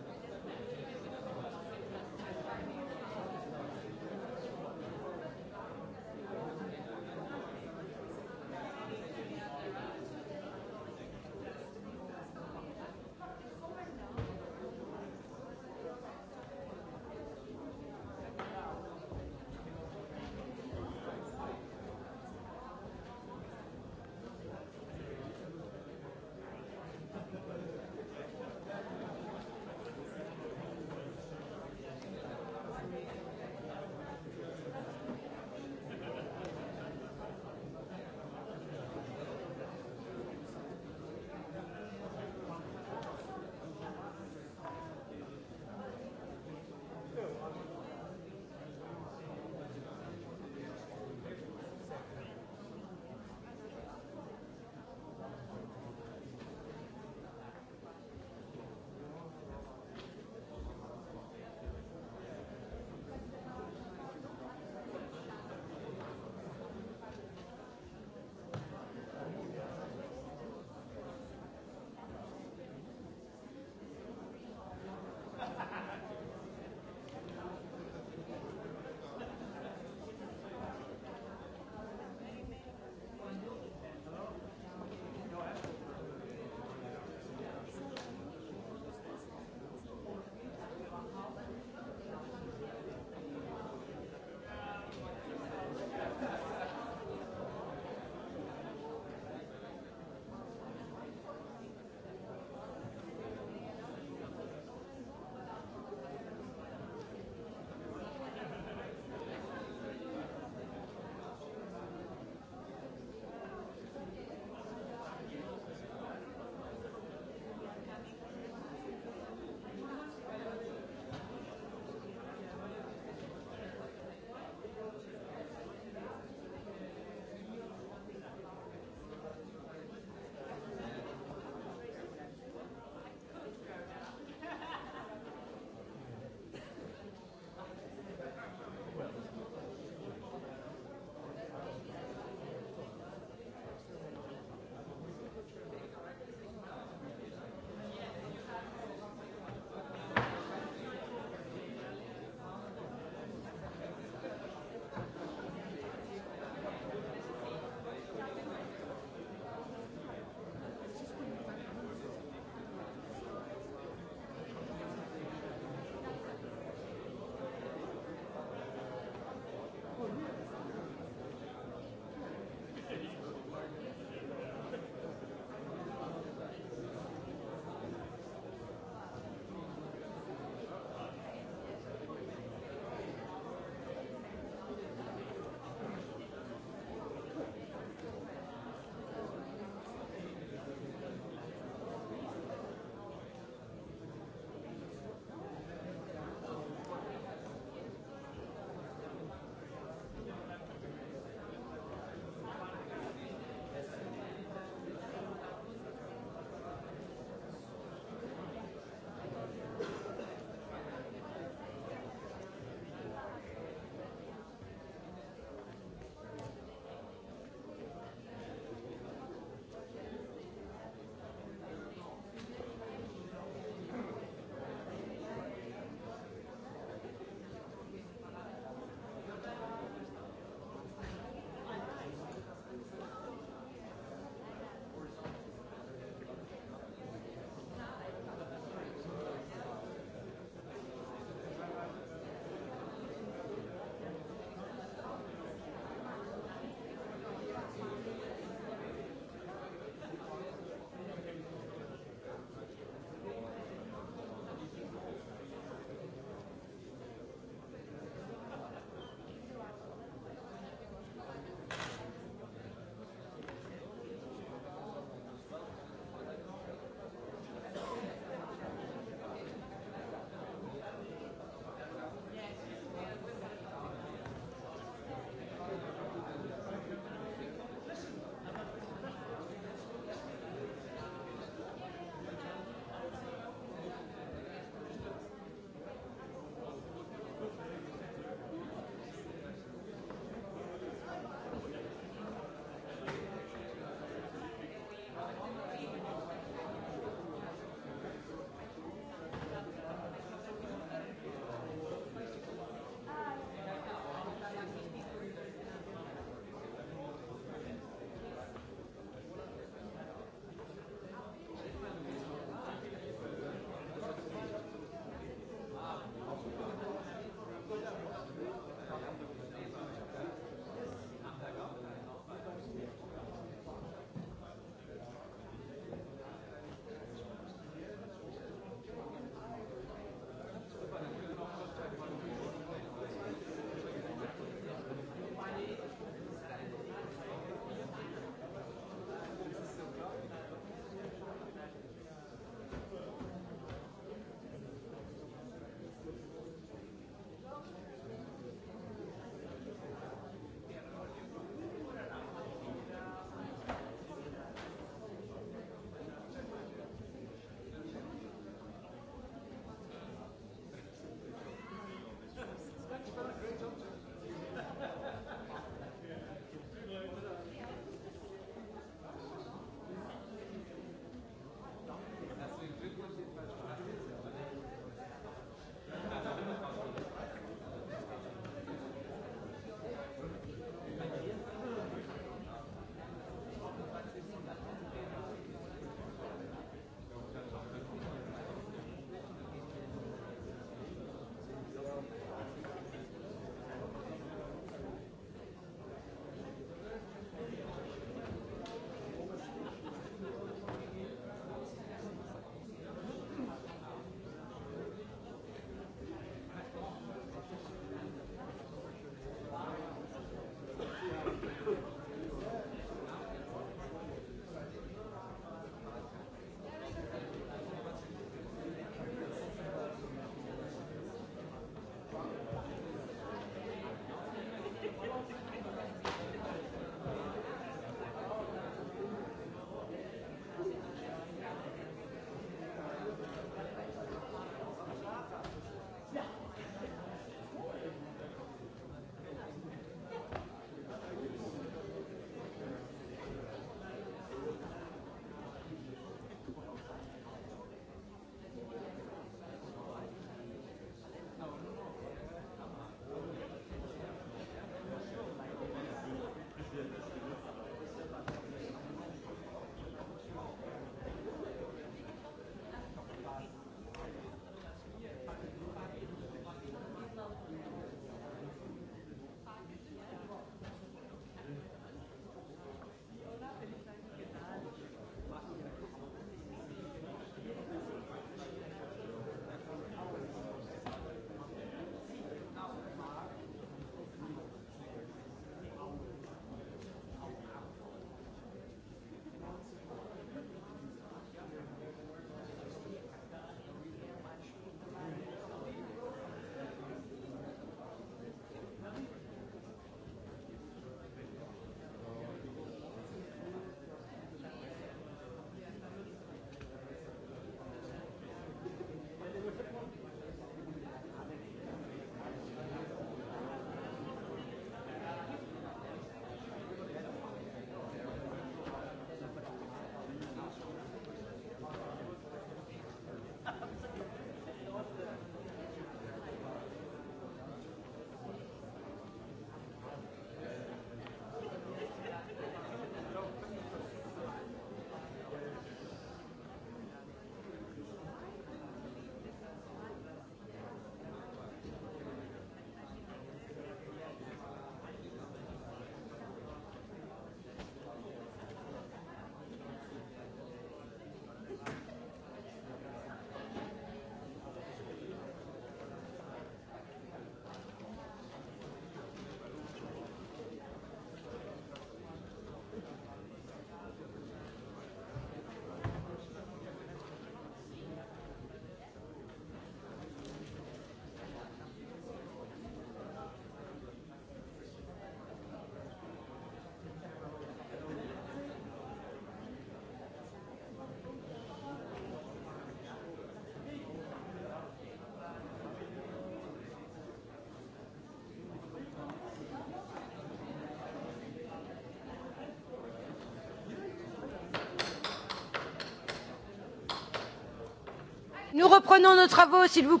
Nous reprenons nos travaux, s'il vous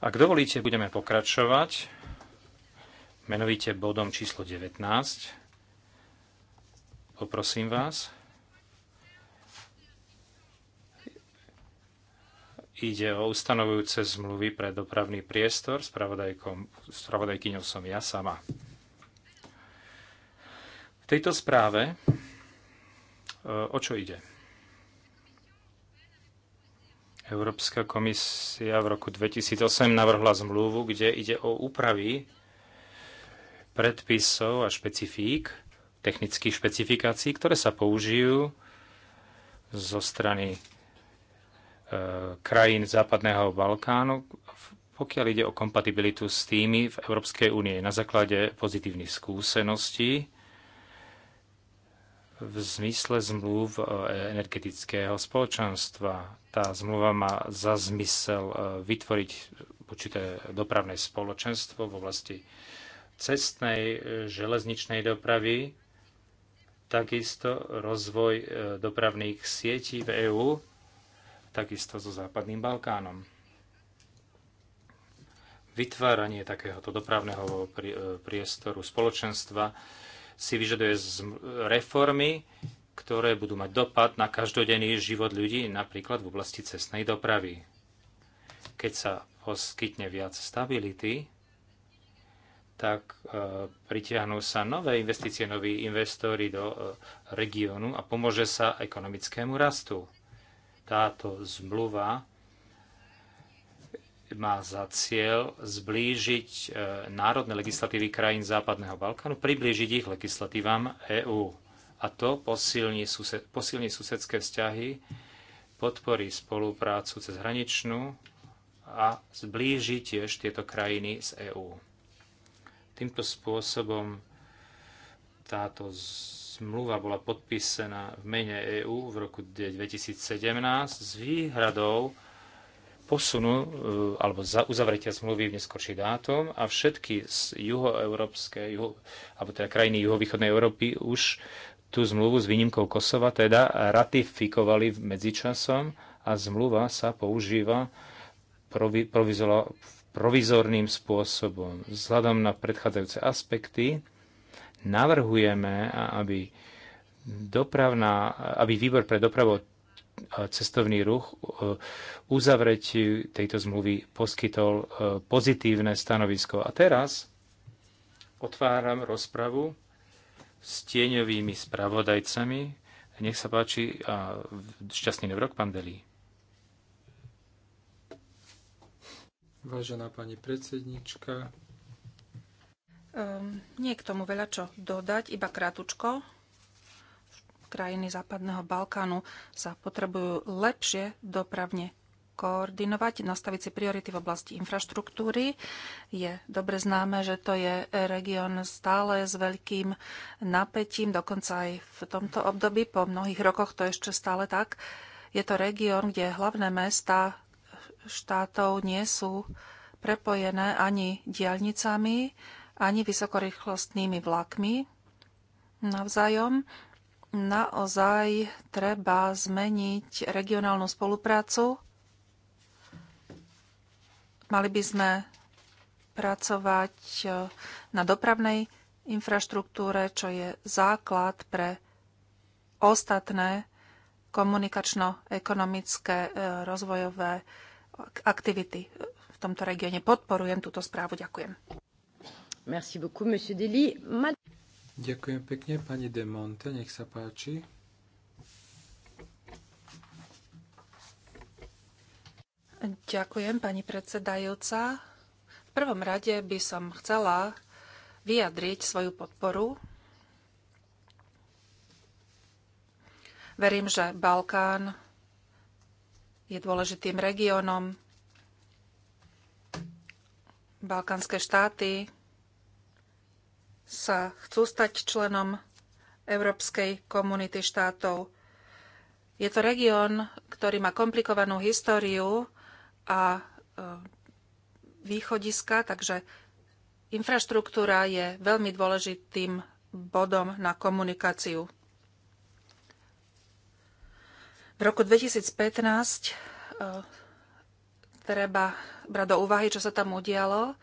Ak dovolíte, budeme pokračovať, menovite bodom číslo 19. Poprosím vás. Ide o ustanovujúce zmluvy pre dopravný priestor. Spravodajkyňou som ja sama. V tejto správe e, o čo ide? Európska komisia v roku 2008 navrhla zmluvu, kde ide o úpravy predpisov a špecifík, technických špecifikácií, ktoré sa použijú zo strany e, krajín Západného Balkánu, pokiaľ ide o kompatibilitu s tými v Európskej únie na základe pozitívnych skúseností v zmysle zmluv e, energetického spoločenstva tá zmluva má za zmysel e, vytvoriť určité dopravné spoločenstvo v oblasti cestnej, e, železničnej dopravy, takisto rozvoj e, dopravných sietí v EÚ, takisto so Západným Balkánom. Vytváranie takéhoto dopravného priestoru spoločenstva si vyžaduje reformy, ktoré budú mať dopad na každodenný život ľudí, napríklad v oblasti cestnej dopravy. Keď sa poskytne viac stability, tak e, pritiahnú sa nové investície, noví investóri do e, regiónu a pomôže sa ekonomickému rastu. Táto zmluva má za cieľ zblížiť e, národné legislatívy krajín Západného Balkánu, priblížiť ich legislatívam EÚ a to posilní, sused, posilní susedské vzťahy, podporí spoluprácu cez hraničnú a zblíži tiež tieto krajiny z EÚ. Týmto spôsobom táto zmluva bola podpísaná v mene EÚ v roku 2017 s výhradou posunu e, alebo za uzavretia zmluvy v neskorší dátum a všetky z juhoeurópskej, juho, alebo teda krajiny juhovýchodnej Európy už tú zmluvu s výnimkou Kosova teda ratifikovali medzičasom a zmluva sa používa provi, provizolo, provizorným spôsobom. Vzhľadom na predchádzajúce aspekty navrhujeme, aby, dopravná, aby výbor pre dopravu cestovný ruch e, uzavretiu tejto zmluvy poskytol e, pozitívne stanovisko. A teraz otváram rozpravu s tieňovými spravodajcami. Nech sa páči a šťastný nevrok, pán Delí. Vážená pani predsednička. Um, nie je k tomu veľa čo dodať, iba krátučko. Krajiny Západného Balkánu sa potrebujú lepšie dopravne koordinovať, nastaviť si priority v oblasti infraštruktúry. Je dobre známe, že to je región stále s veľkým napätím, dokonca aj v tomto období, po mnohých rokoch to ešte stále tak. Je to región, kde hlavné mesta štátov nie sú prepojené ani diaľnicami, ani vysokorýchlostnými vlakmi navzájom naozaj treba zmeniť regionálnu spoluprácu Mali by sme pracovať e, na dopravnej infraštruktúre, čo je základ pre ostatné komunikačno-ekonomické e, rozvojové aktivity v tomto regióne. Podporujem túto správu. Ďakujem. Merci beaucoup, monsieur Deli. Ďakujem pekne, pani De Monte, nech sa páči. Ďakujem, pani predsedajúca. V prvom rade by som chcela vyjadriť svoju podporu. Verím, že Balkán je dôležitým regiónom. Balkánske štáty sa chcú stať členom Európskej komunity štátov. Je to región, ktorý má komplikovanú históriu, a e, východiska, takže infraštruktúra je veľmi dôležitým bodom na komunikáciu. V roku 2015 e, treba brať do úvahy, čo sa tam udialo,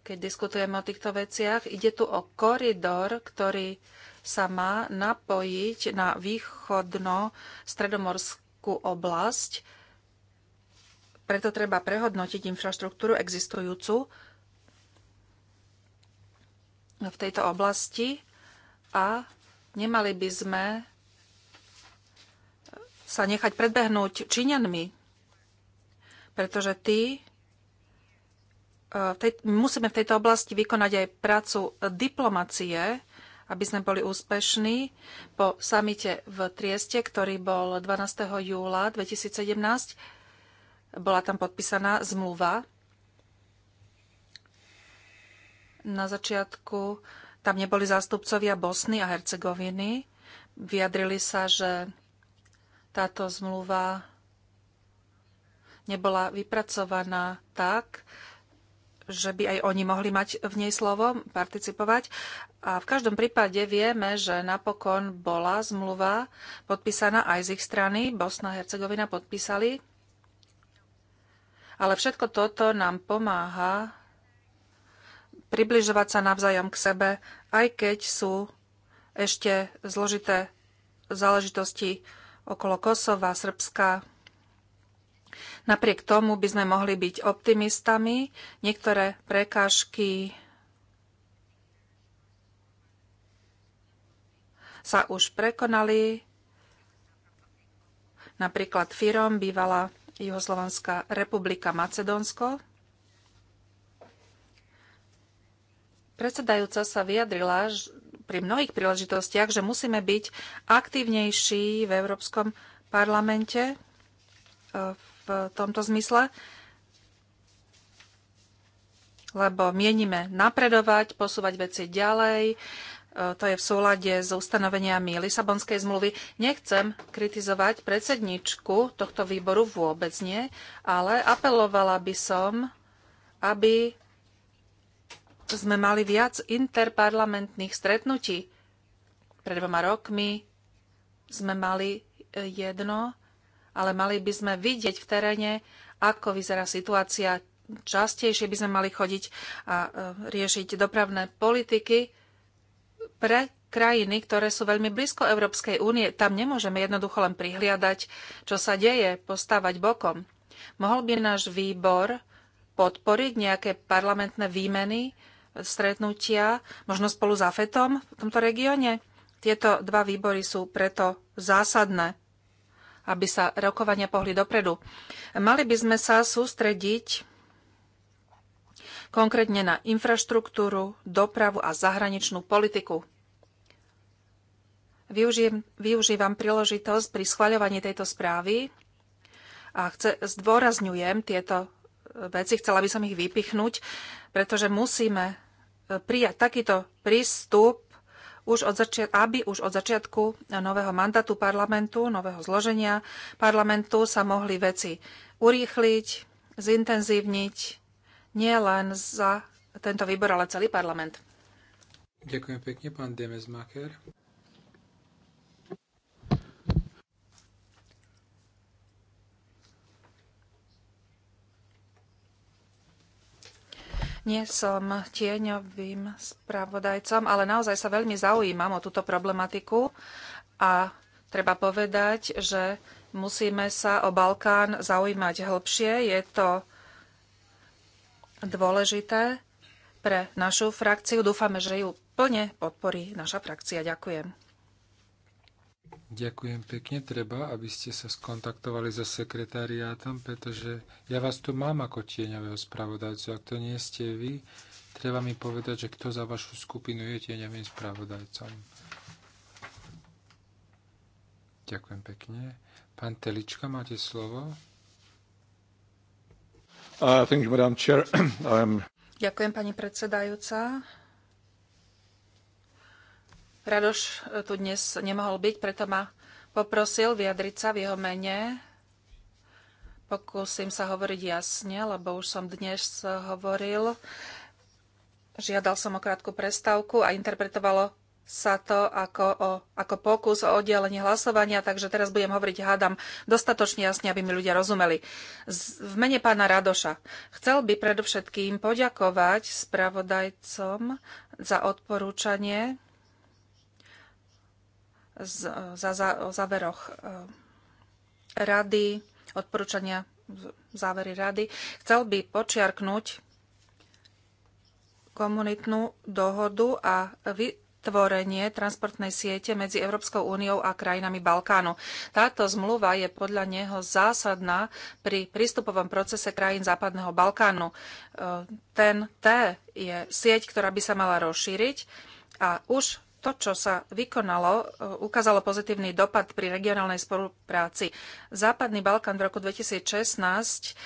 keď diskutujeme o týchto veciach. Ide tu o koridor, ktorý sa má napojiť na východno-stredomorskú oblasť preto treba prehodnotiť infraštruktúru existujúcu v tejto oblasti a nemali by sme sa nechať predbehnúť Číňanmi, pretože tí e, tej, musíme v tejto oblasti vykonať aj prácu diplomacie, aby sme boli úspešní. Po samite v Trieste, ktorý bol 12. júla 2017, bola tam podpísaná zmluva. Na začiatku tam neboli zástupcovia Bosny a Hercegoviny. Vyjadrili sa, že táto zmluva nebola vypracovaná tak, že by aj oni mohli mať v nej slovo, participovať. A v každom prípade vieme, že napokon bola zmluva podpísaná aj z ich strany. Bosna a Hercegovina podpísali ale všetko toto nám pomáha približovať sa navzájom k sebe, aj keď sú ešte zložité záležitosti okolo Kosova, Srbska. Napriek tomu by sme mohli byť optimistami. Niektoré prekážky sa už prekonali. Napríklad Firom, bývala. Juhoslovanská republika Macedónsko. Predsedajúca sa vyjadrila pri mnohých príležitostiach, že musíme byť aktívnejší v Európskom parlamente e, v tomto zmysle, lebo mienime napredovať, posúvať veci ďalej, Eh, to je v súlade s ustanoveniami Lisabonskej zmluvy. Nechcem kritizovať predsedničku tohto výboru vôbec nie, ale apelovala by som, aby sme mali viac interparlamentných stretnutí. Pred dvoma rokmi sme mali eh, jedno, ale mali by sme vidieť v teréne, ako vyzerá situácia. Častejšie by sme mali chodiť a eh, riešiť dopravné politiky pre krajiny, ktoré sú veľmi blízko Európskej únie, tam nemôžeme jednoducho len prihliadať, čo sa deje, postávať bokom. Mohol by náš výbor podporiť nejaké parlamentné výmeny, stretnutia, možno spolu s AFETom v tomto regióne? Tieto dva výbory sú preto zásadné, aby sa rokovania pohli dopredu. Mali by sme sa sústrediť konkrétne na infraštruktúru, dopravu a zahraničnú politiku. Využijem, využívam príležitosť pri schvaľovaní tejto správy a chce, zdôrazňujem tieto e, veci, chcela by som ich vypichnúť, pretože musíme e, prijať takýto prístup už od začiat- aby už od začiatku nového mandátu parlamentu, nového zloženia parlamentu sa mohli veci urýchliť, zintenzívniť, nie len za tento výbor, ale celý parlament. Ďakujem pekne, pán Demesmacher. Nie som tieňovým spravodajcom, ale naozaj sa veľmi zaujímam o túto problematiku a treba povedať, že musíme sa o Balkán zaujímať hĺbšie. Je to dôležité pre našu frakciu. Dúfame, že ju plne podporí naša frakcia. Ďakujem. Ďakujem pekne. Treba, aby ste sa skontaktovali so sekretariátom, pretože ja vás tu mám ako tieňového spravodajcu. Ak to nie ste vy, treba mi povedať, že kto za vašu skupinu je tieňovým spravodajcom. Ďakujem pekne. Pán Telička, máte slovo. Uh, Ďakujem, pani predsedajúca. Radoš tu dnes nemohol byť, preto ma poprosil vyjadriť sa v jeho mene. Pokúsim sa hovoriť jasne, lebo už som dnes hovoril. Žiadal som o krátku prestávku a interpretovalo sa to ako, o, ako pokus o oddelenie hlasovania, takže teraz budem hovoriť, hádam, dostatočne jasne, aby mi ľudia rozumeli. Z, v mene pána Radoša chcel by predovšetkým poďakovať spravodajcom za odporúčanie z, za, za, o záveroch e, rady, odporúčania závery rady. Chcel by počiarknúť komunitnú dohodu a vy, tvorenie transportnej siete medzi Európskou úniou a krajinami Balkánu. Táto zmluva je podľa neho zásadná pri prístupovom procese krajín Západného Balkánu. E, ten T je sieť, ktorá by sa mala rozšíriť a už to, čo sa vykonalo, e, ukázalo pozitívny dopad pri regionálnej spolupráci. Západný Balkán v roku 2016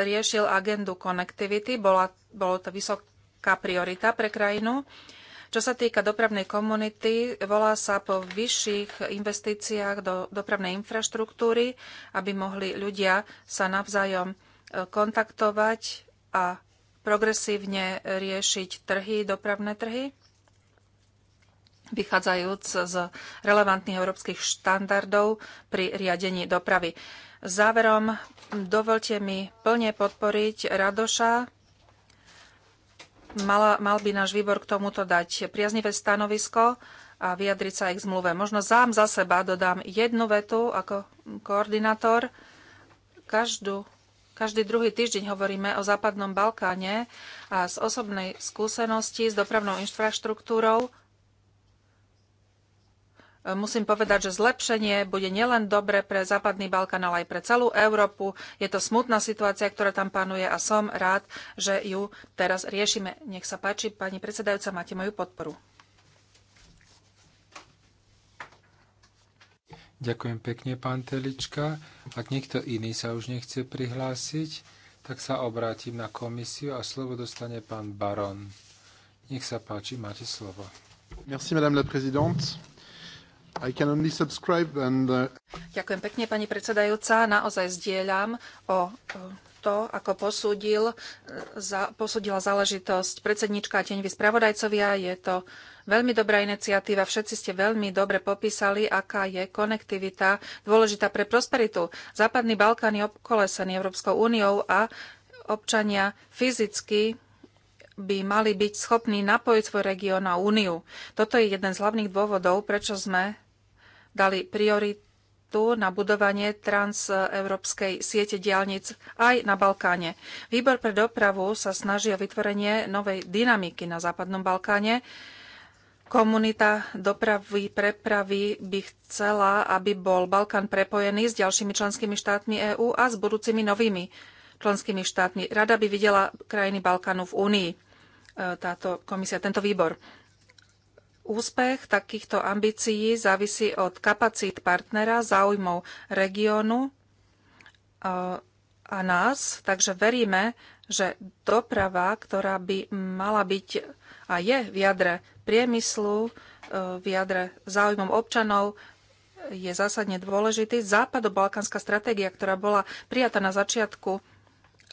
riešil agendu connectivity, bola, bolo to vysoká priorita pre krajinu. Čo sa týka dopravnej komunity, volá sa po vyšších investíciách do dopravnej infraštruktúry, aby mohli ľudia sa navzájom e, kontaktovať a progresívne riešiť trhy, dopravné trhy, vychádzajúc z relevantných európskych štandardov pri riadení dopravy. Záverom dovolte mi plne podporiť Radoša mala, mal by náš výbor k tomuto dať priaznivé stanovisko a vyjadriť sa aj k zmluve. Možno sám za seba dodám jednu vetu ako koordinátor. Každú, každý druhý týždeň hovoríme o Západnom Balkáne a z osobnej skúsenosti s dopravnou infraštruktúrou E, musím povedať, že zlepšenie bude nielen dobre pre Západný Balkán, ale aj pre celú Európu. Je to smutná situácia, ktorá tam panuje a som rád, že ju teraz riešime. Nech sa páči, pani predsedajúca, máte moju podporu. Ďakujem pekne, pán Telička. Ak niekto iný sa už nechce prihlásiť, tak sa obrátim na komisiu a slovo dostane pán Baron. Nech sa páči, máte slovo. Merci, madame la présidente. And... Uh, Ďakujem pekne, pani predsedajúca. Naozaj zdieľam o to, ako posúdil, e, za, posúdila záležitosť predsednička a teňvy spravodajcovia. Je to veľmi dobrá iniciatíva. Všetci ste veľmi dobre popísali, aká je konektivita dôležitá pre prosperitu. Západný Balkán je obkolesený Európskou úniou a občania fyzicky by mali byť schopní napojiť svoj región na úniu. Toto je jeden z hlavných dôvodov, prečo sme dali prioritu na budovanie transeurópskej siete diálnic aj na Balkáne. Výbor pre dopravu sa snaží o vytvorenie novej dynamiky na Západnom Balkáne. Komunita dopravy prepravy by chcela, aby bol Balkán prepojený s ďalšími členskými štátmi EÚ a s budúcimi novými členskými štátmi. Rada by videla krajiny Balkánu v Únii, e, táto komisia, tento výbor. Úspech takýchto ambícií závisí od kapacít partnera, záujmov regiónu eh, a nás, takže veríme, že doprava, ktorá by mala byť a je v jadre priemyslu, eh, v jadre záujmom občanov, je zásadne dôležitý. Západo-balkánska stratégia, ktorá bola prijatá na začiatku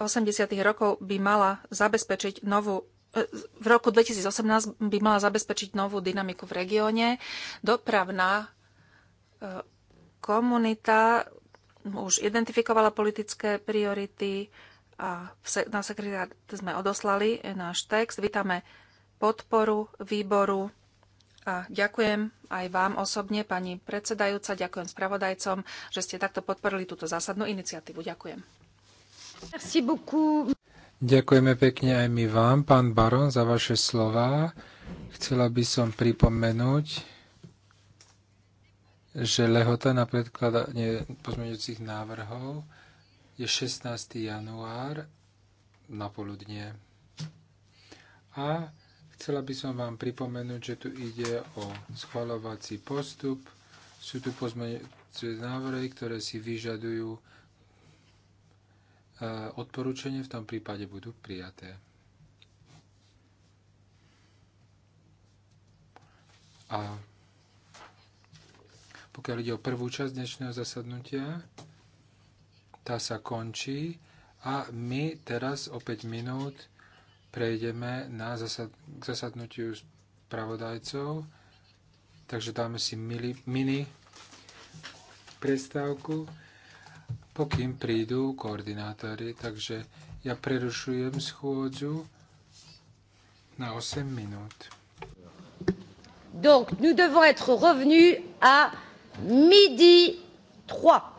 80. rokov, by mala zabezpečiť novú v roku 2018 by mala zabezpečiť novú dynamiku v regióne. Dopravná e, komunita už identifikovala politické priority a na sekretariat sme odoslali náš text. Vítame podporu výboru a ďakujem aj vám osobne, pani predsedajúca, ďakujem spravodajcom, že ste takto podporili túto zásadnú iniciatívu. Ďakujem. Merci beaucoup. Ďakujeme pekne aj my vám, pán Baron, za vaše slova. Chcela by som pripomenúť, že lehota na predkladanie pozmeňujúcich návrhov je 16. január na poludnie. A chcela by som vám pripomenúť, že tu ide o schvalovací postup. Sú tu pozmeňujúce návrhy, ktoré si vyžadujú odporúčania v tom prípade budú prijaté. A pokiaľ ide o prvú časť dnešného zasadnutia, tá sa končí a my teraz o 5 minút prejdeme na zasad- k zasadnutiu pravodajcov. Takže dáme si mili, mini prestávku pokým prídu koordinátori. Takže ja prerušujem schôdzu na 8 minút. Donc, nous devons être revenus à midi 3.